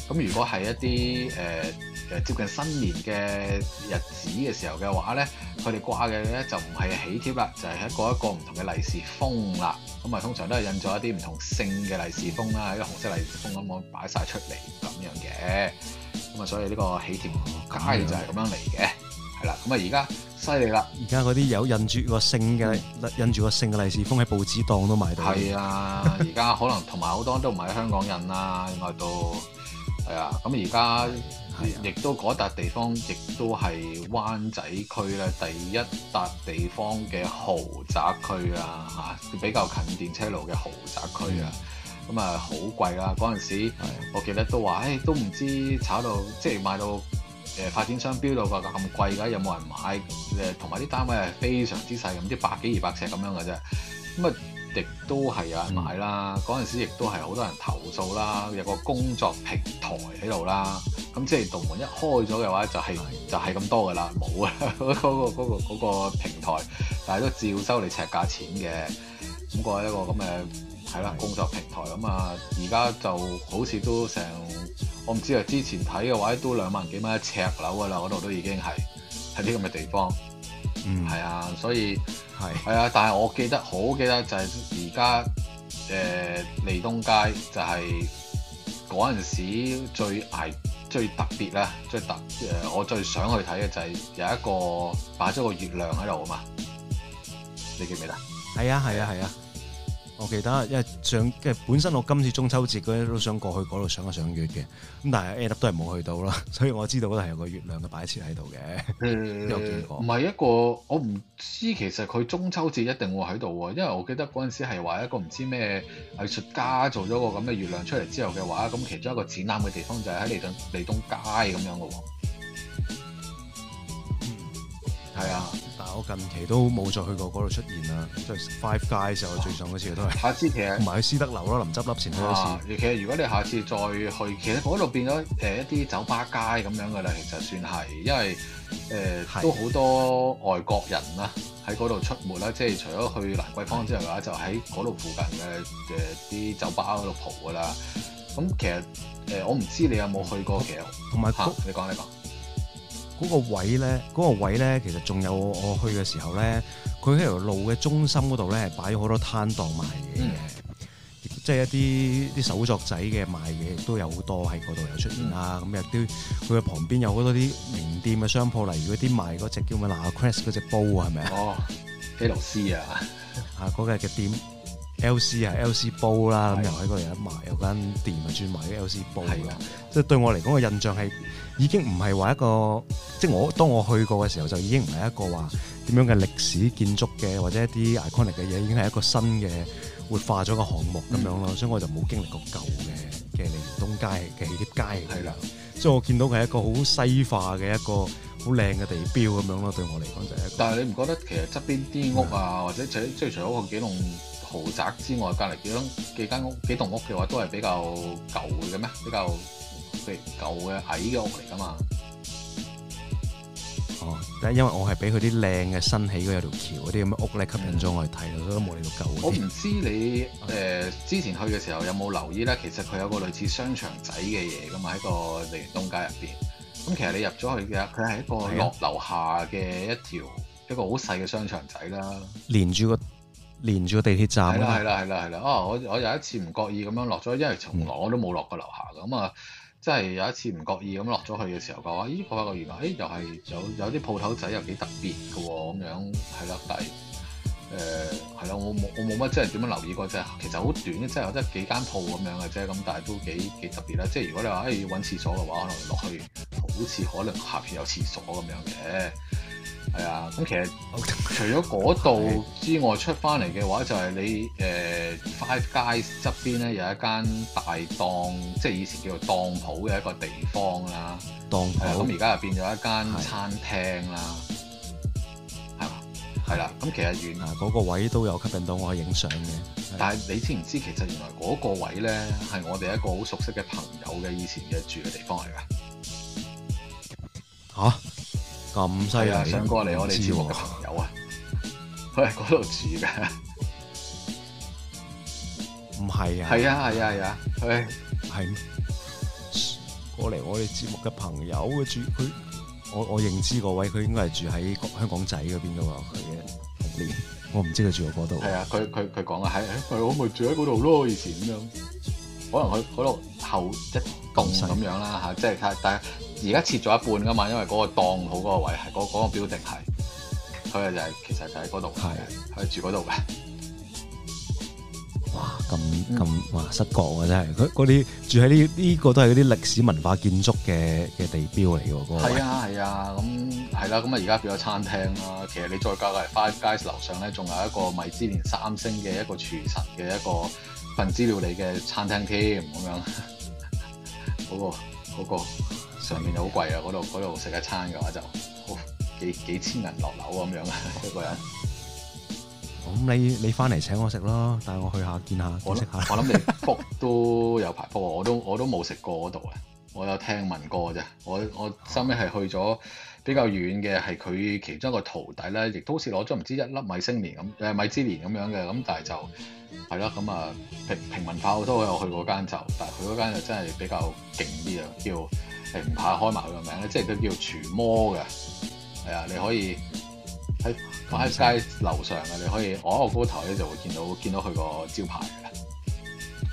咁如果係一啲誒。呃誒接近新年嘅日子嘅時候嘅話咧，佢哋掛嘅咧就唔係喜帖啦，就係、是、一個一個唔同嘅利是封啦。咁啊，通常都係印咗一啲唔同姓嘅利是封啦，啲紅色利是封咁樣擺晒出嚟咁樣嘅。咁啊，所以呢個喜帖街就係咁樣嚟嘅。係、嗯、啦，咁啊而家犀利啦，而家嗰啲有印住個姓嘅印住個姓嘅利是封喺報紙檔都買到了。係啊，而 家可能同埋好多都唔係香港印啦，應該都係啊。咁而家。亦都嗰笪地方，亦都係灣仔區咧第一笪地方嘅豪宅區啊，嚇，比較近電車路嘅豪宅區啊，咁啊好貴啦！嗰陣時，我記得都話，誒都唔知炒到，即係賣到誒發展商標到個咁貴嘅，有冇人買？誒同埋啲單位係非常之細，咁即百幾二百尺咁樣嘅啫，咁啊～亦都係有人買啦，嗰、嗯、陣時亦都係好多人投訴啦，有個工作平台喺度啦，咁即係道門一開咗嘅話、就係，是的就係就係咁多噶啦，冇啊嗰個嗰、嗰個嗰個、平台，但係都照收你尺價錢嘅，咁、嗰個一個咁嘅係啦工作平台咁啊，而家就好似都成，我唔知啊，之前睇嘅話都兩萬幾蚊一尺樓噶啦，嗰度都已經係喺啲咁嘅地方，係、嗯、啊，所以。係，係啊！但係我記得好記得就係而家，誒、呃、利東街就係嗰陣時候最嗌、最特別啦，最特誒、呃，我最想去睇嘅就係有一個擺咗個月亮喺度啊嘛！你記唔記得？係啊，係啊，係啊！我記得，因為想即係本身我今次中秋節嗰啲都想過去嗰度賞一賞月嘅，咁但係 End up 都係冇去到啦，所以我知道嗰度係有個月亮嘅擺設喺度嘅。誒、嗯，唔係一個，我唔知其實佢中秋節一定會喺度喎，因為我記得嗰陣時係話一個唔知咩藝術家做咗個咁嘅月亮出嚟之後嘅話，咁其中一個展覽嘅地方就係喺利東利東街咁樣嘅喎。係、嗯、啊。我近期都冇再去過嗰度出現啦，即係 Five 街嘅時候、哦、最上嗰次都係。下次其實同埋去斯德樓咯，臨執笠前嗰次、啊。其實如果你下次再去，其實嗰度變咗誒一啲酒吧街咁樣嘅啦，其實算係，因為誒、呃、都好多外國人啦，喺嗰度出沒啦，即係除咗去蘭桂坊之後嘅話，就喺嗰度附近嘅誒啲酒吧嗰度蒲嘅啦。咁其實誒、呃，我唔知你有冇去過嘅，同埋、啊嗯、你講你講。嗰、那個位咧，嗰、那個、位咧，其實仲有我去嘅時候咧，佢喺條路嘅中心嗰度咧，係擺咗好多攤檔賣嘢嘅、嗯，即係一啲啲手作仔嘅賣嘢，亦都有好多喺嗰度有出現啦。咁亦都佢嘅旁邊有好多啲名店嘅商鋪，例如嗰啲賣嗰隻叫咩？拿克斯嗰隻煲啊，係咪啊？哦，L C 啊，嚇嗰間嘅店，L C 啊，L C 煲啦，咁又喺嗰度有得賣，有間店啊，專賣啲 L C 煲，即係對我嚟講嘅印象係。已經唔係話一個，即係我當我去過嘅時候，就已經唔係一個話點樣嘅歷史建築嘅，或者一啲 iconic 嘅嘢，已經係一個新嘅活化咗個項目咁樣咯、嗯。所以我就冇經歷過舊嘅嘅利東街嘅喜帖街嚟嘅。所以我見到佢係一個好西化嘅一個好靚嘅地標咁樣咯。對我嚟講就係一個。但係你唔覺得其實側邊啲屋啊，或者除即係除咗個幾棟豪宅之外，隔離幾多幾間屋幾棟屋嘅話，都係比較舊嘅咩？比較？舊嘅矮嘅屋嚟噶嘛？哦，但係因為我係俾佢啲靚嘅新起嗰，有條橋嗰啲咁嘅屋咧吸引咗我嚟睇，我都冇理到舊屋。我唔知你誒之前去嘅時候有冇留意咧？其實佢有個類似商場仔嘅嘢噶嘛，喺個利東街入邊。咁其實你入咗去嘅，佢係一個落樓下嘅一條一個好細嘅商場仔啦，連住個連住個地鐵站啦。係啦係啦係啦，哦！我我有一次唔覺意咁樣落咗，因為從來我都冇落過樓下噶，咁、嗯、啊。真係有一次唔覺意咁落咗去嘅時候，講話，咦、呃，我發覺原來，又係有有啲鋪頭仔又幾特別嘅喎，咁樣係啦，但係誒係咯，我冇我冇乜即係點樣留意過，即係其實好短嘅，即係我係幾間鋪咁樣嘅啫，咁但係都幾幾特別啦。即係如果你話，誒，要揾廁所嘅話，可能落去好似可能下面有廁所咁樣嘅。係啊，咁其實、okay. 除咗嗰度之外，oh, 出翻嚟嘅話就係、是、你誒、呃、Five Guys 側邊咧有一間大當，即、就、係、是、以前叫做當鋪嘅一個地方啦。當鋪，咁而家又變咗一間餐廳啦。係啦、啊，係啦、啊，咁、啊啊、其實原嗰、那個位都有吸引到我影相嘅。但係你知唔知，其實原來嗰個位咧係我哋一個好熟悉嘅朋友嘅以前嘅住嘅地方嚟噶。吓、啊？啊咁犀利啊！想過嚟我哋節目嘅朋友啊，佢係嗰度住嘅，唔係啊？係啊係啊係啊，係、啊啊、過嚟我哋節目嘅朋友嘅住佢，我我認知嗰位佢應該係住喺香港仔嗰邊噶喎。佢嘅童年，我唔知佢住喺嗰度。係啊，佢佢佢講啊，係佢、哎、我咪住喺嗰度咯，以前咁樣，可能佢嗰度後一棟咁樣啦吓，即係睇大家。而家切咗一半㗎嘛，因為嗰個檔好嗰個位係嗰嗰個標定係，佢、那、啊、個、就係、是、其實就喺嗰度，佢住嗰度嘅。哇，咁咁哇失覺喎真係，佢嗰啲住喺呢呢個都係嗰啲歷史文化建築嘅嘅地標嚟喎。係啊係啊，咁係啦，咁啊而家變咗餐廳啦。其實你再隔隔 Five Guys 樓上咧，仲有一個米芝蓮三星嘅一個廚神嘅一個分子料理嘅餐廳添，咁樣嗰個嗰個。好的好的。上面好貴啊！嗰度度食一餐嘅話就，就幾幾千銀落樓咁樣啊，一個人。咁你你翻嚟請我食咯，帶我去下見下食下。我諗你 book 都有排 book，我都我都冇食過嗰度啊。我有聽聞過啫。我我收尾係去咗比較遠嘅，係佢其中一個徒弟咧，亦都好似攞咗唔知一粒米星年咁，誒米芝蓮咁樣嘅。咁但係就係啦，咁啊平平民化好多。我有去過嗰間就，但係佢嗰間又真係比較勁啲啊，叫～唔怕開埋佢個名咧，即係佢叫全魔嘅，係啊，你可以喺 Five 街 u 樓上嘅，你可以我一個高頭咧就會見到見到佢個招牌嘅啦。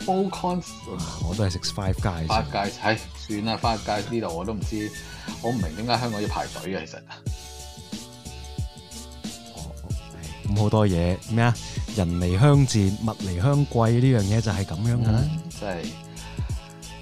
l、啊、con 我，、哎、我都係食 Five 街。Five g u 算啦，Five 街呢度我都唔知道，我唔明點解香港要排隊嘅，其實。咁好多嘢咩啊？人嚟香字，物嚟香貴呢樣嘢就係咁樣嘅。啦。即係。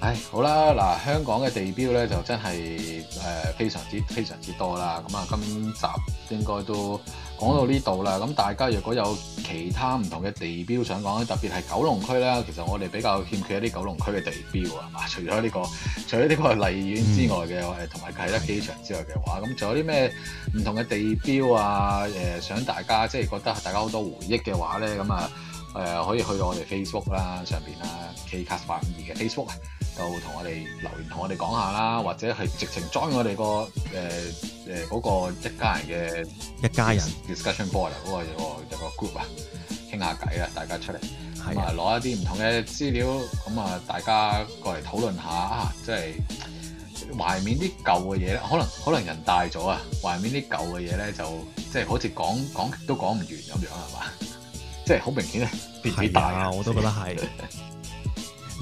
唉，好啦，嗱，香港嘅地標咧就真係誒、呃、非常之非常之多啦。咁、嗯、啊，今集應該都講到呢度啦。咁、嗯、大家如果有其他唔同嘅地標想講，特別係九龍區啦，其實我哋比較欠缺一啲九龍區嘅地標啊嘛。除咗呢、這個，除咗呢個荔園之外嘅，誒同埋啟德機場之外嘅話，咁、嗯、仲有啲咩唔同嘅地標啊、呃？想大家即係覺得大家好多回憶嘅話咧，咁、嗯、啊、呃、可以去到我哋 Facebook 啦上面啦 KCast 852嘅 Facebook 啊。就同我哋留言，同我哋講下啦，或者係直情 join 我哋個誒誒嗰個一家人嘅一家人 discussion board 嗰、嗰個有個 group 啊，傾下偈啦，大家出嚟係啊，攞、嗯、一啲唔同嘅資料，咁、嗯、啊，大家過嚟討論下啊，即係懷念啲舊嘅嘢咧，可能可能人大咗啊，懷念啲舊嘅嘢咧，就、就是、 即係好似講講極都講唔完咁樣係係嘛？即係好明顯啊，年紀大啊，我都覺得係。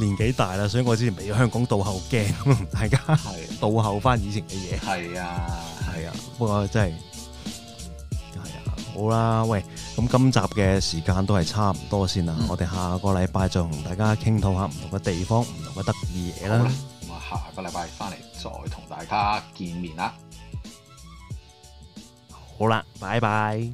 年紀大啦，所以我之前俾香港倒後鏡，大家係倒後翻以前嘅嘢。係啊，係啊，啊，不過真係係啊，好啦，喂，咁今集嘅時間都係差唔多先啦，嗯，我哋下個禮拜就同大家傾討下唔同嘅地方，唔、嗯、同嘅得意嘢啦。咁啊，我下個禮拜翻嚟再同大家見面啦。好啦，拜拜。